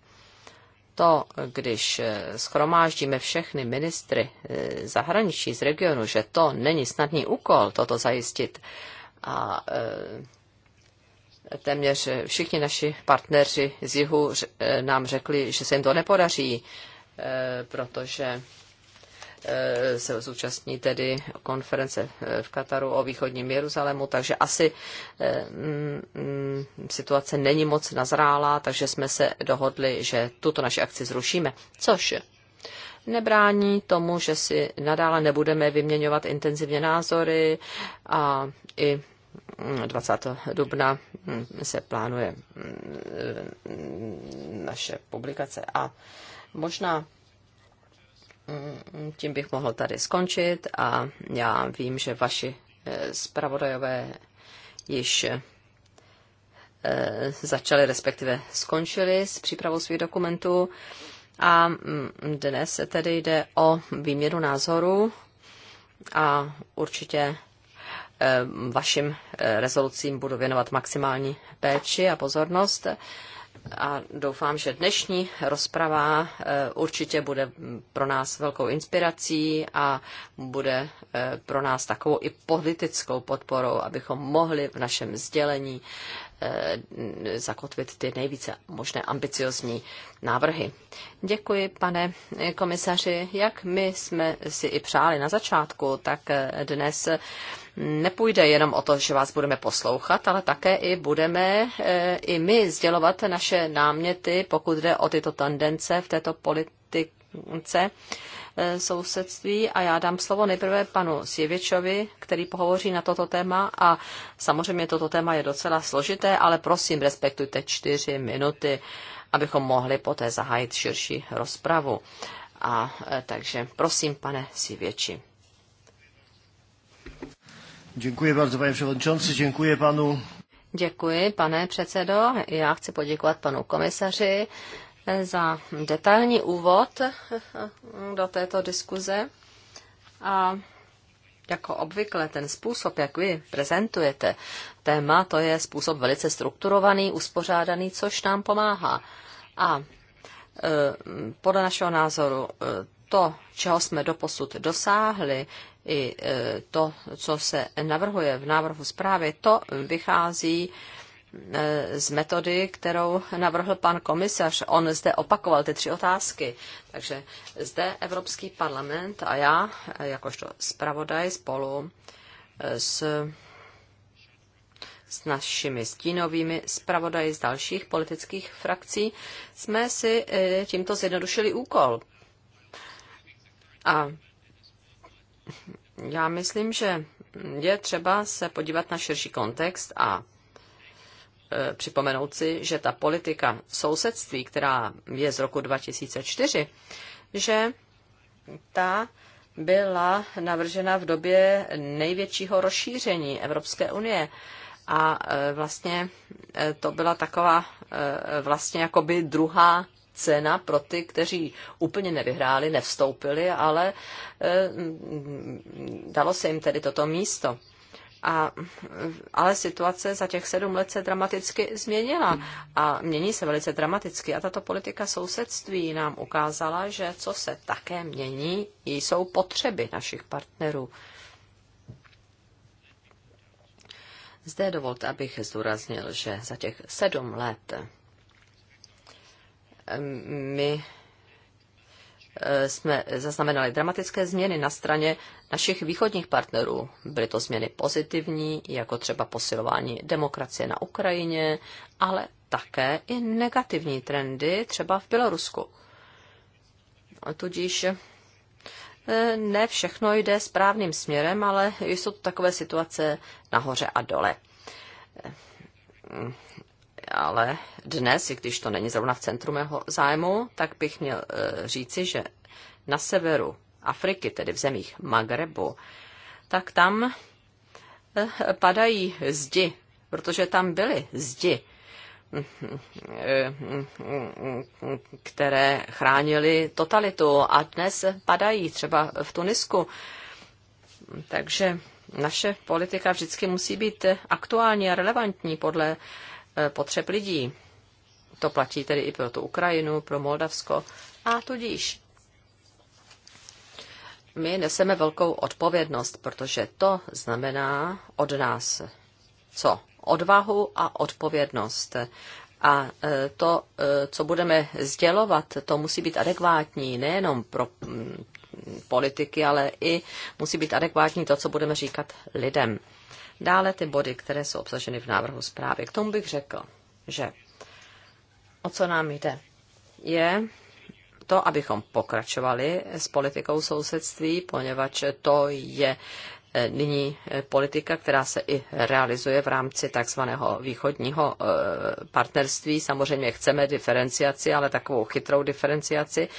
to, když eh, schromáždíme všechny ministry eh, zahraničí z regionu, že to není snadný úkol toto zajistit. A eh, téměř všichni naši partneři z jihu nám řekli, že se jim to nepodaří, protože Eh, se zúčastní tedy konference eh, v Kataru o východním Jeruzalému, takže asi eh, mm, mm, situace není moc nazrálá, takže jsme se dohodli, že tuto naši akci zrušíme, což nebrání tomu, že si nadále nebudeme vyměňovat intenzivně názory a i 20. Mm, dubna se plánuje naše publikace a možná Mm, tím bych mohl tady skončit a já vím, že vaši eh, zpravodajové již eh, začali, respektive skončili s přípravou svých dokumentů. A mm, dnes se tedy jde o výměnu názorů a určitě eh, vašim rezolucím budu věnovat maximální péči a pozornost a doufám, že dnešní rozprava eh, určitě bude pro nás velkou inspirací a bude eh, pro nás takovou i politickou podporou, abychom mohli v našem sdělení eh, zakotvit ty nejvíce možné ambiciozní návrhy. Děkuji, pane komisaři. Jak my jsme si i přáli na začátku, tak dnes nepůjde jenom o to, že vás budeme poslouchat, ale také i budeme eh, i my sdělovat naše náměty, pokud jde o tyto tendence v této politice eh, sousedství a já dám slovo nejprve panu Sjevičovi, který pohovoří na toto téma a samozřejmě toto téma je docela složité, ale prosím respektujte čtyři minuty, abychom mohli poté zahájit širší rozpravu. A eh, takže prosím, pane Sjeviči. Děkuji bardzo, pane předsedající, děkuji panu. Děkuji, pane předsedo. Já chci poděkovat panu komisaři za detailní úvod do této diskuze. A jako obvykle ten způsob, jak vy prezentujete téma, to je způsob velice strukturovaný, uspořádaný, což nám pomáhá. A e, podle našeho názoru e, to, čeho jsme doposud dosáhli, i e, to, co se navrhuje v návrhu zprávy, to vychází e, z metody, kterou navrhl pan komisař. On zde opakoval ty tři otázky. Takže zde Evropský parlament a já, jakožto zpravodaj spolu e, s, s našimi stínovými zpravodaji z dalších politických frakcí, jsme si tímto zjednodušili úkol. A já myslím, že je třeba se podívat na širší kontext a e, připomenout si, že ta politika sousedství, která je z roku 2004, že ta byla navržena v době největšího rozšíření Evropské unie. A e, vlastně e, to byla taková vlastně jakoby druhá cena pro ty, kteří úplně nevyhráli, nevstoupili, ale eh, mm, dalo se jim tedy toto místo. A, mm, ale situace za těch sedm let se dramaticky změnila a mění se velice dramaticky. A tato politika sousedství nám ukázala, že co se také mění, jsou potřeby našich partnerů. Zde dovolte, abych zdůraznil, že za těch sedm let my eh, jsme zaznamenali dramatické změny na straně našich východních partnerů. Byly to změny pozitivní, jako třeba posilování demokracie na Ukrajině, ale také i negativní trendy, třeba v Bělorusku. Tudíž eh, ne všechno jde správným směrem, ale jsou to takové situace nahoře a dole ale dnes, i když to není zrovna v centru mého zájmu, tak bych měl e, říci, že na severu Afriky, tedy v zemích Magrebu, tak tam e, padají zdi, protože tam byly zdi, které chránily totalitu a dnes padají třeba v Tunisku. Takže naše politika vždycky musí být aktuální a relevantní podle Eh, potřeb lidí. To platí tedy i pro tu Ukrajinu, pro Moldavsko a tudíž my neseme velkou odpovědnost, protože to znamená od nás co? Odvahu a odpovědnost. A eh, to, eh, co budeme sdělovat, to musí být adekvátní nejenom pro mm, politiky, ale i musí být adekvátní to, co budeme říkat lidem. Dále ty body, které jsou obsaženy v návrhu zprávy. K tomu bych řekl, že o co nám jde, je to, abychom pokračovali s politikou sousedství, poněvadž to je eh, nyní eh, politika, která se i realizuje v rámci takzvaného východního eh, partnerství. Samozřejmě chceme diferenciaci, ale takovou chytrou diferenciaci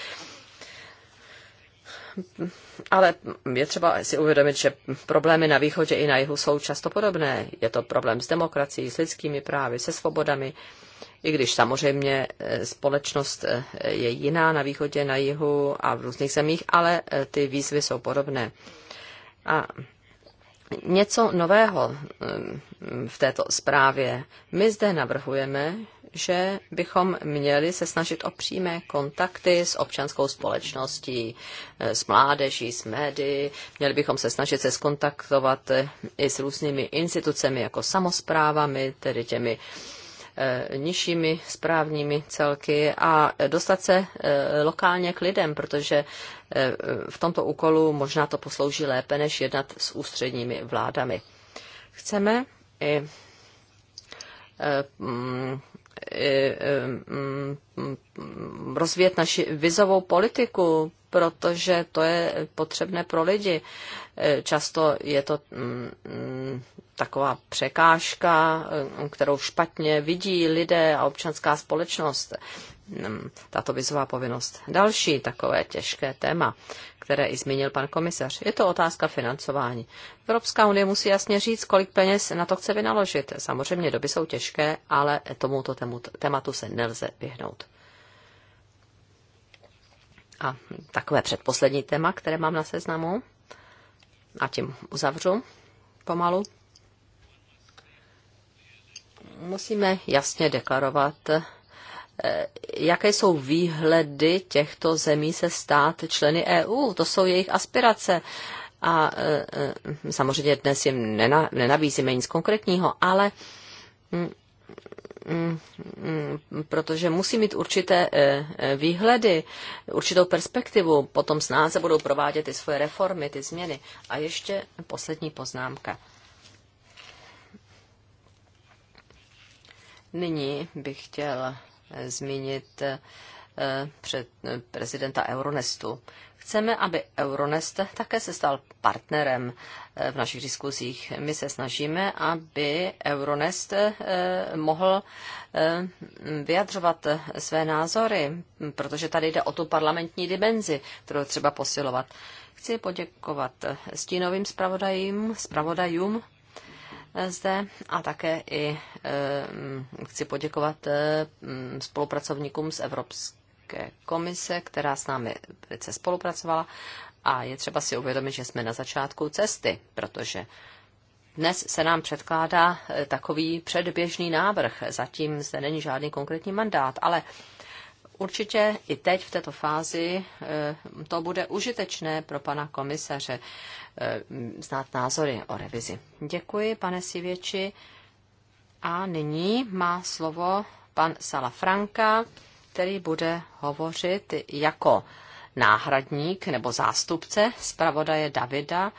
ale je třeba si uvědomit, že problémy na východě i na jihu jsou často podobné. Je to problém s demokracií, s lidskými právy, se svobodami, i když samozřejmě eh, společnost eh, je jiná na východě, na jihu a v různých zemích, ale eh, ty výzvy jsou podobné. A něco nového v této zprávě. My zde navrhujeme, že bychom měli se snažit o přímé kontakty s občanskou společností, eh, s mládeží, s médií. Měli bychom se snažit se skontaktovat eh, i s různými institucemi jako samozprávami, tedy těmi eh, nižšími správními celky a dostat se lokálně k lidem, protože v tomto úkolu možná to poslouží lépe, než jednat s ústředními vládami. Chceme i rozvíjet naši vizovou politiku, protože to je potřebné pro lidi. E, často je to mm, taková překážka, e, kterou špatně vidí lidé a občanská společnost. Mm, tato vizová povinnost. Další takové těžké téma, které i zmínil pan komisař, je to otázka financování. Evropská unie musí jasně říct, kolik peněz na to chce vynaložit. Samozřejmě doby jsou těžké, ale tomuto tématu se nelze vyhnout. A takové předposlední téma, které mám na seznamu, a tím uzavřu pomalu. Musíme jasně deklarovat Eh, jaké jsou výhledy těchto zemí se stát členy EU. To jsou jejich aspirace. A eh, eh, samozřejmě dnes jim nenabízíme nic konkrétního, ale hm, hm, hm, protože musí mít určité výhledy, určitou perspektivu, potom snáze budou provádět ty svoje reformy, ty změny. A ještě poslední poznámka. Nyní bych chtěl zmínit eh, před eh, prezidenta Euronestu. Chceme, aby Euronest také se stal partnerem eh, v našich diskuzích. My se snažíme, aby Euronest mohl vyjadřovat své názory, protože tady jde o tu parlamentní dimenzi, kterou třeba posilovat. Chci poděkovat stínovým zpravodajům, zpravodajům zde a také i eh, chci poděkovat eh, mm, spolupracovníkům z Evropské komise, která s námi velice spolupracovala a je třeba si uvědomit, že jsme na začátku cesty, protože dnes se nám předkládá eh, takový předběžný návrh. Zatím zde není žádný konkrétní mandát, ale Určitě i teď v této fázi eh, to bude užitečné pro pana komisaře eh, znát názory o revizi. Děkuji, pane Sivěči. A nyní má slovo pan Salafranka, který bude hovořit jako náhradník nebo zástupce zpravodaje Davida,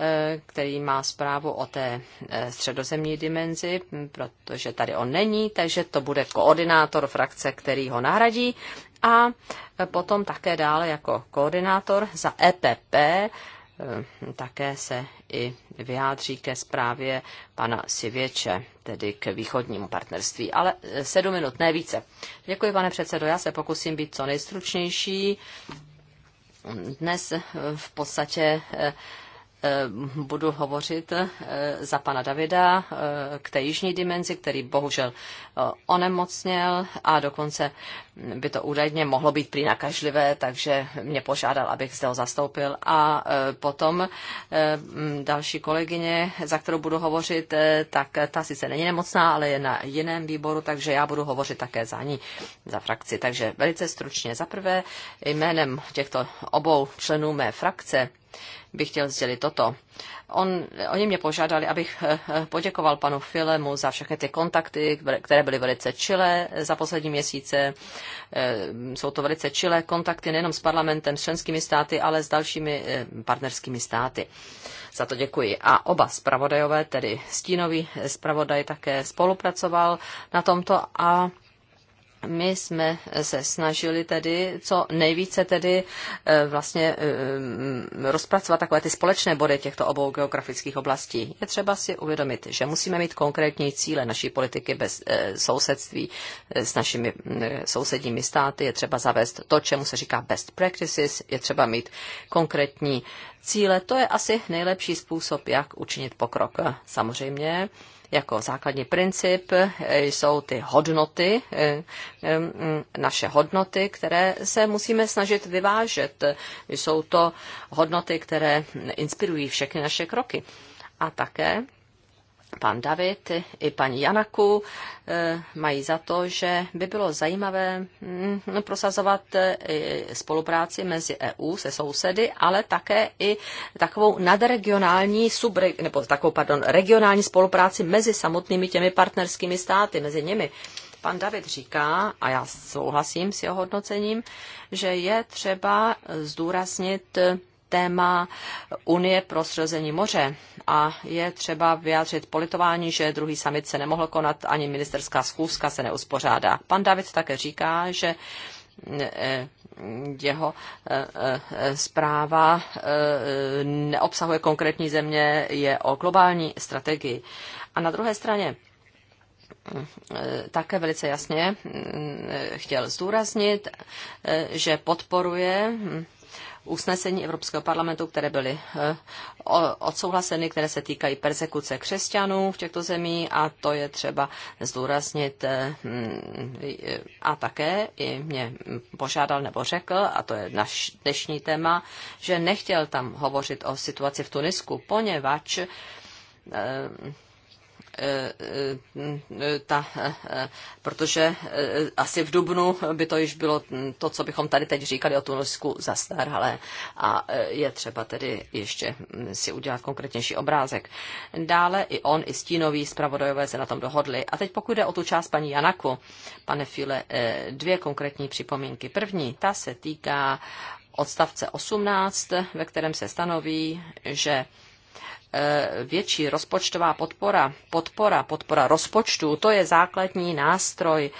eh, který má zprávu o té eh, středozemní dimenzi, protože tady on není, takže to bude koordinátor frakce, který ho nahradí. A eh, potom také dále jako koordinátor za EPP také se i vyjádří ke zprávě pana Sivěče, tedy k východnímu partnerství. Ale sedm minut, ne více. Děkuji, pane předsedo, já se pokusím být co nejstručnější dnes v podstatě eh, Eh, budu hovořit eh, za pana Davida eh, k té jižní dimenzi, který bohužel onemocněl a dokonce by to údajně mohlo být prý nakažlivé, takže mě požádal, abych zde ho zastoupil. A potom další kolegyně, za kterou budu hovořit, tak ta sice není nemocná, ale je na jiném výboru, takže já budu hovořit také za ní, za frakci. Takže velice stručně. Za prvé jménem těchto obou členů mé frakce bych chtěl sdělit toto. On, oni mě požádali, abych eh, eh, poděkoval panu Filemu za všechny ty kontakty, které byly velice čilé za poslední měsíce. Eh, jsou to velice čilé kontakty nejenom s parlamentem, s členskými státy, ale s dalšími partnerskými státy. Za to děkuji. A oba zpravodajové, tedy stínový zpravodaj, také spolupracoval na tomto a my jsme se snažili tedy co nejvíce tedy e, vlastně e, rozpracovat takové ty společné body těchto obou geografických oblastí. Je třeba si uvědomit, že musíme mít konkrétní cíle naší politiky bez e, sousedství s našimi sousedními státy. Je třeba zavést to, čemu se říká best practices. Je třeba mít konkrétní cíle. To je asi nejlepší způsob, jak učinit pokrok. Samozřejmě jako základní princip eh, jsou ty hodnoty, eh, mm, naše hodnoty, které se musíme snažit vyvážet. Jsou to hodnoty, které inspirují všechny naše kroky. A také pan David i paní Janaku eh, mají za to, že by bylo zajímavé mm, prosazovat eh, spolupráci mezi EU se sousedy, ale také i takovou nadregionální subre, nebo takovou, pardon, regionální spolupráci mezi samotnými těmi partnerskými státy, mezi nimi. Pan David říká, a já souhlasím s jeho hodnocením, že je třeba zdůraznit eh, téma Unie pro srození moře a je třeba vyjádřit politování, že druhý summit se nemohl konat, ani ministerská schůzka se neuspořádá. Pan David také říká, že eh, eh, jeho eh, zpráva neobsahuje konkrétní země, je o globální strategii. A na druhé straně také velice jasně mm, chtěl zdůraznit, že podporuje hm, usnesení Evropského parlamentu, které byly eh, odsouhlaseny, které se týkají persekuce křesťanů v těchto zemí a to je třeba zdůraznit eh, hm, a také i mě požádal nebo řekl, a to je naš dnešní téma, že nechtěl tam hovořit o situaci v Tunisku, poněvadž eh, ta, protože eh, asi v Dubnu by to již bylo to, co bychom tady teď říkali o Tunisku zastaralé a eh, je třeba tedy ještě mm, si udělat konkrétnější obrázek. Dále i on, i stínoví zpravodajové se na tom dohodli. A teď pokud jde o tu část paní Janaku, pane File, eh, dvě konkrétní připomínky. První, ta se týká odstavce 18, ve kterém se stanoví, že Eh, větší rozpočtová podpora, podpora, podpora rozpočtu, to je základní nástroj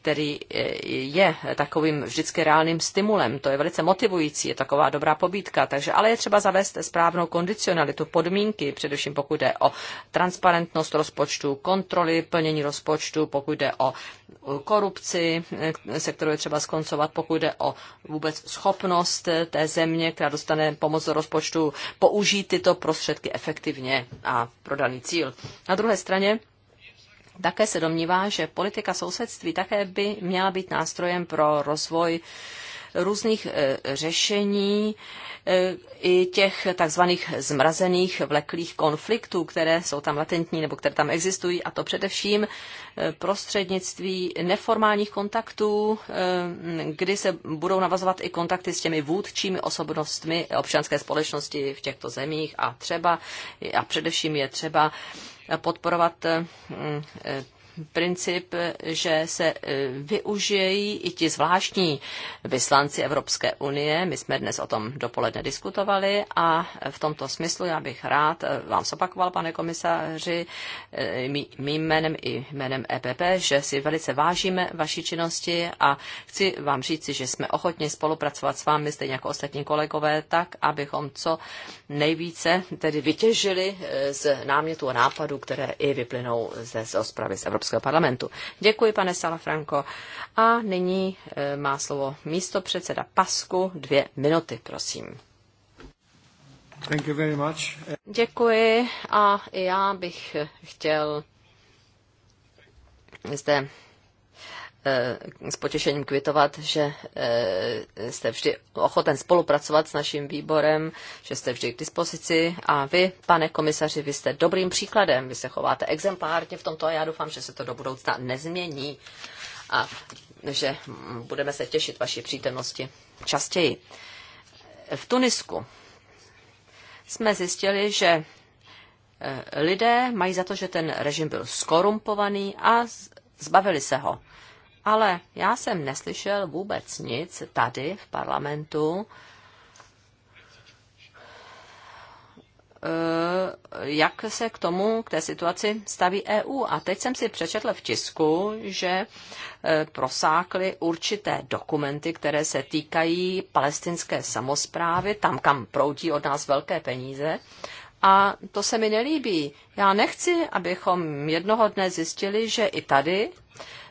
který eh, je takovým vždycky reálným stimulem. To je velice motivující, je taková dobrá pobídka. Takže ale je třeba zavést správnou kondicionalitu, podmínky, především pokud jde o transparentnost rozpočtu, kontroly plnění rozpočtu, pokud jde o korupci, eh, se kterou je třeba skoncovat, pokud jde o vůbec schopnost eh, té země, která dostane pomoc do rozpočtu, použít tyto prostředky efektivně a pro daný cíl. Na druhé straně, také se domnívá, že politika sousedství také by měla být nástrojem pro rozvoj různých e, řešení e, i těch takzvaných zmrazených vleklých konfliktů, které jsou tam latentní nebo které tam existují, a to především e, prostřednictví neformálních kontaktů, kdy se budou navazovat i kontakty s těmi vůdčími osobnostmi občanské společnosti v těchto zemích a třeba a především je třeba podporovat eh, eh, princip, že se e, využijí i ti zvláštní vyslanci Evropské unie. My jsme dnes o tom dopoledne diskutovali a v tomto smyslu já bych rád e, vám zopakoval, pane komisaři, e, mým jménem i jménem EPP, že si velice vážíme vaší činnosti a chci vám říci, že jsme ochotni spolupracovat s vámi, stejně jako ostatní kolegové, tak, abychom co nejvíce tedy vytěžili z námětu a nápadů, které i vyplynou ze rozpravy s Evropskou Evropského parlamentu. Děkuji, pane Salafranco. A nyní eh, má slovo místo předseda Pasku. Dvě minuty, prosím. Thank you very much. Děkuji a já bych chtěl zde Eh, s potěšením kvitovat, že eh, jste vždy ochoten spolupracovat s naším výborem, že jste vždy k dispozici a vy, pane komisaři, vy jste dobrým příkladem, vy se chováte exemplárně v tomto a já doufám, že se to do budoucna nezmění a že budeme se těšit vaší přítomnosti častěji. V Tunisku jsme zjistili, že eh, lidé mají za to, že ten režim byl skorumpovaný a zbavili se ho ale já jsem neslyšel vůbec nic tady v parlamentu, eh, jak se k tomu, k té situaci staví EU. A teď jsem si přečetl v tisku, že eh, prosákly určité dokumenty, které se týkají palestinské samozprávy, tam, kam proudí od nás velké peníze. A to se mi nelíbí. Já nechci, abychom jednoho dne zjistili, že i tady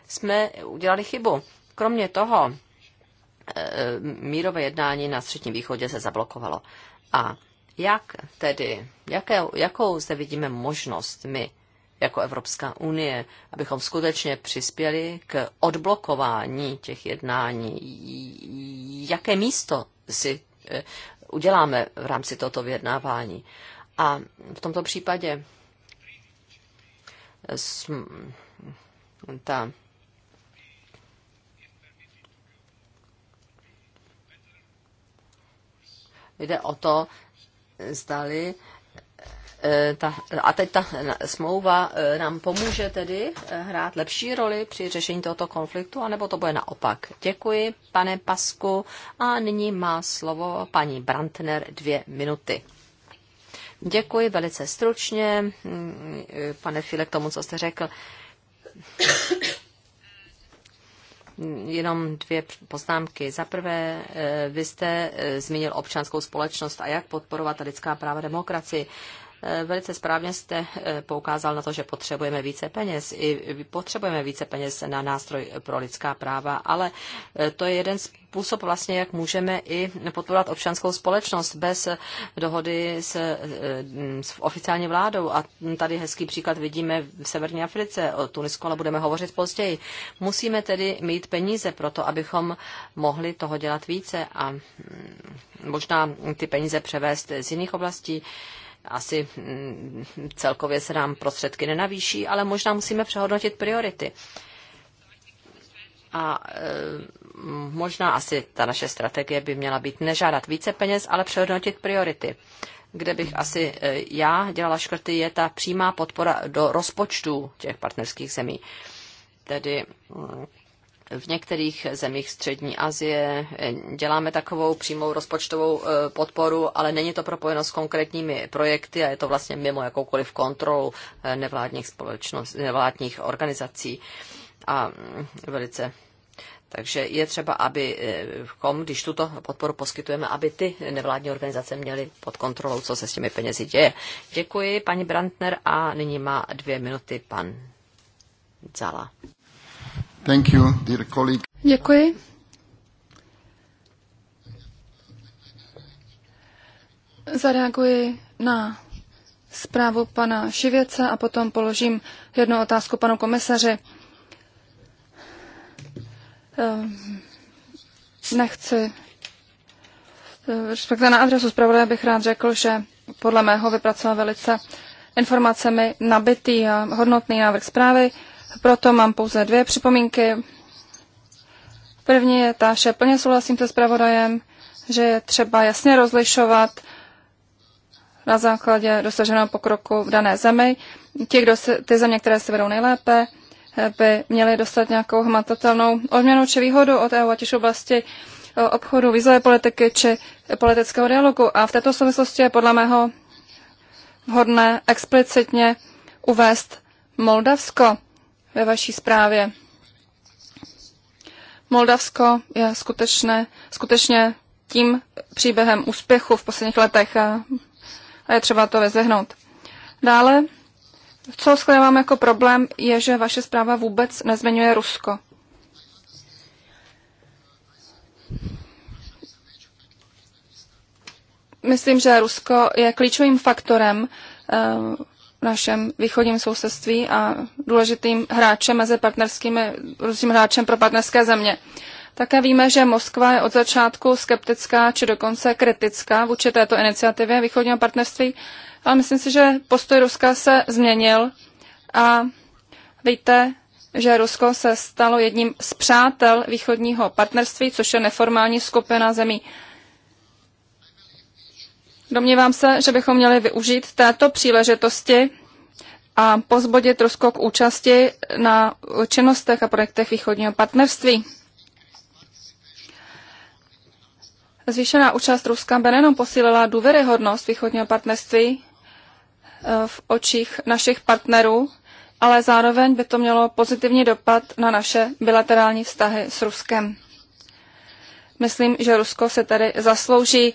jsme udělali chybu. Kromě toho, eh, mírové jednání na Středním východě se zablokovalo. A jak tedy, jaké, jakou zde vidíme možnost my jako Evropská unie, abychom skutečně přispěli k odblokování těch jednání? Jaké místo si eh, uděláme v rámci tohoto vyjednávání? A v tomto případě eh, ta jde o to, zdali eh, ta, a teď ta smlouva eh, nám pomůže tedy eh, hrát lepší roli při řešení tohoto konfliktu, anebo to bude naopak. Děkuji, pane Pasku. A nyní má slovo paní Brantner dvě minuty. Děkuji velice stručně, mm, pane Filek, k tomu, co jste řekl jenom dvě poznámky. Za prvé, eh, vy jste eh, zmínil občanskou společnost a jak podporovat lidská práva demokracii. Eh, velice správně jste eh, poukázal na to, že potřebujeme více peněz. I potřebujeme více peněz na nástroj pro lidská práva, ale eh, to je jeden z způsob vlastně, jak můžeme i podporovat občanskou společnost bez dohody s, s oficiální vládou. A tady hezký příklad vidíme v Severní Africe, o Tunisku, ale budeme hovořit později. Musíme tedy mít peníze pro to, abychom mohli toho dělat více a mm, možná ty peníze převést z jiných oblastí asi mm, celkově se nám prostředky nenavýší, ale možná musíme přehodnotit priority. A e, možná asi ta naše strategie by měla být nežádat více peněz, ale přehodnotit priority. Kde bych asi e, já dělala škrty, je ta přímá podpora do rozpočtu těch partnerských zemí. Tedy mm, v některých zemích Střední Asie děláme takovou přímou rozpočtovou e, podporu, ale není to propojeno s konkrétními projekty a je to vlastně mimo jakoukoliv kontrolu e, nevládních společností, nevládních organizací. A mm, velice takže je třeba, aby e, kom, když tuto podporu poskytujeme, aby ty nevládní organizace měly pod kontrolou, co se s těmi penězi děje. Děkuji, paní Brandner, a nyní má dvě minuty pan Zala. Thank you, dear colleague. Děkuji. Zareaguji na zprávu pana Šivěce a potom položím jednu otázku panu komisaři. Ehm, nechci ehm, Respektive na adresu zpravodaje bych rád řekl, že podle mého vypracoval velice informacemi nabitý a hodnotný návrh zprávy. Proto mám pouze dvě připomínky. První je ta, že plně souhlasím se zpravodajem, že je třeba jasně rozlišovat na základě dosaženého pokroku v dané zemi. Ti, kdo se, ty země, které se vedou nejlépe, by měly dostat nějakou hmatatelnou odměnu či výhodu od EU, ať už oblasti e, obchodu, vízové politiky či politického dialogu. A v této souvislosti je podle mého vhodné explicitně uvést Moldavsko ve vaší zprávě. Moldavsko je skutečné, skutečně tím příběhem úspěchu v posledních letech a, a je třeba to vyzvihnout. Dále, co shledávám jako problém, je, že vaše zpráva vůbec nezmiňuje Rusko. Myslím, že Rusko je klíčovým faktorem eh, našem východním sousedství a důležitým hráčem mezi partnerskými, různým hráčem pro partnerské země. Také víme, že Moskva je od začátku skeptická či dokonce kritická vůči této iniciativě východního partnerství, ale myslím si, že postoj Ruska se změnil a víte, že Rusko se stalo jedním z přátel východního partnerství, což je neformální skupina zemí Domnívám se, že bychom měli využít této příležitosti a pozbodit Rusko k účasti na činnostech a projektech východního partnerství. Zvýšená účast Ruska by nejenom posílila důvěryhodnost východního partnerství eh, v očích našich partnerů, ale zároveň by to mělo pozitivní dopad na naše bilaterální vztahy s Ruskem. Myslím, že Rusko se tedy zaslouží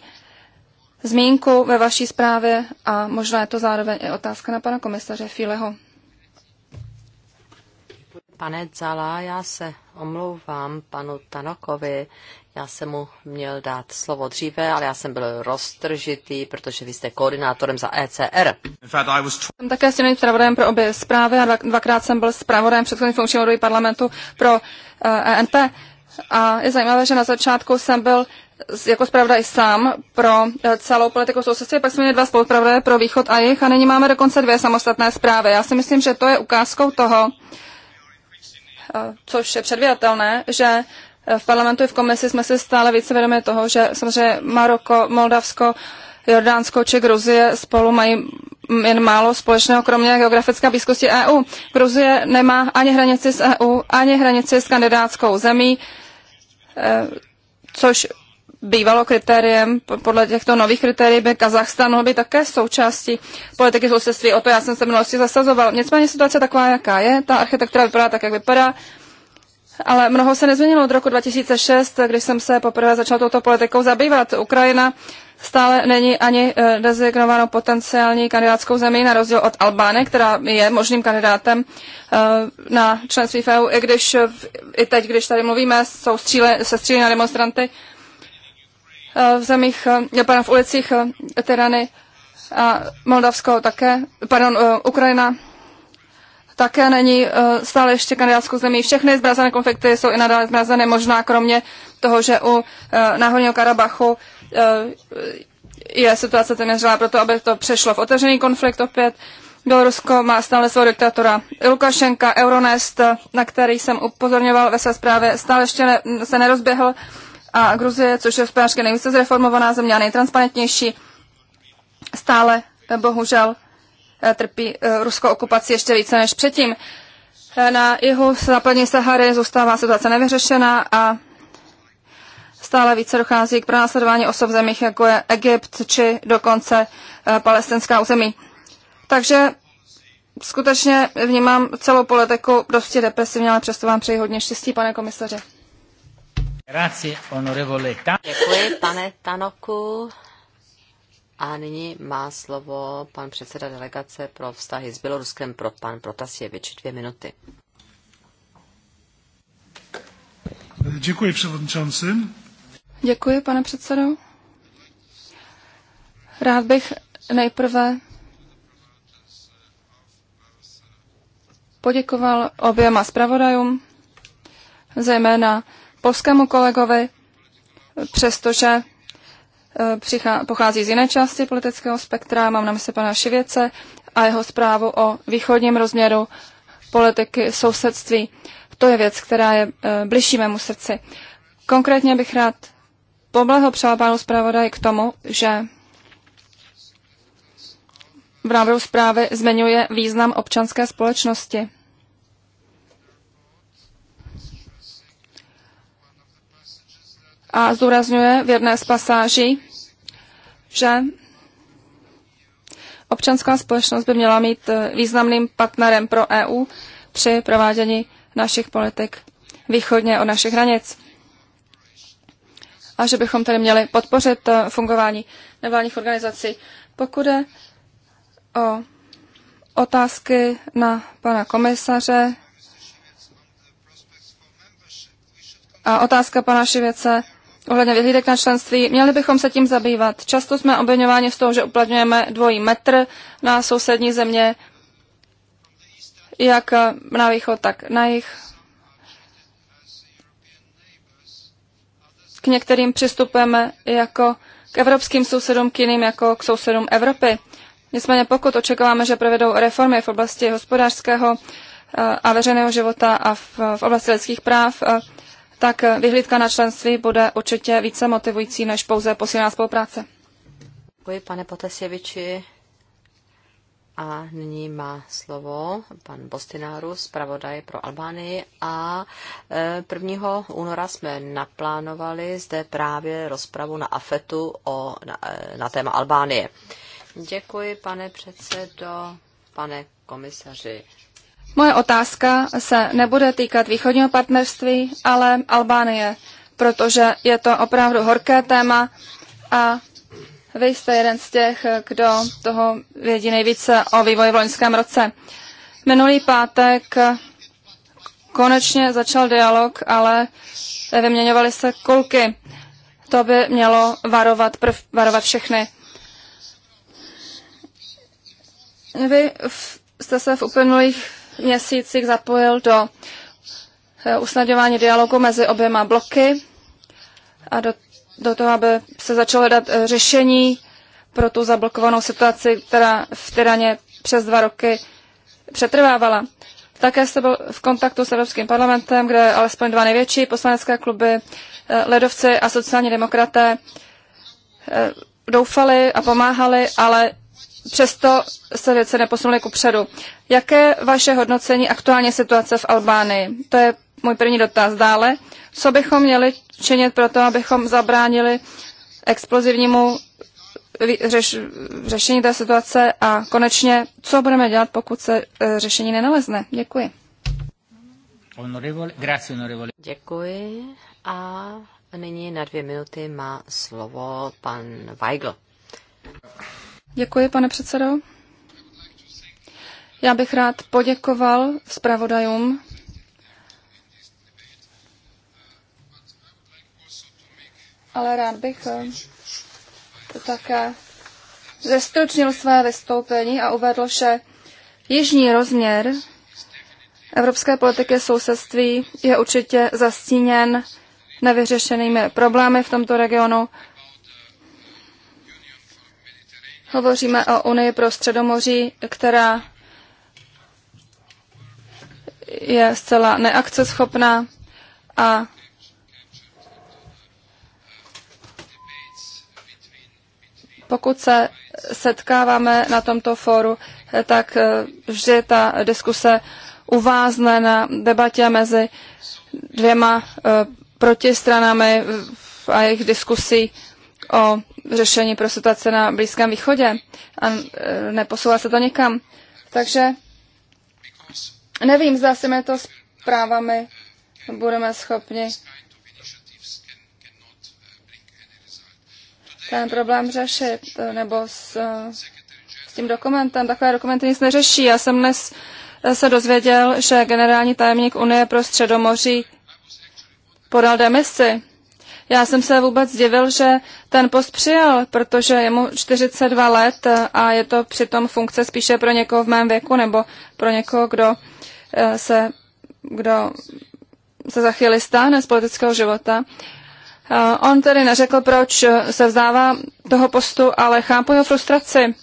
zmínku ve vaší zprávě a možná je to zároveň i otázka na pana komisaře Fileho. Pane Zala, já se omlouvám panu Tanokovi. Já jsem mu měl dát slovo dříve, ale já jsem byl roztržitý, protože vy jste koordinátorem za ECR. Jsem také stěným zpravodajem pro obě zprávy a dvakrát jsem byl zpravodajem předchozím funkčního parlamentu pro uh, eh, ENP. A je zajímavé, že na začátku jsem byl jako zpravodaj sám pro eh, celou politiku sousedství, pak jsme měli dva spolupravodaje pro východ a jich a nyní máme dokonce dvě samostatné zprávy. Já si myslím, že to je ukázkou toho, eh, což je předvídatelné, že eh, v parlamentu i v komisi jsme si stále více vědomi toho, že samozřejmě Maroko, Moldavsko, Jordánsko či Gruzie spolu mají jen málo společného, kromě geografické blízkosti EU. Gruzie nemá ani hranici s EU, ani hranici s kandidátskou zemí, což bývalo kritériem, podle těchto nových kritérií by Kazachstan mohl být také součástí politiky sousedství. O to já jsem se v minulosti zasazoval. Nicméně situace taková, jaká je, ta architektura vypadá tak, jak vypadá. Ale mnoho se nezměnilo od roku 2006, když jsem se poprvé začal touto politikou zabývat. Ukrajina stále není ani eh, dezignovanou potenciální kandidátskou zemí, na rozdíl od Albány, která je možným kandidátem eh, na členství v EU, i když i teď, když tady mluvíme, jsou stříle, se střílí na demonstranty Eh, v zemích, eh, pardon, v ulicích eh, Tyrany a Moldavsko také, pardon, Ukrajina také není stále ještě kandidátskou zemí. Všechny zmrazené konflikty jsou i nadále zmrazené, možná kromě toho, že u Náhorního Karabachu je situace téměř proto, aby to přešlo v otevřený konflikt opět. Bělorusko má stále svého diktatora Lukašenka, Euronest, na který jsem upozorňoval ve své zprávě, stále ještě ne, se nerozběhl a Gruzie, což je hospodářské nejvíce zreformovaná země a nejtransparentnější, stále eh, bohužel eh, trpí eh, ruskou okupaci ještě více než předtím. Na jihu západní Sahary zůstává situace nevyřešená a stále více dochází k pronásledování osob v zemích, jako je Egypt či dokonce palestinská území. Takže skutečně vnímám celou politiku dosti depresivně, ale přesto vám přeji hodně štěstí, pane komisaře. Děkuji, pane Tanoku. A nyní má slovo pan předseda delegace pro vztahy s Běloruskem, pro pan Protasěvič. Dvě minuty. Děkuji, předsedající. Děkuji, pane předsedo. Rád bych nejprve poděkoval oběma zpravodajům, zejména polskému kolegovi, přestože e, přichá, pochází z jiné části politického spektra, mám na mysli pana Šivěce a jeho zprávu o východním rozměru politiky sousedství. To je věc, která je e, bližší mému srdci. Konkrétně bych rád poblahopřál panu zpravodaji k tomu, že v návrhu zprávy zmiňuje význam občanské společnosti. a zdůrazňuje v jedné z pasáží, že občanská společnost by měla mít eh, významným partnerem pro EU při provádění našich politik východně od našich hranic. A že bychom tedy měli podpořit eh, fungování nevládních organizací. Pokud je o otázky na pana komisaře a otázka pana Šivěce ohledně vyhlídek na členství, měli bychom se tím zabývat. Často jsme obvinováni z toho, že uplatňujeme dvojí metr na sousední země, jak na východ, tak na jich. K některým přistupujeme jako k evropským sousedům, k jiným jako k sousedům Evropy. Nicméně pokud očekáváme, že provedou reformy v oblasti hospodářského eh, a veřejného života a v, v oblasti lidských práv, eh, tak vyhlídka na členství bude určitě více motivující než pouze posílená spolupráce. Děkuji, pane Potasěviči. A nyní má slovo pan Bostináru, zpravodaj pro Albánii. A 1. E, února jsme naplánovali zde právě rozpravu na AFETu o, na, e, na téma Albánie. Děkuji, pane předsedo, pane komisaři Moje otázka se nebude týkat východního partnerství, ale Albánie, protože je to opravdu horké téma a vy jste jeden z těch, kdo toho vědí nejvíce o vývoji v loňském roce. Minulý pátek konečně začal dialog, ale vyměňovaly se kulky. To by mělo varovat, prv, varovat všechny. Vy jste se v uplynulých měsících zapojil do eh, usnadňování dialogu mezi oběma bloky a do, do toho, aby se začalo dát eh, řešení pro tu zablokovanou situaci, která v Tyraně přes dva roky přetrvávala. Také jsem byl v kontaktu s Evropským parlamentem, kde alespoň dva největší poslanecké kluby, eh, ledovci a sociální demokraté, doufali a pomáhali, ale přesto se věci neposunuly kupředu. Jaké vaše hodnocení aktuální situace v Albánii? To je můj první dotaz. Dále, co bychom měli činit pro to, abychom zabránili explozivnímu řeš, řešení té situace a konečně, co budeme dělat, pokud se e, řešení nenalezne? Děkuji. Děkuji a nyní na dvě minuty má slovo pan Weigl. Děkuji, pane předsedo. Já bych rád poděkoval zpravodajům ale rád bych eh, to také zestručnil své vystoupení a uvedl, že jižní rozměr evropské politiky sousedství je určitě zastíněn nevyřešenými problémy v tomto regionu Hovoříme o Unii pro středomoří, která je zcela neakceschopná a pokud se setkáváme na tomto fóru, tak vždy ta diskuse uvázne na debatě mezi dvěma protistranami a jejich diskusí o řešení pro situace na Blízkém východě a e, neposouvá se to nikam. Takže nevím, zda si my to zprávami budeme schopni ten problém řešit, e, nebo s, e, s tím dokumentem. Takové dokumenty nic neřeší. Já jsem dnes se dozvěděl, že generální tajemník Unie pro Středomoří podal demisi. Já jsem se vůbec divil, že ten post přijal, protože je mu 42 let a je to přitom funkce spíše pro někoho v mém věku nebo pro někoho, kdo eh, se, kdo se za chvíli stáhne z politického života. Eh, on tedy neřekl, proč eh, se vzdává toho postu, ale chápu jeho frustraci,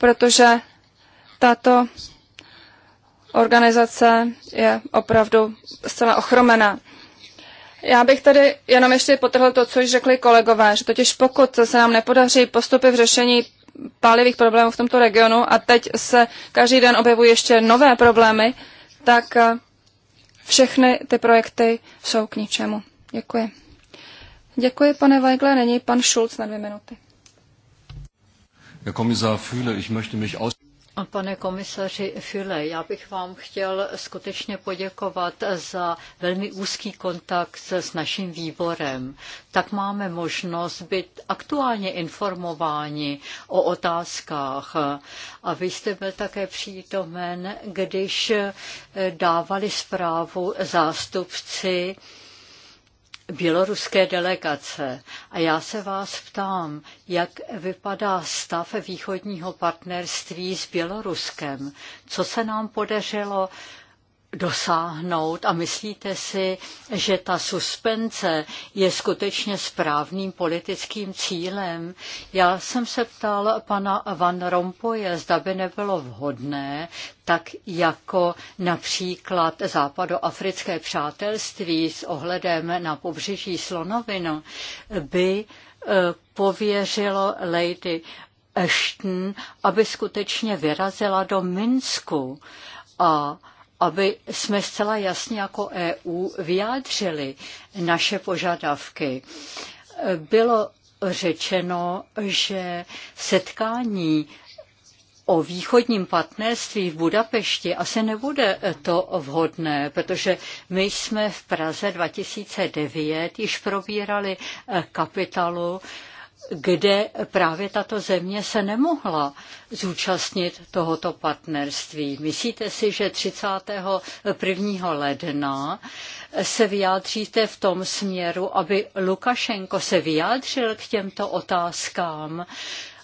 protože tato organizace je opravdu zcela ochromená. Já bych tady jenom ještě potrhl to, co již řekli kolegové, že totiž pokud se nám nepodaří postupy v řešení pálivých problémů v tomto regionu a teď se každý den objevují ještě nové problémy, tak eh, všechny ty projekty jsou k ničemu. Děkuji. Děkuji, pane Weigle. Není pan Schulz na dvě minuty. Herr Kommissar Fühle, ich möchte mich aus Pane komisaři File, já bych vám chtěl skutečně poděkovat za velmi úzký kontakt s naším výborem. Tak máme možnost být aktuálně informováni o otázkách. A vy jste byl také přítomen, když dávali zprávu zástupci běloruské delegace. A já se vás ptám, jak vypadá stav východního partnerství s Běloruskem? Co se nám podařilo dosáhnout a myslíte si, že ta suspence je skutečně správným politickým cílem? Já jsem se ptal pana Van Rompuye, zda by nebylo vhodné, tak jako například západoafrické přátelství s ohledem na pobřeží Slonovinu, by eh, pověřilo Lady Ashton, aby skutečně vyrazila do Minsku a aby jsme zcela jasně jako EU vyjádřili naše požadavky. Bylo řečeno, že setkání o východním partnerství v Budapešti asi nebude to vhodné, protože my jsme v Praze 2009 již probírali kapitalu kde právě tato země se nemohla zúčastnit tohoto partnerství. Myslíte si, že 31. ledna se vyjádříte v tom směru, aby Lukašenko se vyjádřil k těmto otázkám?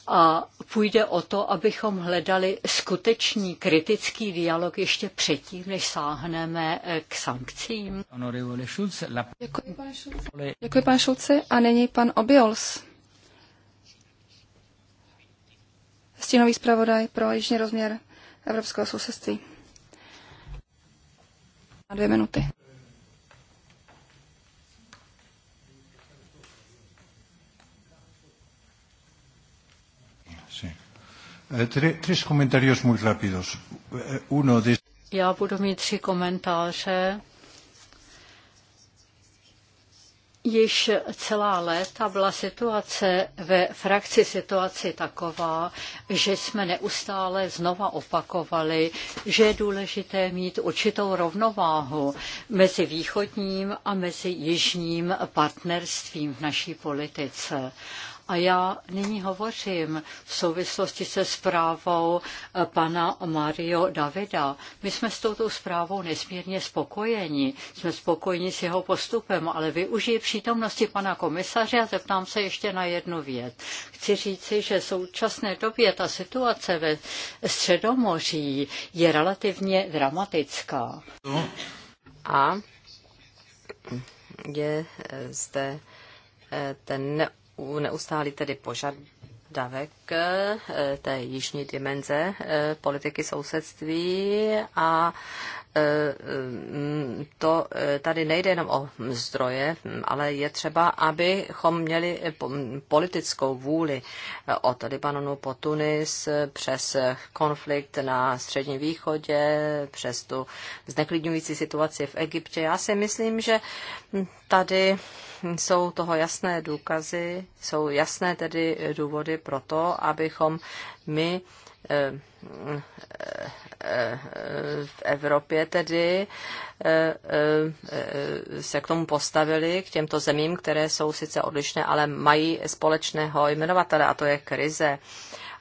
A půjde o to, abychom hledali skutečný kritický dialog ještě předtím, než sáhneme eh, k sankcím. Děkuji, pan Šulce. pan Šulce. A není pan Obiols. stínový zpravodaj pro jižní rozměr evropského sousedství. Na dvě minuty. Eh, eh, Já budu mít tři komentáře. Již celá léta byla situace ve frakci situaci taková, že jsme neustále znova opakovali, že je důležité mít určitou rovnováhu mezi východním a mezi jižním partnerstvím v naší politice. A já nyní hovořím v souvislosti se zprávou eh, pana Mario Davida. My jsme s touto zprávou nesmírně spokojeni. Jsme spokojeni s jeho postupem, ale využiji přítomnosti pana komisaře a zeptám se ještě na jednu věc. Chci říci, že v současné době ta situace ve Středomoří je relativně dramatická. A je zde eh, ten neustálý tedy požadavek eh, té jižní dimenze eh, politiky sousedství a eh, mm, to tady nejde jenom o zdroje, ale je třeba, abychom měli politickou vůli od Libanonu po Tunis, přes konflikt na Středním východě, přes tu zneklidňující situaci v Egyptě. Já si myslím, že tady jsou toho jasné důkazy, jsou jasné tedy důvody pro to, abychom my eh, eh, v Evropě tedy eh, se k tomu postavili, k těmto zemím, které jsou sice odlišné, ale mají společného jmenovatele, a to je krize.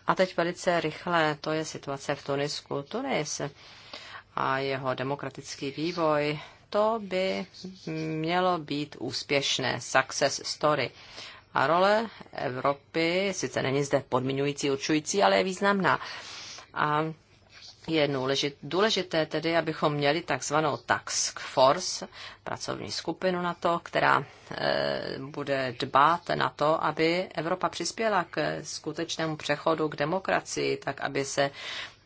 A teď velice rychle, to je situace v Tunisku. Tunis a jeho demokratický vývoj, to by mělo být úspěšné, success story. A role Evropy sice není zde podmiňující, určující, ale je významná. A je důležité tedy, abychom měli takzvanou tax force, pracovní skupinu na to, která e, bude dbát na to, aby Evropa přispěla k skutečnému přechodu k demokracii, tak aby se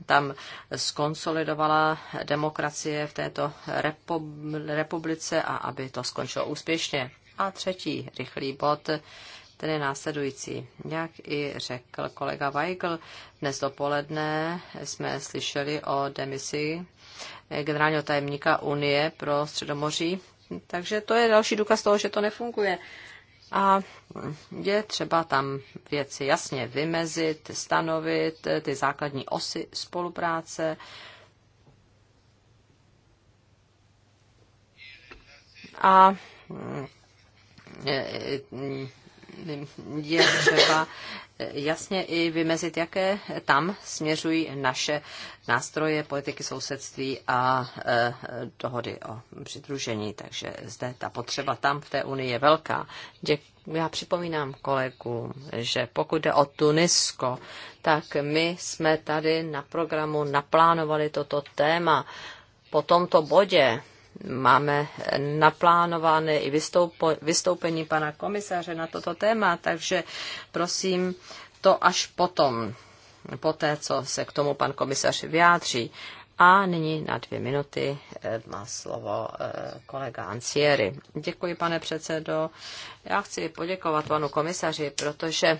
tam skonsolidovala demokracie v této republice a aby to skončilo úspěšně. A třetí rychlý bod, ten je následující. Jak i řekl kolega Weigl, dnes dopoledne jsme slyšeli o demisi generálního tajemníka Unie pro Středomoří, takže to je další důkaz toho, že to nefunguje. A je třeba tam věci jasně vymezit, stanovit ty základní osy spolupráce. A je třeba eh, jasně i vymezit, jaké tam směřují naše nástroje politiky sousedství a eh, dohody o přidružení. Takže zde ta potřeba tam v té Unii je velká. Já připomínám kolegům, že pokud jde o Tunisko, tak my jsme tady na programu naplánovali toto téma po tomto bodě máme naplánované i vystoupení pana komisaře na toto téma, takže prosím to až potom, po té, co se k tomu pan komisař vyjádří. A nyní na dvě minuty eh, má slovo eh, kolega Ancieri. Děkuji, pane předsedo. Já chci poděkovat panu komisaři, protože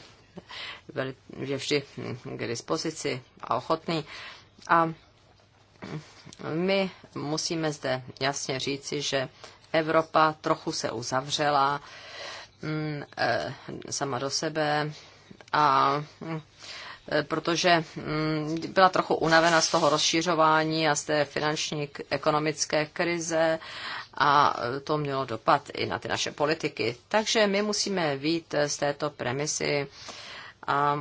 je vždy hm, k dispozici a ochotný. A my musíme zde jasně říci, že Evropa trochu se uzavřela mm, eh, sama do sebe a mm, eh, protože mm, byla trochu unavena z toho rozšířování a z té finanční ekonomické krize a eh, to mělo dopad i na ty naše politiky. Takže my musíme vít z této premisy, a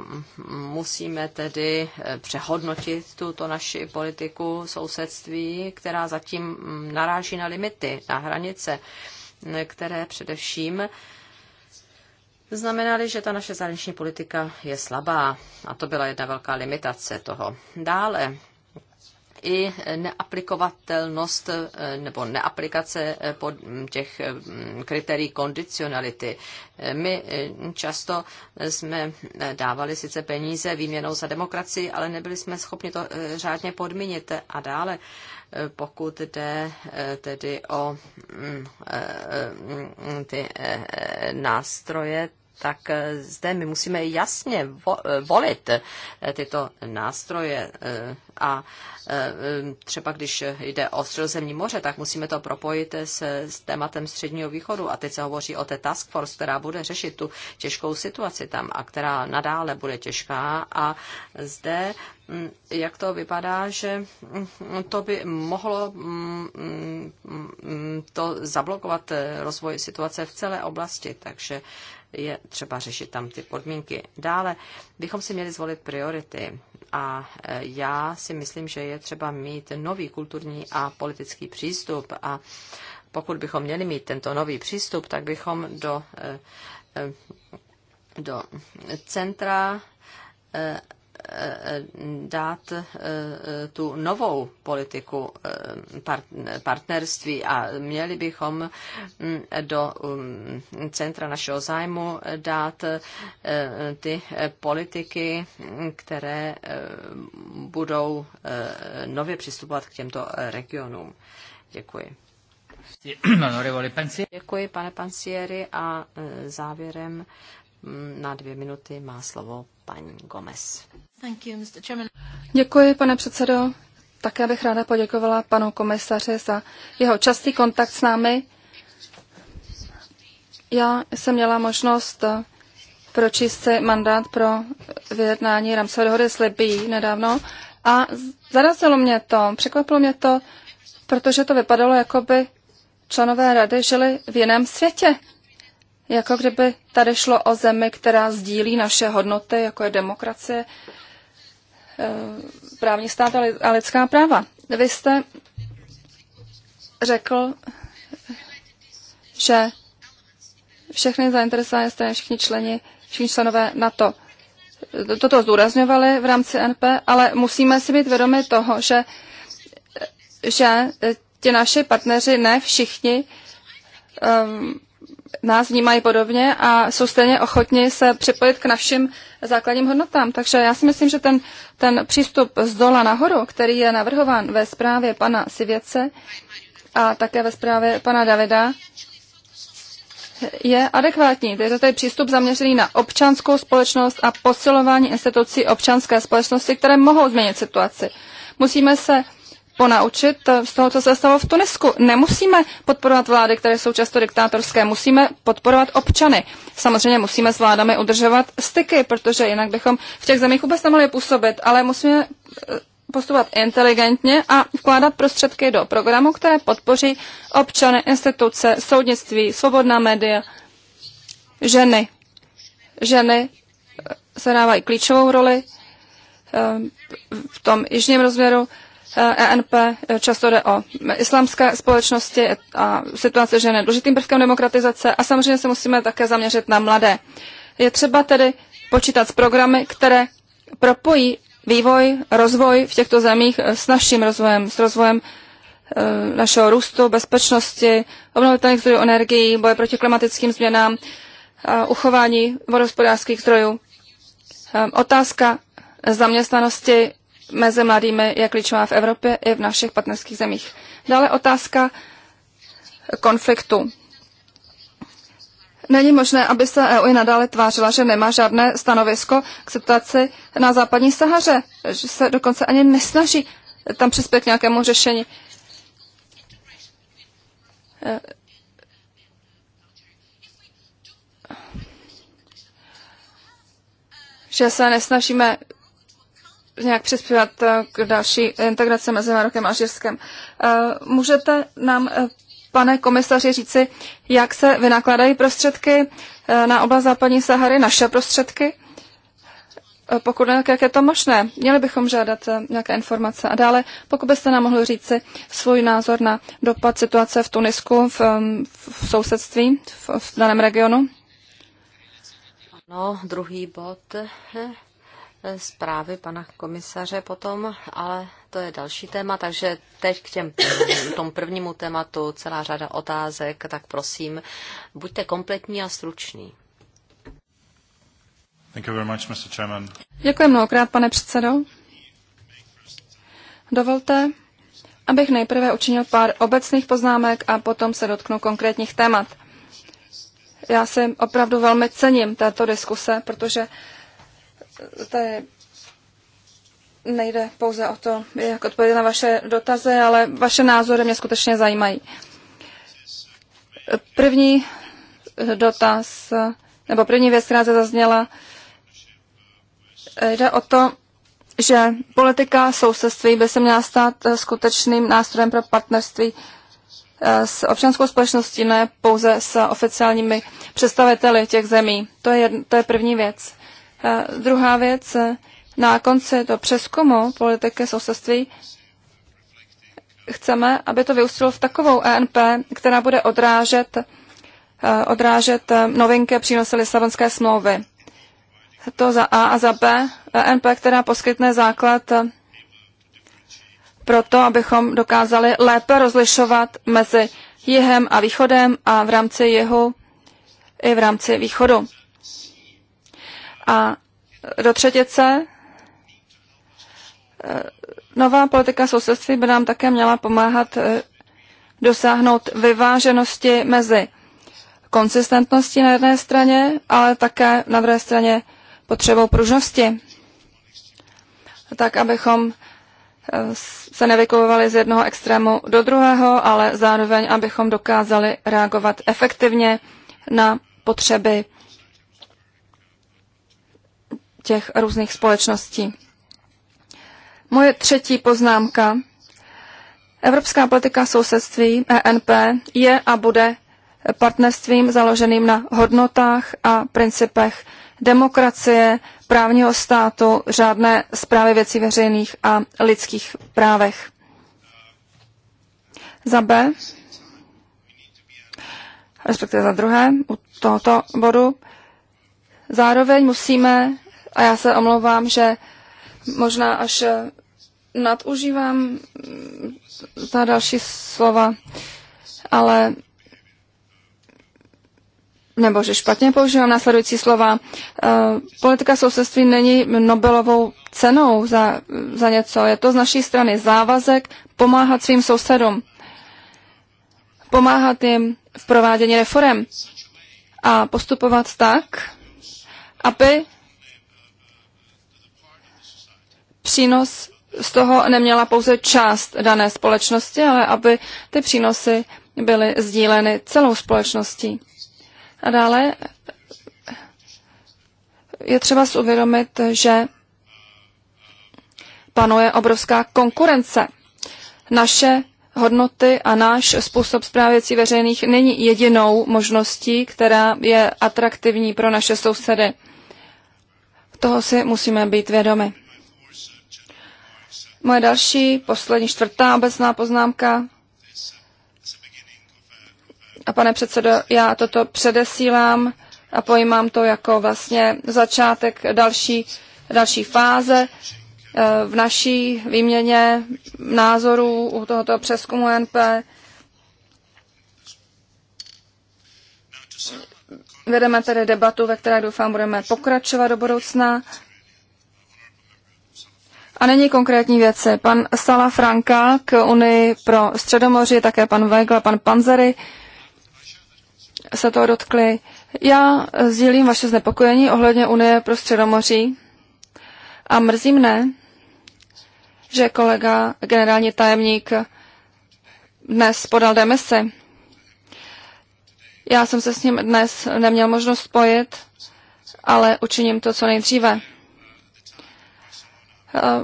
musíme tedy eh, přehodnotit tuto naši politiku sousedství, která zatím mm, naráží na limity, na hranice, které především znamenaly, že ta naše zahraniční politika je slabá a to byla jedna velká limitace toho. Dále i neaplikovatelnost eh, nebo neaplikace eh, pod mm, těch mm, kritérií kondicionality. Eh, my často jsme dávali sice peníze výměnou za demokracii, ale nebyli jsme schopni to řádně podmínit a dále pokud jde tedy o mm, ty nástroje, tak eh, zde my musíme jasně eh, volit eh, tyto nástroje a třeba když jde o středozemní moře, tak musíme to propojit s, s tématem středního východu a teď se hovoří o té task force, která bude řešit tu těžkou situaci tam a která nadále bude těžká a zde mm, jak to vypadá, že mm, to by mohlo mm, to zablokovat rozvoj situace v celé oblasti, takže je třeba řešit tam ty podmínky. Dále bychom si měli zvolit priority a e, já si myslím, že je třeba mít nový kulturní a politický přístup a pokud bychom měli mít tento nový přístup, tak bychom do, e, e, do centra dát eh, tu novou politiku eh, partnerství a měli bychom mm, do mm, centra našeho zájmu dát eh, ty politiky, které budou nově přistupovat k těmto regionům. Děkuji. Děkuji, pane Pansieri, a závěrem mm, na dvě minuty má slovo paní Gomez. Děkuji, pane předsedo. Také bych ráda poděkovala panu komisaři za jeho častý kontakt s námi. Já jsem měla možnost eh, pročíst si mandát pro vyjednání Ramsové dohody s Libií nedávno a zarazilo mě to, překvapilo mě to, protože to vypadalo, jako by členové rady žili v jiném světě. Jako kdyby tady šlo o zemi, která sdílí naše hodnoty, jako je demokracie, Eh, právní stát a lidská práva. Vy jste řekl, že všechny zainteresované strany, všichni členi, všichni členové NATO toto zdůrazňovali v rámci NP, ale musíme si být vědomi toho, že, že ti naši partneři, ne všichni, um, nás vnímají podobně a jsou stejně ochotni se připojit k našim základním hodnotám. Takže já si myslím, že ten, ten přístup z dola nahoru, který je navrhován ve zprávě pana Sivěce a také ve zprávě pana Davida, je adekvátní. Je to tady přístup zaměřený na občanskou společnost a posilování institucí občanské společnosti, které mohou změnit situaci. Musíme se ponaučit eh, z toho, co se stalo v Tunisku. Nemusíme podporovat vlády, které jsou často diktátorské, musíme podporovat občany. Samozřejmě musíme s vládami udržovat styky, protože jinak bychom v těch zemích vůbec nemohli působit, ale musíme eh, postupovat inteligentně a vkládat prostředky do programu, které podpoří občany, instituce, soudnictví, svobodná média, ženy. Ženy eh, se dávají klíčovou roli v tom jižním rozměru ENP, eh, e eh, často jde o islámské společnosti a situace žen je důležitým prvkem demokratizace a samozřejmě se musíme také zaměřit na mladé. Je třeba tedy počítat s programy, které propojí vývoj, rozvoj v těchto zemích eh, s naším rozvojem, s rozvojem našeho růstu, bezpečnosti, obnovitelných zdrojů energií, boje proti klimatickým změnám, uchování vodohospodářských zdrojů. Otázka zaměstnanosti mezi mladými je klíčová v Evropě i v našich partnerských zemích. Dále otázka konfliktu. Není možné, aby se EU i nadále tvářila, že nemá žádné stanovisko k situaci na západní Sahaře, že se dokonce ani nesnaží tam přispět k nějakému řešení. E, že se nesnažíme nějak přispívat eh, k další integraci mezi Marokem a Žirskem. Eh, můžete nám, eh, pane komisaři, říci, jak se vynakládají prostředky na oblast západní Sahary, naše prostředky? Pokud ne, jak je to možné? Měli bychom žádat nějaké informace. A dále, pokud byste nám mohli říci svůj názor na dopad situace v Tunisku, v, v sousedství, v, v daném regionu? No, druhý bod zprávy pana komisaře potom, ale to je další téma, takže teď k těm, tom prvnímu tématu celá řada otázek, tak prosím, buďte kompletní a struční. Děkuji mnohokrát, pane předsedo. Dovolte, abych nejprve učinil pár obecných poznámek a potom se dotknu konkrétních témat. Já si opravdu velmi cením této diskuse, protože zde nejde pouze o to, jak odpovědět na vaše dotazy, ale vaše názory mě skutečně zajímají. První dotaz, nebo první věc, která se zazněla, jde o to, že politika sousedství by se měla stát eh, skutečným nástrojem pro partnerství eh, s občanskou společností, ne pouze s oficiálními představiteli těch zemí. To je, to je první věc. Druhá věc, na konci to přeskumu politiky sousedství chceme, aby to vyústilo v takovou ENP, která bude odrážet, odrážet novinky přínosy Lisabonské smlouvy. To za A a za B. ENP, která poskytne základ pro to, abychom dokázali lépe rozlišovat mezi jihem a východem a v rámci jihu i v rámci východu. A do třetice, e, nová politika sousedství by nám také měla pomáhat e, dosáhnout vyváženosti mezi konsistentností na jedné straně, ale také na druhé straně potřebou pružnosti. Tak, abychom e, se nevykovovali z jednoho extrému do druhého, ale zároveň, abychom dokázali reagovat efektivně na potřeby těch různých společností. Moje třetí poznámka. Evropská politika sousedství ENP je a bude partnerstvím založeným na hodnotách a principech demokracie, právního státu, řádné zprávy věcí veřejných a lidských právech. Za B, respektive za druhé, u tohoto bodu, zároveň musíme a já se omlouvám, že možná až nadužívám ta další slova, ale nebo že špatně používám následující slova. Eh, politika sousedství není Nobelovou cenou za, za něco. Je to z naší strany závazek pomáhat svým sousedům. Pomáhat jim v provádění reform a postupovat tak, aby přínos z toho neměla pouze část dané společnosti, ale aby ty přínosy byly sdíleny celou společností. A dále je třeba si uvědomit, že panuje obrovská konkurence. Naše hodnoty a náš způsob zprávy věcí veřejných není jedinou možností, která je atraktivní pro naše sousedy. Toho si musíme být vědomi. Moje další, poslední, čtvrtá obecná poznámka. A pane předsedo, já toto předesílám a pojímám to jako vlastně začátek další, další fáze eh, v naší výměně názorů u tohoto přeskumu NP. Vedeme tedy debatu, ve které doufám budeme pokračovat do budoucna. A není konkrétní věci. Pan Sala Franka k Unii pro Středomoří, také pan Weigl, pan Panzery se toho dotkli. Já sdílím vaše znepokojení ohledně Unie pro Středomoří a mrzí mne, že kolega generální tajemník dnes podal demisi. Já jsem se s ním dnes neměl možnost spojit, ale učiním to co nejdříve.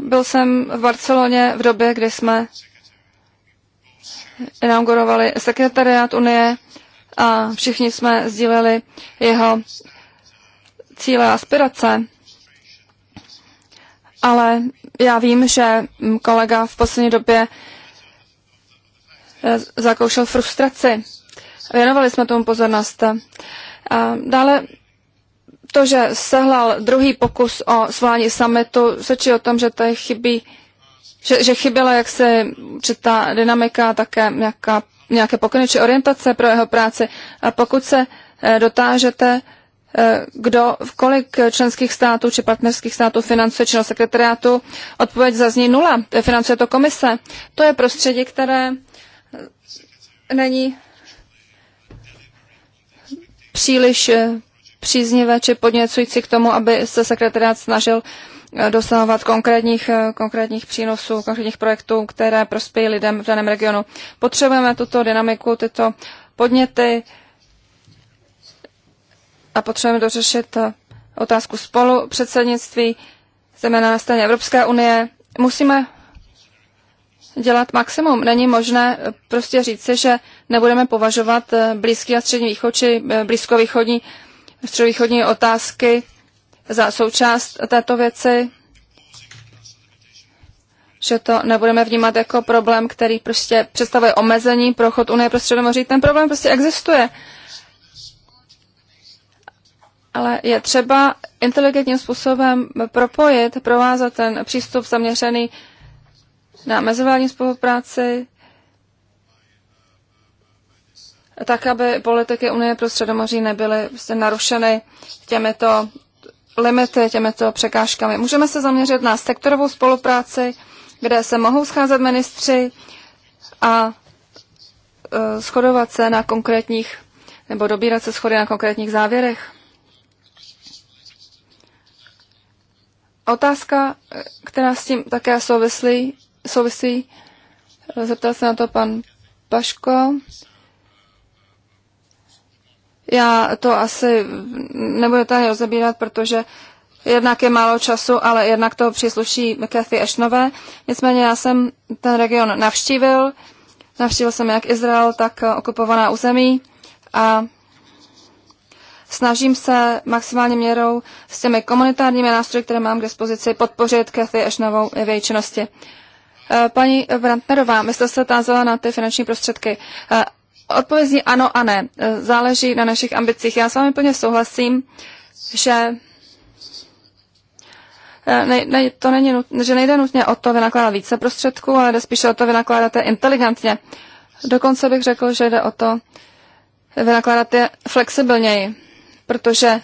Byl jsem v Barceloně v době, kdy jsme inaugurovali sekretariát Unie a všichni jsme sdíleli jeho cíle a aspirace. Ale já vím, že kolega v poslední době eh, zakoušel frustraci. Věnovali jsme tomu pozornost. A dále to, že sehlal druhý pokus o svolání sametu, svědčí o tom, že je chybí, že, že chyběla že ta dynamika, také nějaká, nějaké pokyny či orientace pro jeho práci. A pokud se eh, dotážete, eh, kdo, v kolik členských států či partnerských států financuje činnost sekretariátu, odpověď zazní nula. Financuje to komise. To je prostředí, které eh, není příliš příznivé či podněcující k tomu, aby se sekretariát snažil eh, dosahovat konkrétních, eh, konkrétních přínosů, konkrétních projektů, které prospějí lidem v daném regionu. Potřebujeme tuto dynamiku, tyto podněty a potřebujeme dořešit eh, otázku spolu předsednictví, zejména na straně Evropské unie. Musíme dělat maximum. Není možné prostě říci, že nebudeme považovat Blízký a Střední východ či blízkovýchodní východní středovýchodní otázky za součást této věci, že to nebudeme vnímat jako problém, který prostě představuje omezení pro chod Unie pro Středomoří. Ten problém prostě existuje. Ale je třeba inteligentním způsobem propojit, provázat ten přístup zaměřený na mezivládní spolupráci tak aby politiky Unie pro Středomoří nebyly vlastně narušeny těmito limity, těmito překážkami. Můžeme se zaměřit na sektorovou spolupráci, kde se mohou scházet ministři a e, shodovat se na konkrétních, nebo dobírat se schody na konkrétních závěrech. Otázka, která s tím také souvislí, souvisí, zeptal se na to pan Paško, já to asi nebudu tady rozebírat, protože jednak je málo času, ale jednak to přísluší Kathy Ashnové. Nicméně já jsem ten region navštívil. Navštívil jsem jak Izrael, tak okupovaná území a snažím se maximálně měrou s těmi komunitárními nástroji, které mám k dispozici, podpořit Kathy Ashnovou v její činnosti. Eh, paní Brantnerová, my jste se tázala na ty finanční prostředky. Eh, Odpovězí ano a ne. E, záleží na našich ambicích. Já s vámi plně souhlasím, že ne, ne, to není, že nejde nutně o to vynakládat více prostředků, ale jde spíše o to vynakládat je inteligentně. Dokonce bych řekl, že jde o to vynakládat je flexibilněji, protože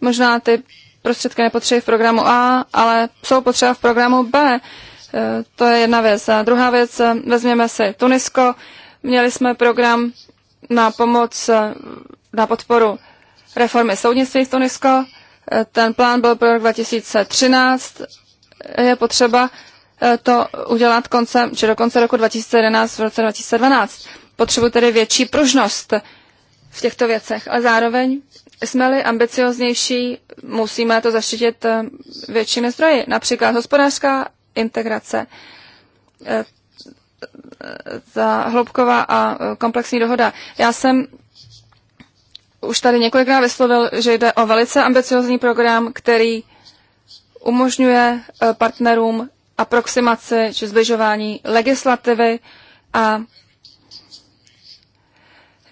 možná ty prostředky nepotřebují v programu A, ale jsou potřeba v programu B. E, to je jedna věc. A druhá věc, e, vezměme si Tunisko. Měli jsme program na pomoc, eh, na podporu reformy soudnictví v Tunisko. Eh, ten plán byl pro rok 2013. Je potřeba eh, to udělat koncem, či do konce roku 2011, v roce 2012. Potřebuji tedy větší pružnost v těchto věcech, A zároveň jsme-li ambicioznější, musíme to zaštitit většími zdroji, například hospodářská integrace ta hloubková a e, komplexní dohoda. Já jsem už tady několikrát vyslovil, že jde o velice ambiciozní program, který umožňuje e, partnerům aproximaci či zbližování legislativy a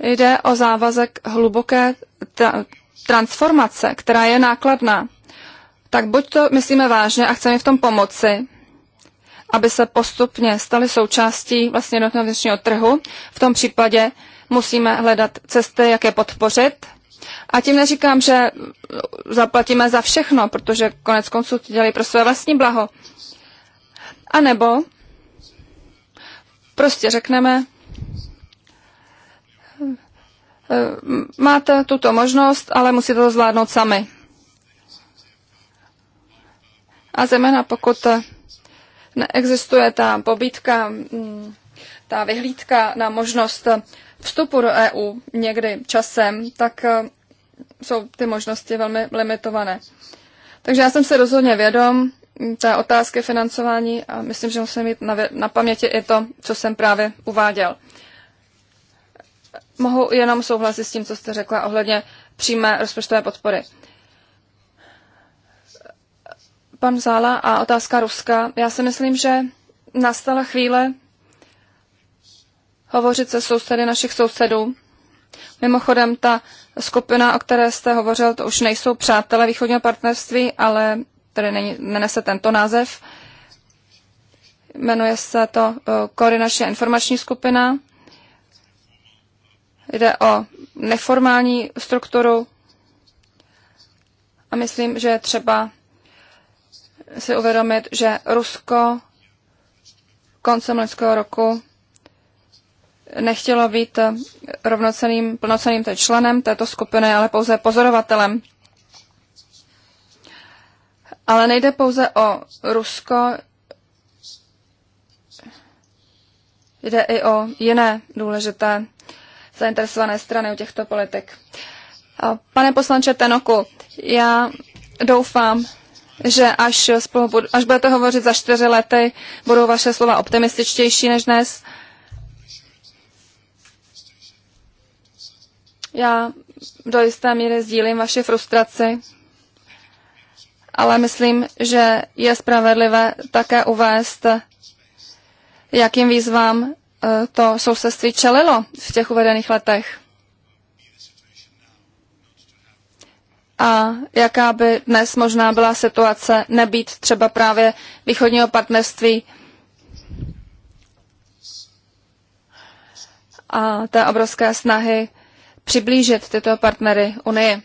jde o závazek hluboké tra transformace, která je nákladná. Tak buď to myslíme vážně a chceme v tom pomoci, aby se postupně staly součástí vlastně jednotného vnitřního trhu. V tom případě musíme hledat cesty, jak je podpořit. A tím neříkám, že zaplatíme za všechno, protože konec konců to dělají pro své vlastní blaho. A nebo prostě řekneme, máte tuto možnost, ale musíte to zvládnout sami. A zejména pokud neexistuje ta pobítka, mm, ta vyhlídka na možnost vstupu do EU někdy časem, tak eh, jsou ty možnosti velmi limitované. Takže já jsem se rozhodně vědom mm, té otázky financování a myslím, že musím mít na, na paměti i to, co jsem právě uváděl. Mohu jenom souhlasit s tím, co jste řekla ohledně přímé rozpočtové podpory pan Zála a otázka Ruska. Já si myslím, že nastala chvíle hovořit se sousedy našich sousedů. Mimochodem, ta skupina, o které jste hovořil, to už nejsou přátelé východního partnerství, ale tedy není, nenese tento název. Jmenuje se to eh, koordinační informační skupina. Jde o neformální strukturu a myslím, že je třeba si uvědomit, že Rusko koncem lidského roku nechtělo být rovnoceným, plnoceným členem této skupiny, ale pouze pozorovatelem. Ale nejde pouze o Rusko, jde i o jiné důležité zainteresované strany u těchto politik. Pane poslanče Tenoku, já doufám, že až, spolu, až budete hovořit za čtyři lety, budou vaše slova optimističtější než dnes. Já do jisté míry sdílím vaši frustraci, ale myslím, že je spravedlivé také uvést, jakým výzvám eh, to sousedství čelilo v těch uvedených letech. a jaká by dnes možná byla situace nebýt třeba právě východního partnerství a té obrovské snahy přiblížit tyto partnery Unii.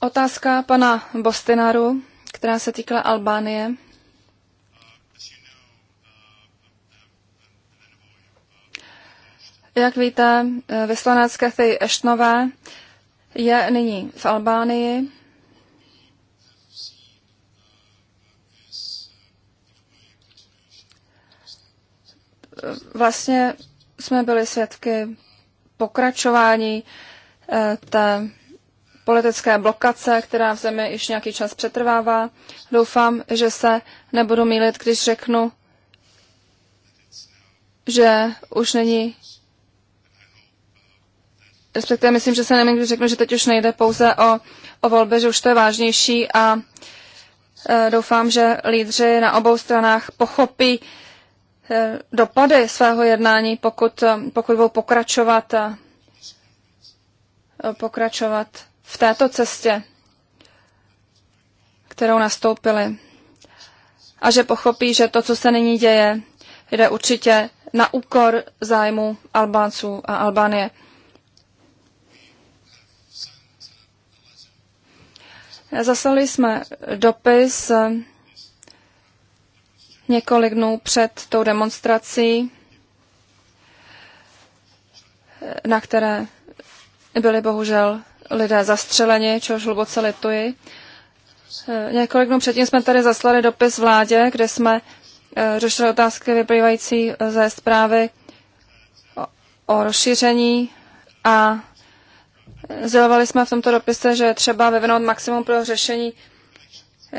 Otázka pana Bostinaru, která se týkala Albánie. Jak víte, vyslanec Kathy Eštnové je nyní v Albánii. Vlastně jsme byli svědky pokračování eh, té politické blokace, která v zemi již nějaký čas přetrvává. Doufám, že se nebudu mílit, když řeknu, že už není respektive myslím, že se nevím, když řeknu, že teď už nejde pouze o, o volby, že už to je vážnější a e, doufám, že lídři na obou stranách pochopí e, dopady svého jednání, pokud, e, pokud budou pokračovat, a, e, pokračovat v této cestě, kterou nastoupili. A že pochopí, že to, co se nyní děje, jde určitě na úkor zájmu Albánců a Albánie. Zaslali jsme dopis eh, několik dnů před tou demonstrací, eh, na které byli bohužel lidé zastřeleni, čehož hluboce lituji. Eh, několik dnů předtím jsme tady zaslali dopis vládě, kde jsme řešili otázky vyplývající ze zprávy o rozšíření a Sdělovali jsme v tomto dopise, že je třeba vyvinout maximum pro řešení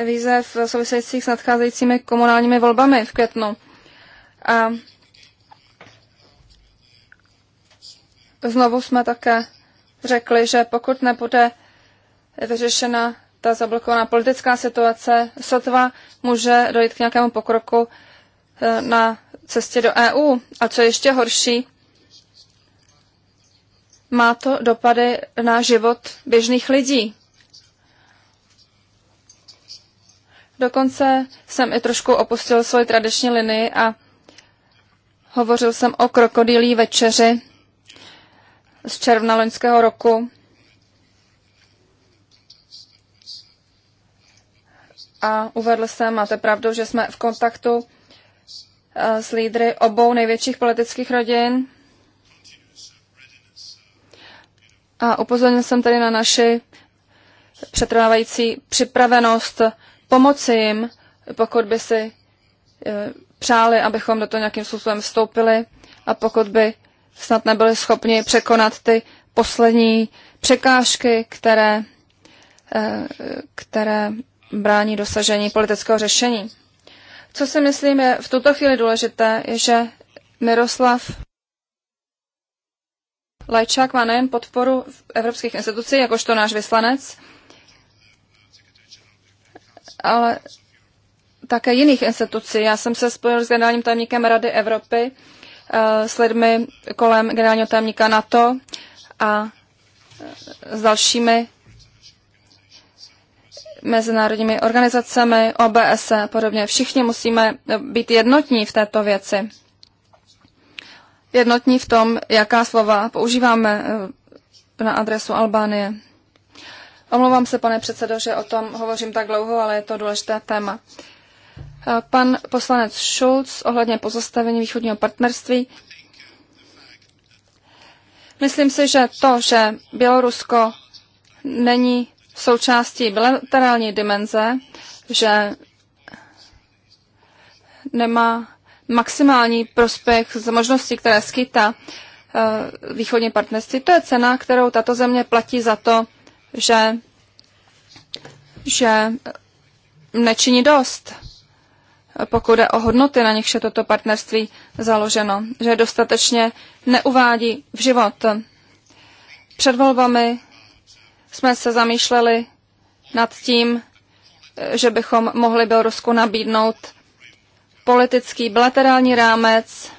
výzev souvisejících s nadcházejícími komunálními volbami v květnu. A znovu jsme také řekli, že pokud nebude vyřešena ta zablokovaná politická situace, sotva může dojít k nějakému pokroku eh, na cestě do EU. A co je ještě horší, má to dopady na život běžných lidí. Dokonce jsem i trošku opustil svoji tradiční linii a hovořil jsem o krokodýlí večeři z června loňského roku. A uvedl jsem, máte pravdu, že jsme v kontaktu eh, s lídry obou největších politických rodin, A upozornil jsem tedy na naši přetrvávající připravenost pomoci jim, pokud by si e, přáli, abychom do toho nějakým způsobem vstoupili a pokud by snad nebyli schopni překonat ty poslední překážky, které, e, které brání dosažení politického řešení. Co si myslím je v tuto chvíli důležité, je, že Miroslav Lajčák má nejen podporu evropských institucí, jakožto náš vyslanec, ale také jiných institucí. Já jsem se spojil s generálním tajemníkem Rady Evropy, eh, s lidmi kolem generálního tajemníka NATO a eh, s dalšími mezinárodními organizacemi, OBS e a podobně. Všichni musíme být jednotní v této věci jednotní v tom, jaká slova používáme eh, na adresu Albánie. Omlouvám se, pane předsedo, že o tom hovořím tak dlouho, ale je to důležité téma. Eh, pan poslanec Schulz ohledně pozastavení východního partnerství. Myslím si, že to, že Bělorusko není součástí bilaterální dimenze, že nemá maximální prospěch z možností, které skýtá eh, východní partnerství. To je cena, kterou tato země platí za to, že, že nečiní dost, pokud je o hodnoty, na nichž je toto partnerství založeno, že dostatečně neuvádí v život. Před volbami jsme se zamýšleli nad tím, že bychom mohli Bělorusku nabídnout politický bilaterální rámec,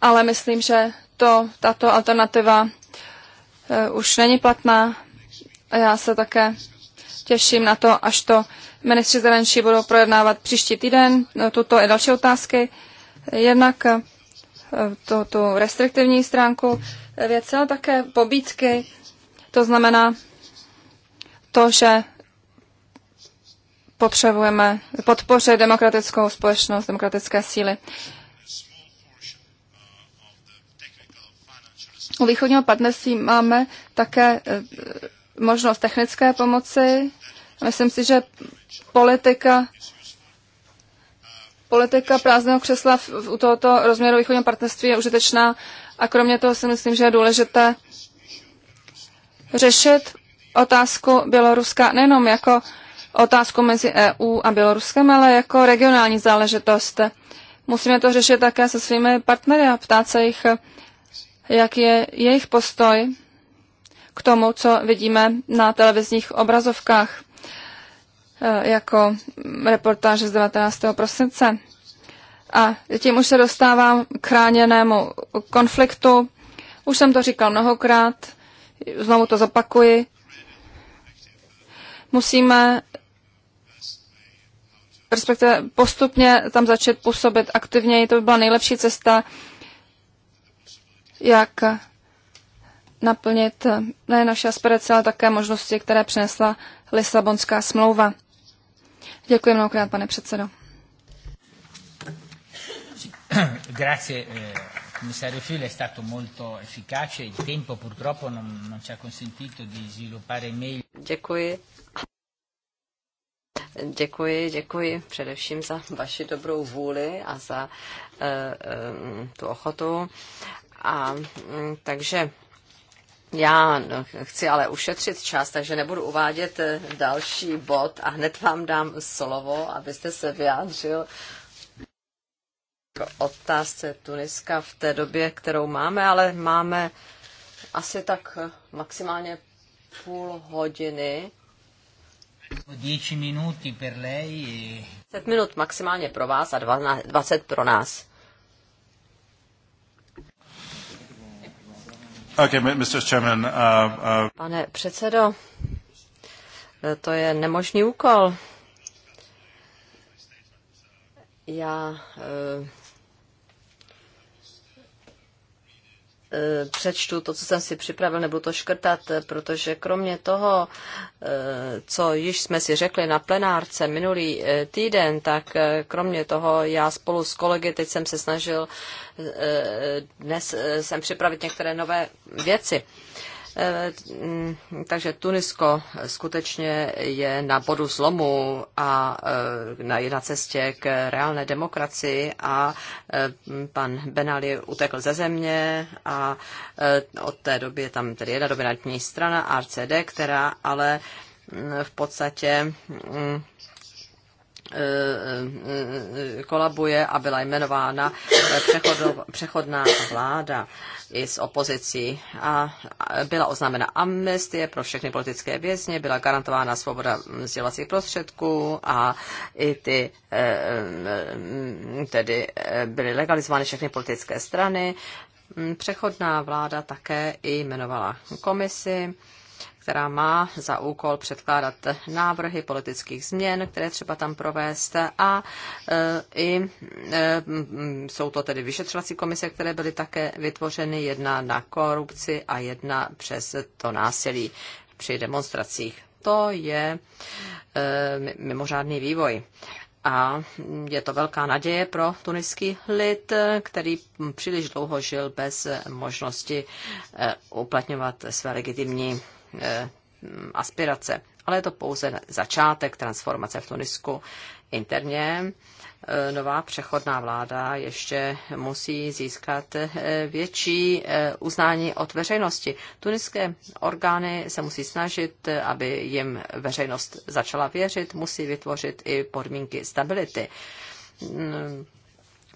ale myslím, že to, tato alternativa eh, už není platná. A já se také těším na to, až to ministři zahraničí budou projednávat příští týden no, tuto i další otázky. Jednak eh, tu, tu restriktivní stránku věci, ale také pobídky. To znamená to, že potřebujeme podpořit demokratickou společnost, demokratické síly. U východního partnerství máme také eh, možnost technické pomoci. Myslím si, že politika politika prázdného křesla v, u tohoto rozměru východního partnerství je užitečná a kromě toho si myslím, že je důležité řešit otázku Běloruska nejenom jako otázku mezi EU a Běloruskem, ale jako regionální záležitost. Musíme to řešit také se svými partnery a ptát se jich, jak je jejich postoj k tomu, co vidíme na televizních obrazovkách e, jako reportáže z 19. prosince. A tím už se dostávám k chráněnému konfliktu. Už jsem to říkal mnohokrát, znovu to zopakuji. Musíme respektive postupně tam začít působit aktivněji, to by byla nejlepší cesta, jak naplnit ne naše aspirace, ale také možnosti, které přinesla Lisabonská smlouva. Děkuji mnohokrát, pane předsedo. Grazie, eh, commissario Fiule, è stato molto efficace. Il tempo purtroppo non, non ci ha consentito di sviluppare meglio. Děkuji. Děkuji, děkuji především za vaši dobrou vůli a za eh, eh, tu ochotu. A mm, takže já no, chci ale ušetřit čas, takže nebudu uvádět eh, další bod a hned vám dám slovo, abyste se vyjádřil k otázce Tuniska v té době, kterou máme, ale máme asi tak maximálně půl hodiny 10 minuty per lei. 10 e- minut maximálně pro vás a 20 pro nás. Okay, Mr. Chairman, uh, uh... Pane předsedo, to je nemožný úkol. Já uh Eh, přečtu to, co jsem si připravil, nebudu to škrtat, eh, protože kromě toho, eh, co již jsme si řekli na plenárce minulý týden, tak kromě toho já spolu s kolegy teď jsem se snažil dnes jsem připravit některé nové věci. Eh, takže Tunisko skutečně je na bodu zlomu a eh, na na cestě k reálné demokracii a eh, pan Benali utekl ze země a od té doby je tam tedy jedna dominantní strana RCD, která ale mm, v podstatě mm, Eh, eh, kolabuje a byla jmenována eh, přechodná vláda i s opozicí a byla oznámena amnestie pro všechny politické vězně, byla garantována svoboda vzdělovacích prostředků a i ty tedy byly legalizovány všechny politické strany. Mm, přechodná vláda také i jmenovala komisi která má za úkol předkládat návrhy politických změn, které třeba tam provést a e, i e, jsou to tedy vyšetřovací komise, které byly také vytvořeny, jedna na korupci a jedna přes to násilí při demonstracích. To je e, mimořádný vývoj. A je to velká naděje pro tuniský lid, který příliš dlouho žil bez možnosti uplatňovat své legitimní Eh, aspirace. Ale je to pouze začátek transformace v Tunisku. Interně eh, nová přechodná vláda ještě musí získat eh, větší uznání od veřejnosti. Tuniské orgány se musí snažit, aby jim veřejnost začala věřit, musí vytvořit i podmínky stability mm,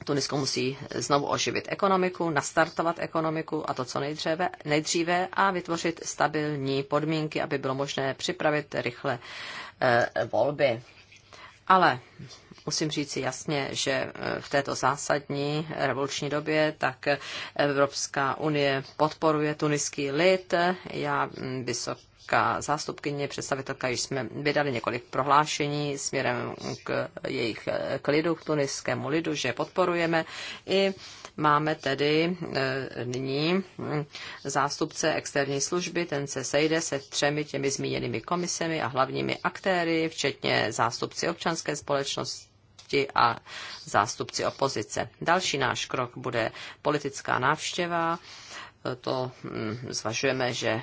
Tunisko musí znovu oživit ekonomiku, nastartovat ekonomiku a to co nejdříve, nejdříve a vytvořit stabilní podmínky, aby bylo možné připravit rychle eh, volby. Ale musím říci jasně, že eh, v této zásadní eh, revoluční době tak Evropská unie podporuje tuniský lid. Já mm, vysok vysoká zástupkyně, představitelka, již jsme vydali několik prohlášení směrem k jejich k lidu, k tuniskému lidu, že podporujeme. I máme tedy e, nyní hm, zástupce externí služby, ten se sejde se třemi těmi zmíněnými komisemi a hlavními aktéry, včetně zástupci občanské společnosti a zástupci opozice. Další náš krok bude politická návštěva to mm, zvažujeme, že eh,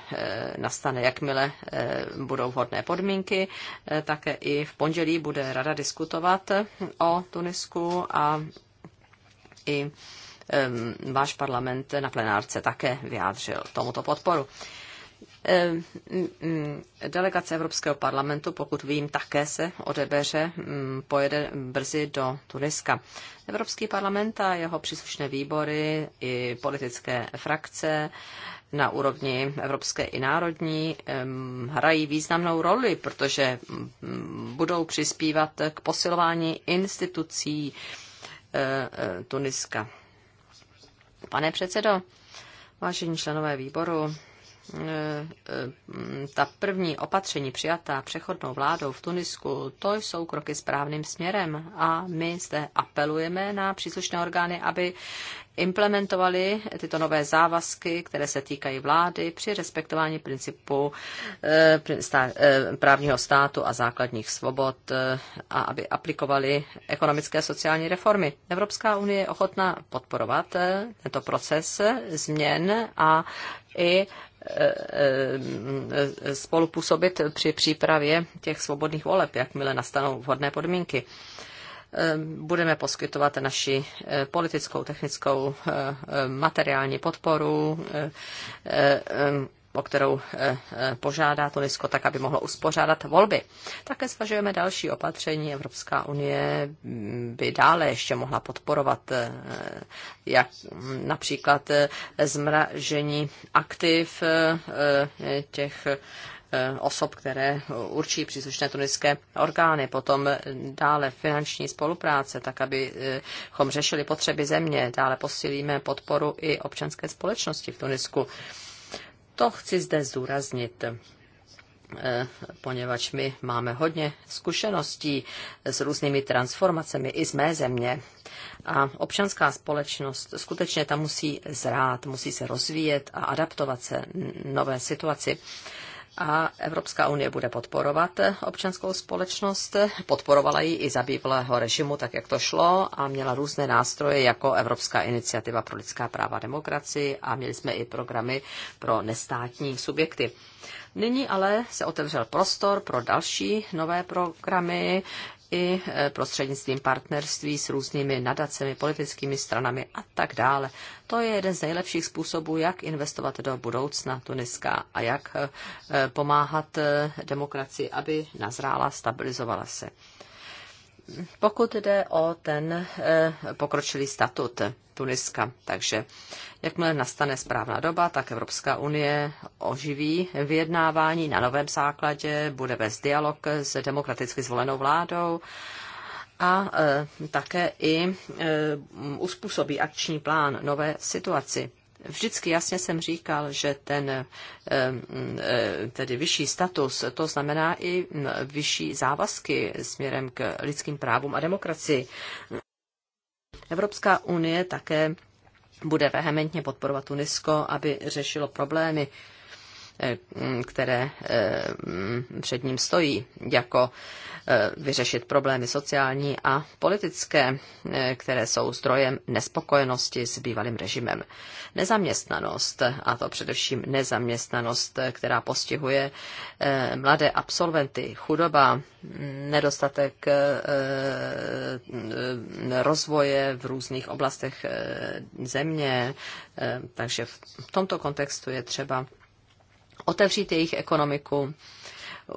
nastane, jakmile eh, budou vhodné podmínky. Eh, také i v pondělí bude rada diskutovat o Tunisku a i váš parlament na plenárce také vyjádřil tomuto podporu. Eh, mm, mm, delegace Evropského parlamentu, pokud vím, také se odebeře, mm, pojede brzy do Tuniska. Evropský parlament a jeho příslušné výbory i politické frakce na úrovni evropské i národní hrají významnou roli, protože budou přispívat k posilování institucí eh, eh, Tuniska. Pane předsedo, vážení členové výboru, E, e, ta první opatření přijatá přechodnou vládou v Tunisku, to jsou kroky správným směrem a my zde apelujeme na příslušné orgány, aby implementovali tyto nové závazky, které se týkají vlády při respektování principu e, právního státu a základních svobod a aby aplikovali ekonomické a sociální reformy. Evropská unie je ochotná podporovat tento proces změn a i spolupůsobit při přípravě těch svobodných voleb, jakmile nastanou vhodné podmínky. Budeme poskytovat naši eh, politickou, technickou, eh, eh, materiální podporu o kterou eh, eh, požádá Tunisko, tak aby mohlo uspořádat volby. Také zvažujeme další opatření. Evropská unie mm, by dále ještě mohla podporovat eh, jak mm, například zmražení aktiv těch osob, které určí příslušné tuniské orgány. Potom dále finanční spolupráce, tak abychom řešili potřeby země. Dále posílíme podporu i občanské společnosti v Tunisku. To chci zde zdůraznit eh, poněvadž my máme hodně zkušeností s různými transformacemi i z mé země. A občanská společnost skutečně tam musí zrát, musí se rozvíjet a adaptovat se nové situaci a Evropská unie bude podporovat občanskou společnost. Podporovala ji i za bývalého režimu, tak jak to šlo, a měla různé nástroje jako Evropská iniciativa pro lidská práva a demokracii a měli jsme i programy pro nestátní subjekty. Nyní ale se otevřel prostor pro další nové programy, i e, prostřednictvím partnerství s různými nadacemi, politickými stranami a tak dále. To je jeden z nejlepších způsobů, jak investovat do budoucna Tuniska a jak e, e, pomáhat demokracii, aby nazrála, stabilizovala se. Pokud jde o ten eh, pokročilý statut Tuniska, takže jakmile nastane správná doba, tak Evropská unie oživí vyjednávání na novém základě, bude vést dialog s demokraticky zvolenou vládou a eh, také i eh, uspůsobí akční plán nové situaci vždycky jasně jsem říkal, že ten eh, eh, tedy vyšší status, to znamená i mm, vyšší závazky směrem k lidským právům a demokracii. Evropská unie také bude vehementně podporovat Tunisko, aby řešilo problémy, Eh, mm, které eh, mm, před ním stojí, jako eh, vyřešit problémy sociální a politické, které jsou zdrojem nespokojenosti s bývalým režimem. Nezaměstnanost, a to především nezaměstnanost, která postihuje mladé absolventy, chudoba, nedostatek rozvoje v různých oblastech země, takže v tomto kontextu je třeba otevřít jejich ekonomiku,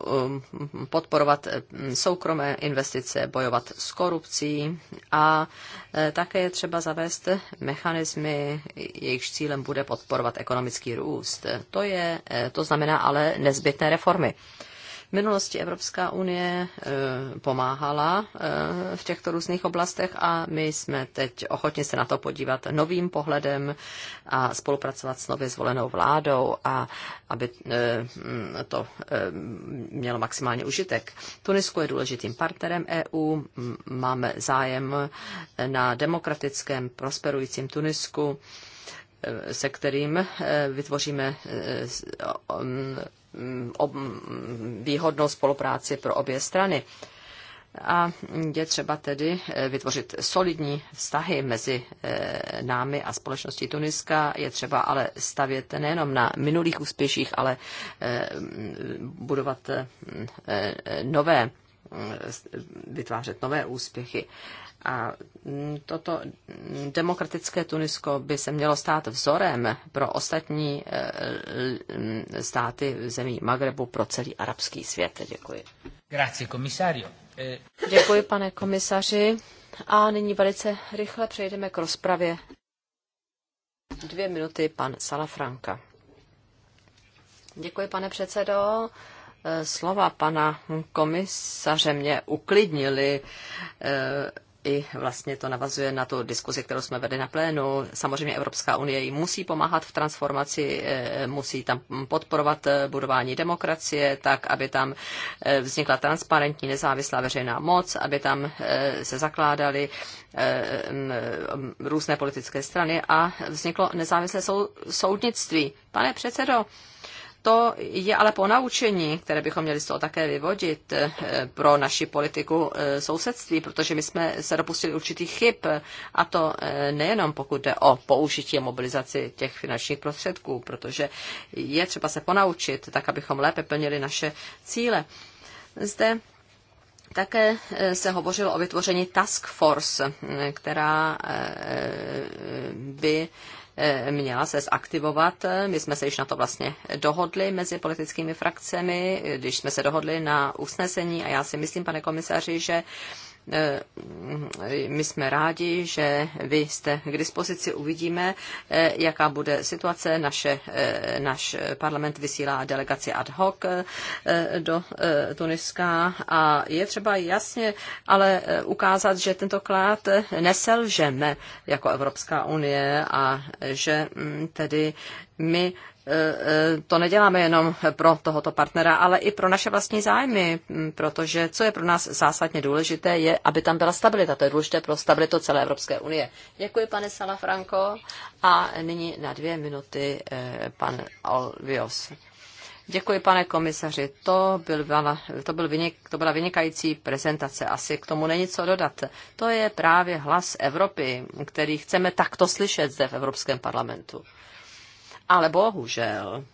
um, podporovat eh, soukromé investice, bojovat s korupcí a eh, také je třeba zavést mechanismy, jejichž cílem bude podporovat ekonomický růst. To, je, eh, to znamená ale nezbytné reformy minulosti Evropská unie eh, pomáhala eh, v těchto různých oblastech a my jsme teď ochotni se na to podívat novým pohledem a spolupracovat s nově zvolenou vládou a aby eh, hm, to mělo maximální užitek. Tunisko je důležitým partnerem EU, hm, máme zájem na demokratickém prosperujícím Tunisku se kterým vytvoříme hm, Mm, mm, výhodnou spolupráci pro obě strany. A je třeba tedy eh, vytvořit solidní vztahy mezi eh, námi a společností Tuniska. Je třeba ale stavět nejenom na minulých úspěších, ale eh, budovat nové, mm, vytvářet nové úspěchy. A toto demokratické Tunisko by se mělo stát vzorem pro ostatní eh, státy zemí Magrebu, pro celý arabský svět. Děkuji. Grazie, komisario. Eh, Děkuji, pane komisaři. A nyní velice rychle přejdeme k rozpravě. Dvě minuty, pan Salafranka. Děkuji, pane předsedo eh, slova pana komisaře mě uklidnili i vlastně to navazuje na tu diskuzi, kterou jsme vedli na plénu. Samozřejmě Evropská unie jí musí pomáhat v transformaci, eh, musí tam podporovat eh, budování demokracie, tak, aby tam eh, vznikla transparentní nezávislá veřejná moc, aby tam se zakládaly různé politické strany a vzniklo nezávislé soudnictví. Pane předsedo, to je ale po naučení, které bychom měli z toho také vyvodit eh, pro naši politiku eh, sousedství, protože my jsme se dopustili určitých chyb a to eh, nejenom pokud jde o použití a mobilizaci těch finančních prostředků, protože je třeba se ponaučit, tak abychom lépe plnili naše cíle. Zde také se hovořilo o vytvoření task force, která by Eh, měla se zaktivovat. Eh, my jsme se již na to vlastně dohodli mezi politickými frakcemi, když jsme se dohodli na usnesení a já si myslím, pane komisaři, že Eh, my jsme rádi, že vy jste k dispozici. Uvidíme, eh, jaká bude situace. Naše, eh, naš parlament vysílá delegaci ad hoc do Tuniska a je třeba jasně ale ukázat, že tento klád neselžeme jako Evropská unie a že mm, tedy my e, e, to neděláme jenom pro tohoto partnera, ale i pro naše vlastní zájmy, protože co je pro nás zásadně důležité, je, aby tam byla stabilita. To je důležité pro stabilitu celé Evropské unie. Děkuji, pane Salafranko. A nyní na dvě minuty e, pan Olvios. Děkuji, pane komisaři. To, byl, to, byl vynik, to byla vynikající prezentace. Asi k tomu není co dodat. To je právě hlas Evropy, který chceme takto slyšet zde v Evropském parlamentu. Ale bohužel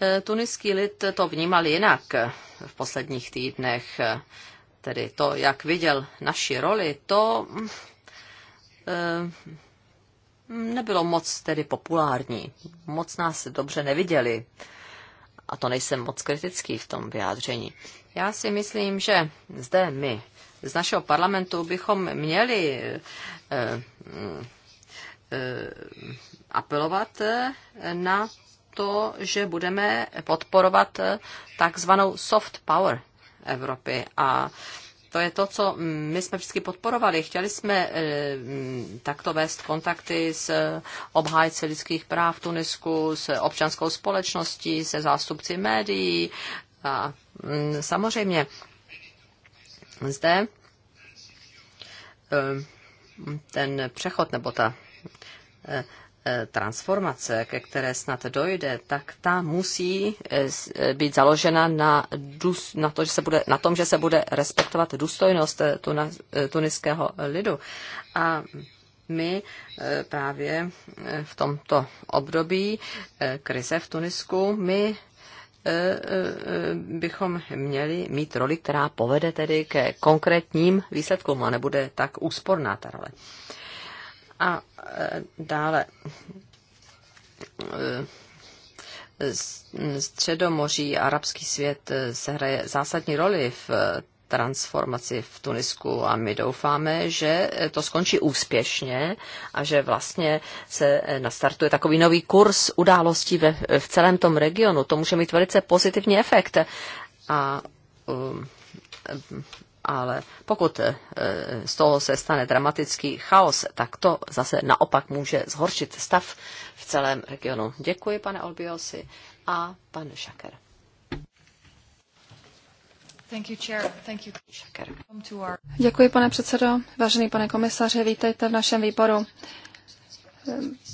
eh, tuniský lid to vnímal jinak v posledních týdnech. Tedy to, jak viděl naši roli, to eh, nebylo moc tedy populární. Moc nás dobře neviděli. A to nejsem moc kritický v tom vyjádření. Já si myslím, že zde my z našeho parlamentu bychom měli eh, apelovat eh, na to, že budeme podporovat eh, takzvanou soft power Evropy a to je to, co my jsme vždycky podporovali. Chtěli jsme eh, takto vést kontakty s obhájci lidských práv v Tunisku, s občanskou společností, se zástupci médií. A mm, samozřejmě zde ten přechod nebo ta Eh, transformace, ke které snad dojde, tak ta musí eh, eh, být založena na, na, to, že se bude, na tom, že se bude respektovat důstojnost tuniského lidu. A my právě v tomto období krize v Tunisku, my bychom měli mít roli, která povede tedy ke konkrétním výsledkům a nebude tak úsporná ta role. A e, dále e, středomoří, arabský svět e, hraje zásadní roli v transformaci v Tunisku a my doufáme, že to skončí úspěšně a že vlastně se nastartuje takový nový kurz událostí ve, v celém tom regionu. To může mít velice pozitivní efekt. A um, ale pokud eh, z toho se stane dramatický chaos, tak to zase naopak může zhoršit stav v celém regionu. Děkuji, pane Olbiosi a pan Šaker. Děkuji, pane předsedo. Vážený pane komisaři, vítejte v našem výboru.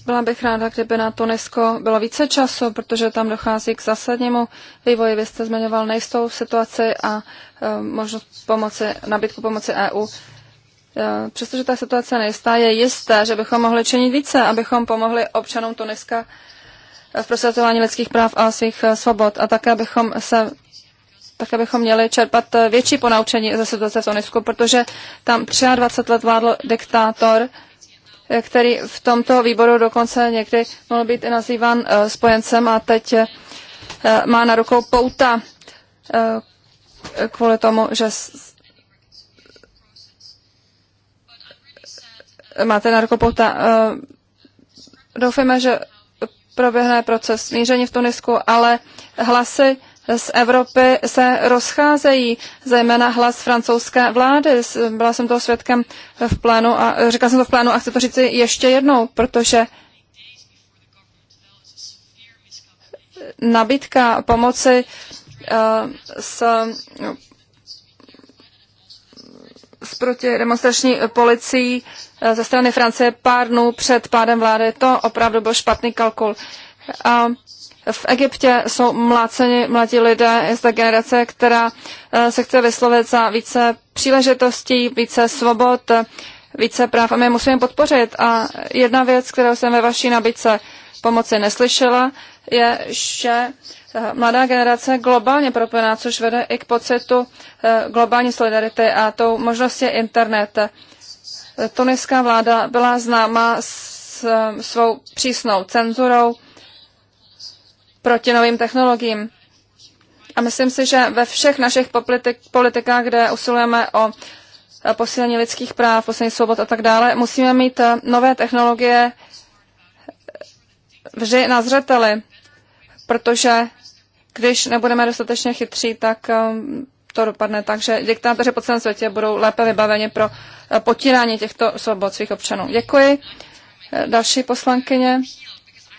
Byla bych ráda, kdyby na Tunisko bylo více času, protože tam dochází k zásadnímu vývoji. Vy jste zmiňoval nejistou situaci a e, možnost pomoci, nabídku pomoci EU. E, přestože ta situace nejistá, je jisté, že bychom mohli činit více, abychom pomohli občanům Tuniska v prosazování lidských práv a svých e, svobod. A také bychom se také bychom měli čerpat větší ponaučení ze situace v Tunisku, protože tam 23 let vládl diktátor, který v tomto výboru dokonce někdy mohl být i nazýván eh, spojencem a teď eh, má na rukou pouta eh, kvůli tomu, že máte na rukou pouta. Doufejme, že proběhne proces smíření v Tunisku, ale hlasy z Evropy se rozcházejí, zejména hlas francouzské vlády. Byla jsem toho svědkem v plénu a říkala jsem to v plénu a chci to říct ještě jednou, protože nabídka pomoci eh, s, s, proti demonstrační policií eh, ze strany Francie pár dnů před pádem vlády, to opravdu byl špatný kalkul. A v Egyptě jsou mláceni mladí lidé, je ta generace, která eh, se chce vyslovit za více příležitostí, více svobod, více práv a my je musíme podpořit. A jedna věc, kterou jsem ve vaší nabídce pomoci neslyšela, je, že eh, mladá generace globálně propojená, což vede i k pocitu eh, globální solidarity a tou možností je internet. Tuniská vláda byla známa s svou přísnou cenzurou, proti novým technologiím. A myslím si, že ve všech našich politik, politikách, kde usilujeme o eh, posílení lidských práv, posílení svobod a tak dále, musíme mít eh, nové technologie eh, vždy na zřeteli, protože když nebudeme dostatečně chytří, tak to dopadne tak, že diktátoři po celém světě budou lépe vybaveni pro potírání těchto svobod svých občanů. Děkuji. Další poslankyně.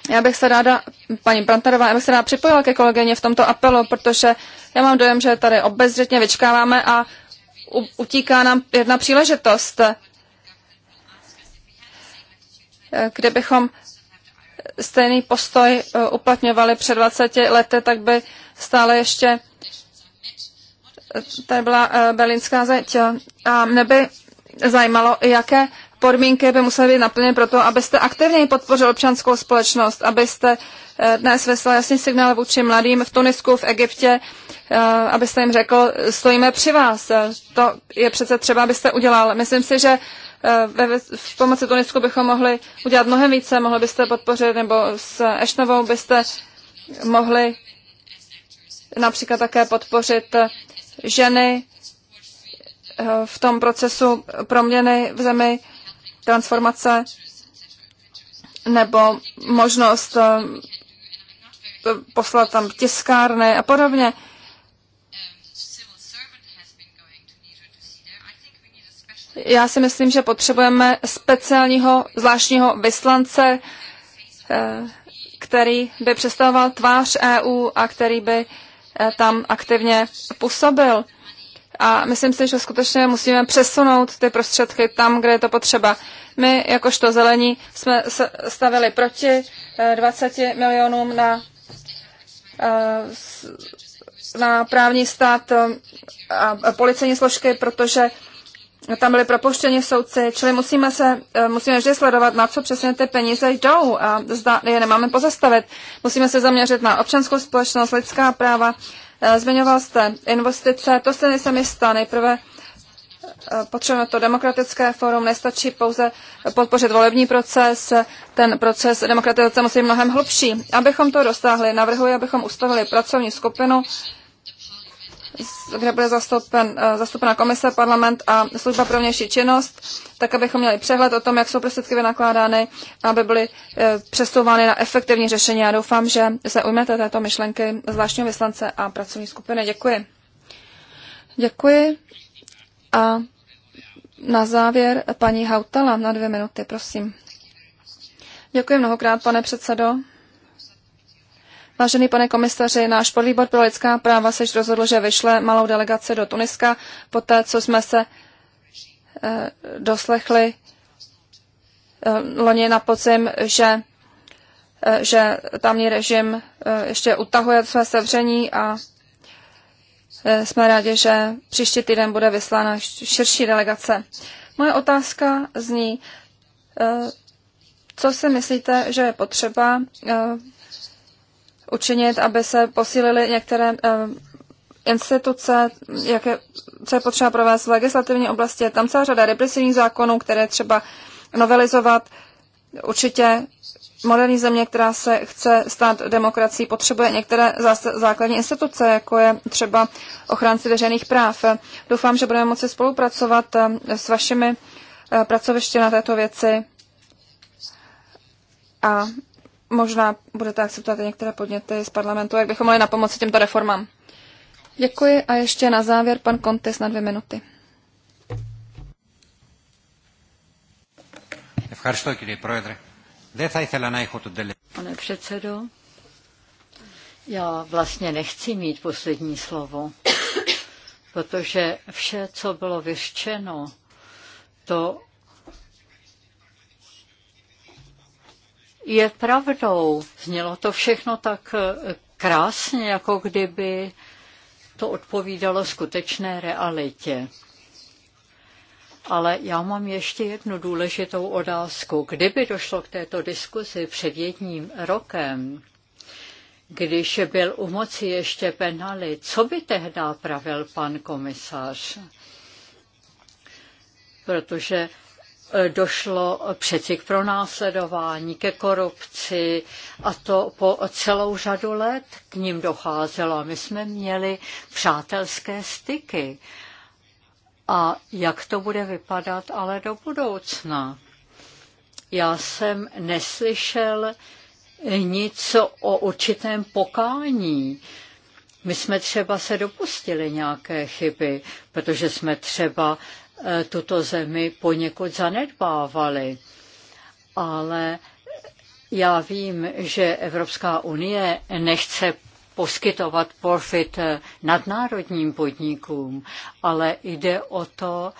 Já bych se ráda, paní Prantarová, já bych se ráda připojila ke kolegyně v tomto apelu, protože já mám dojem, že tady obezřetně vyčkáváme a u, utíká nám jedna příležitost, kde bychom stejný postoj eh, uplatňovali před 20 lety, tak by stále ještě eh, tady byla eh, berlínská zeď. A mě by zajímalo, jaké podmínky by musely být naplněny proto, abyste aktivně podpořil občanskou společnost, abyste eh, dnes vyslal jasný signál vůči mladým v Tunisku, v Egyptě, eh, abyste jim řekl, stojíme při vás. To je přece třeba, abyste udělal. Myslím si, že eh, ve, v pomoci Tunisku bychom mohli udělat mnohem více, mohli byste podpořit, nebo s Ešnovou byste mohli například také podpořit ženy v tom procesu proměny v zemi transformace nebo možnost eh, poslat tam tiskárny a podobně. Já si myslím, že potřebujeme speciálního zvláštního vyslance, eh, který by představoval tvář EU a který by eh, tam aktivně působil. A myslím si, že skutečně musíme přesunout ty prostředky tam, kde je to potřeba. My, jakožto zelení, jsme stavili proti 20 eh, milionům na, eh, na právní stát eh, a policejní složky, protože tam byly propuštěni soudci, čili musíme, se, musíme vždy sledovat, na co přesně ty peníze jdou a zda, je nemáme pozastavit. Musíme se zaměřit na občanskou společnost, lidská práva, Eh, zmiňoval jste investice, to se nejsem jistá. Nejprve eh, potřebujeme to demokratické fórum, nestačí pouze podpořit volební proces, ten proces demokratizace musí být mnohem hlubší. Abychom to dosáhli, navrhuji, abychom ustavili pracovní skupinu, kde bude zastoupen, eh, zastoupena komise, parlament a služba pro vnější činnost, tak abychom měli přehled o tom, jak jsou prostředky vynakládány, aby byly eh, přesouvány na efektivní řešení. Já doufám, že se ujmete této myšlenky zvláštního vyslance a pracovní skupiny. Děkuji. Děkuji. A na závěr paní Hautala na dvě minuty, prosím. Děkuji mnohokrát, pane předsedo. Vážený pane komisaři, náš podvýbor pro lidská práva sež rozhodl, že vyšle malou delegaci do Tuniska, poté co jsme se eh, doslechli eh, loni na podzim, že, eh, že tamní režim eh, ještě utahuje své sevření a eh, jsme rádi, že příští týden bude vyslána širší delegace. Moje otázka zní, eh, co si myslíte, že je potřeba učinit, aby se posílily některé eh, instituce, jaké, co je potřeba provést v legislativní oblasti. Je tam celá řada represivních zákonů, které třeba novelizovat. Určitě moderní země, která se chce stát demokracií, potřebuje některé základní instituce, jako je třeba ochránci veřejných práv. Doufám, že budeme moci spolupracovat eh, s vašimi eh, pracoviště na této věci a možná budete akceptovat některé podněty z parlamentu, jak bychom mohli na pomoci těmto reformám. Děkuji a ještě na závěr pan Kontes na dvě minuty. Pane předsedo, já vlastně nechci mít poslední slovo, protože vše, co bylo vyřčeno, to je pravdou. Znělo to všechno tak eh, krásně, jako kdyby to odpovídalo skutečné realitě. Ale já mám ještě jednu důležitou otázku. Kdyby došlo k této diskuzi před jedním rokem, když byl u moci ještě penali, co by tehdy pravil pan komisař? Protože došlo přeci k pronásledování, ke korupci a to po celou řadu let k ním docházelo. My jsme měli přátelské styky. A jak to bude vypadat ale do budoucna? Já jsem neslyšel nic o určitém pokání. My jsme třeba se dopustili nějaké chyby, protože jsme třeba E, tuto zemi poněkud zanedbávali. Ale já vím, že Evropská unie nechce poskytovat profit nadnárodním podnikům, ale jde o to,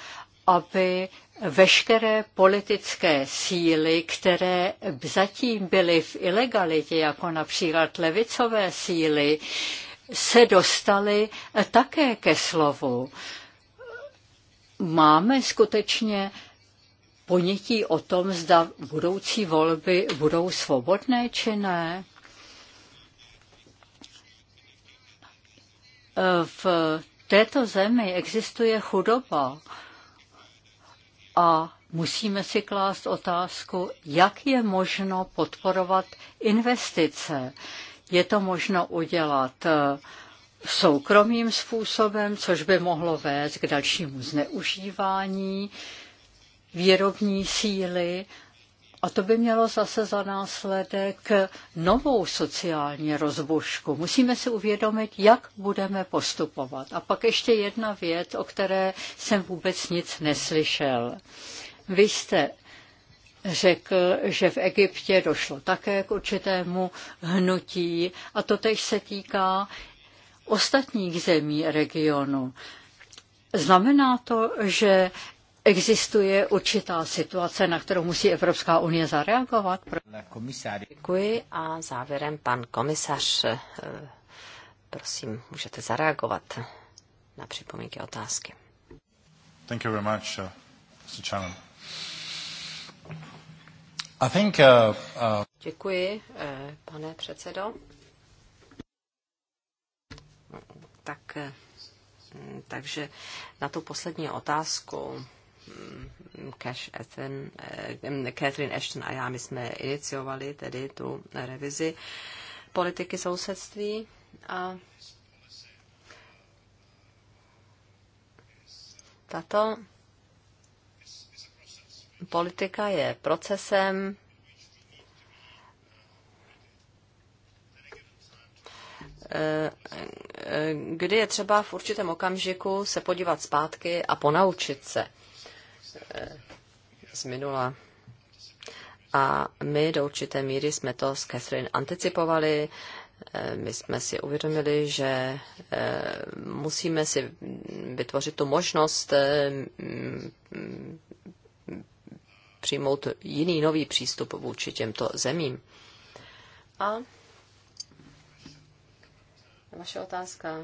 aby veškeré politické síly, které zatím byly v ilegalitě, jako například levicové síly, se dostaly také ke slovu máme skutečně ponětí o tom, zda budoucí volby budou svobodné či ne. V této zemi existuje chudoba a musíme si klást otázku, jak je možno podporovat investice. Je to možno udělat eh, soukromým způsobem, což by mohlo vést k dalšímu zneužívání výrobní síly a to by mělo zase za následek novou sociální rozbušku. Musíme si uvědomit, jak budeme postupovat. A pak ještě jedna věc, o které jsem vůbec nic neslyšel. Vy jste řekl, že v Egyptě došlo také k určitému hnutí a to tež se týká ostatních zemí regionu. Znamená to, že existuje určitá situace, na kterou musí Evropská unie zareagovat? Děkuji a závěrem pan komisař. Eh, prosím, můžete zareagovat na připomínky otázky. Thank you very much, uh, Mr. I think, uh, uh... Děkuji, eh, pane předsedo tak, eh, takže na tu poslední otázku mm, Cash Ethan, eh, mm, Catherine Ashton a já, my jsme iniciovali tedy tu revizi politiky sousedství a tato politika je procesem, kdy je třeba v určitém okamžiku se podívat zpátky a ponaučit se eh, z minula. A my do určité míry jsme to s Catherine anticipovali. Eh, my jsme si uvědomili, že eh, musíme si vytvořit tu možnost přijmout jiný nový přístup vůči těmto zemím. A vaše otázka,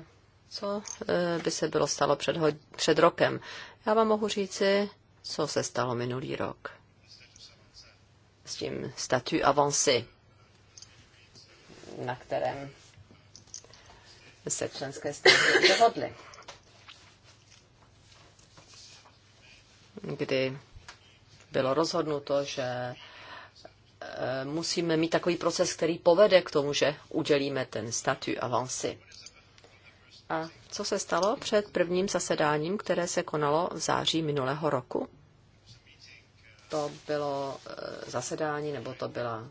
co e, by se bylo stalo před, ho, před rokem? Já vám mohu říci, co se stalo minulý rok s tím statu avancé, na kterém se členské státy dohodly. Kdy bylo rozhodnuto, že Eh, musíme mít takový proces, který povede k tomu, že udělíme ten statu avancy. A co se stalo před prvním zasedáním, které se konalo v září minulého roku? To bylo eh, zasedání, nebo to byla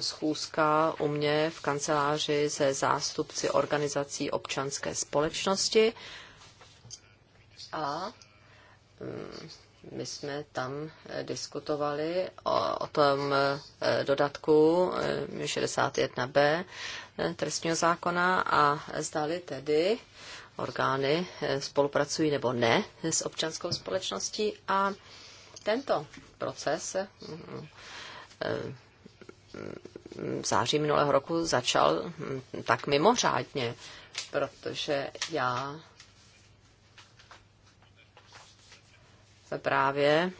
schůzka u mě v kanceláři se zástupci organizací občanské společnosti a mm, my jsme tam eh, diskutovali o, o tom eh, dodatku 61b eh, trestního zákona a zdali tedy orgány spolupracují nebo ne s občanskou společností a tento proces v září minulého roku začal hm, tak mimořádně, protože já právě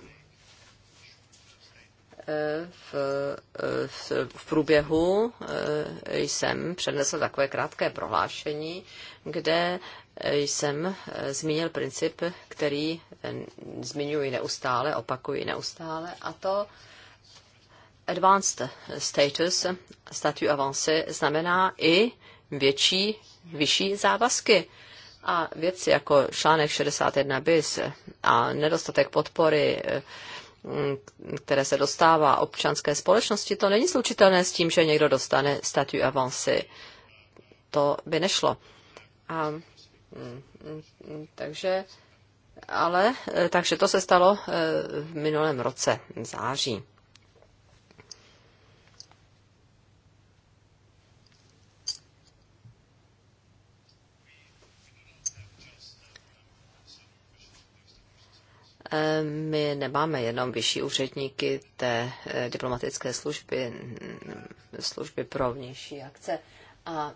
eh, v, eh, v, v průběhu eh, jsem přednesl takové krátké prohlášení, kde jsem zmínil princip, který zmiňuji neustále, opakuji neustále, a to advanced status, statut avancé, znamená i větší, vyšší závazky. A věci jako článek 61 bis a nedostatek podpory, eh, mm, které se dostává občanské společnosti, to není slučitelné s tím, že někdo dostane statu avancy. To by nešlo. A, mm, mm, takže, ale, eh, takže to se stalo eh, v minulém roce, v září. Ehm, my nemáme jenom vyšší úředníky té eh, diplomatické služby, mm, služby pro vnější akce. A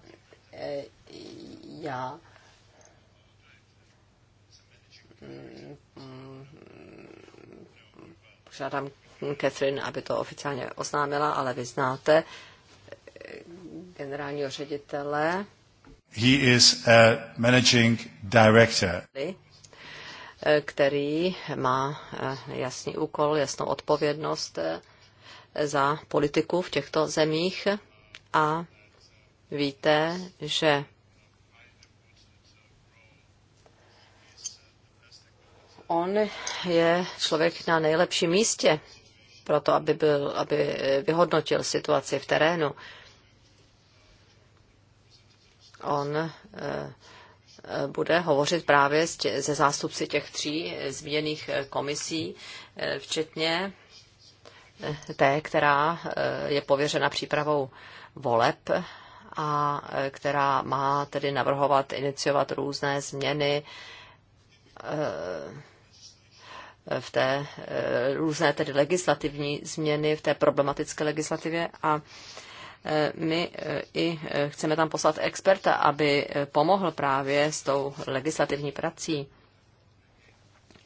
eh, já mm, požádám Catherine, aby to oficiálně oznámila, ale vy znáte eh, generálního ředitele. He is a managing director který má eh, jasný úkol, jasnou odpovědnost eh, za politiku v těchto zemích a víte, že on je člověk na nejlepším místě pro to, aby, byl, aby vyhodnotil situaci v terénu. On eh, bude hovořit právě ze zástupci těch tří eh, zmíněných eh, komisí, eh, včetně té, která je pověřena přípravou voleb a která má tedy navrhovat, iniciovat různé změny v té různé tedy legislativní změny v té problematické legislativě a Eh, my eh, i eh, chceme tam poslat experta, aby pomohl právě s tou legislativní prací.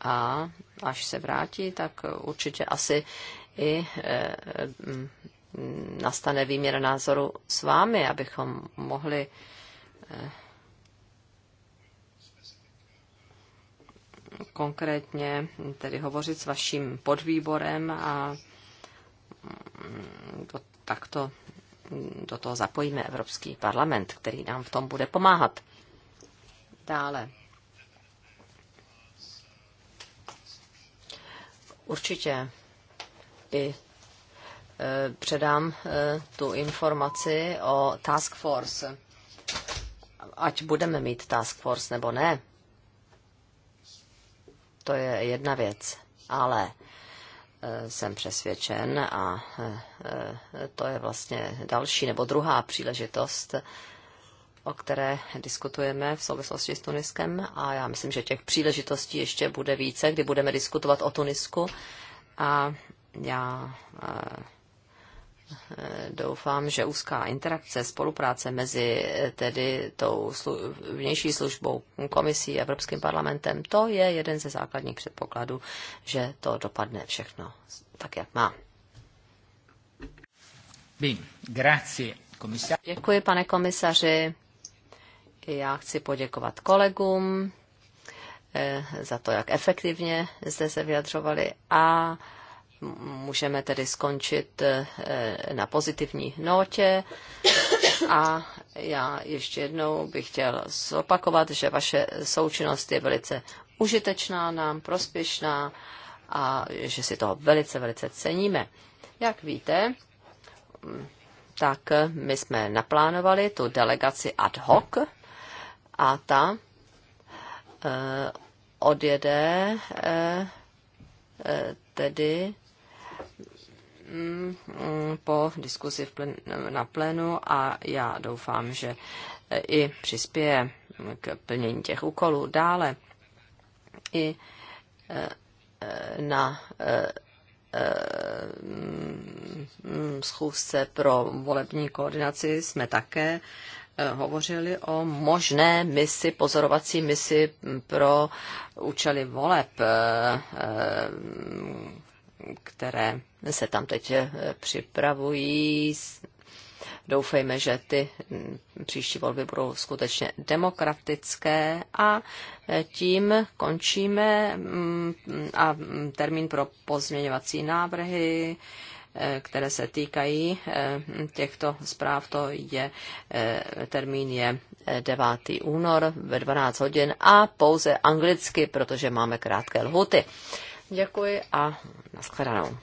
A až se vrátí, tak určitě asi i nastane výměna názoru s vámi, abychom mohli konkrétně tedy hovořit s vaším podvýborem a mm, to takto do toho zapojíme Evropský parlament, který nám v tom bude pomáhat. Dále. Určitě i e, předám e, tu informaci o task force. Ať budeme mít task force nebo ne, to je jedna věc. Ale jsem přesvědčen a eh, to je vlastně další nebo druhá příležitost, o které diskutujeme v souvislosti s Tuniskem a já myslím, že těch příležitostí ještě bude více, kdy budeme diskutovat o Tunisku a já eh, doufám, že úzká interakce, spolupráce mezi eh, tedy tou slu- vnější službou, komisí, a Evropským parlamentem, to je jeden ze základních předpokladů, že to dopadne všechno tak, jak má. Bím, grazie, Děkuji, pane komisaři. Já chci poděkovat kolegům eh, za to, jak efektivně jste se vyjadřovali a můžeme tedy skončit eh, na pozitivní notě. A já ještě jednou bych chtěl zopakovat, že vaše součinnost je velice užitečná nám, prospěšná a že si toho velice, velice ceníme. Jak víte, tak my jsme naplánovali tu delegaci ad hoc a ta eh, odjede eh, tedy Mm, po diskuzi na plénu a já doufám, že i přispěje k plnění těch úkolů. Dále i e, e, na e, mm, schůzce pro volební koordinaci jsme také hovořili o možné misi, pozorovací misi pro účely voleb, které se tam teď eh, připravují. Doufejme, že ty mm, příští volby budou skutečně demokratické a eh, tím končíme mm, a mm, termín pro pozměňovací návrhy eh, které se týkají těchto zpráv, to je termín je 9. únor ve 12 hodin a pouze anglicky, protože máme krátké lhuty. Děkuji a nashledanou.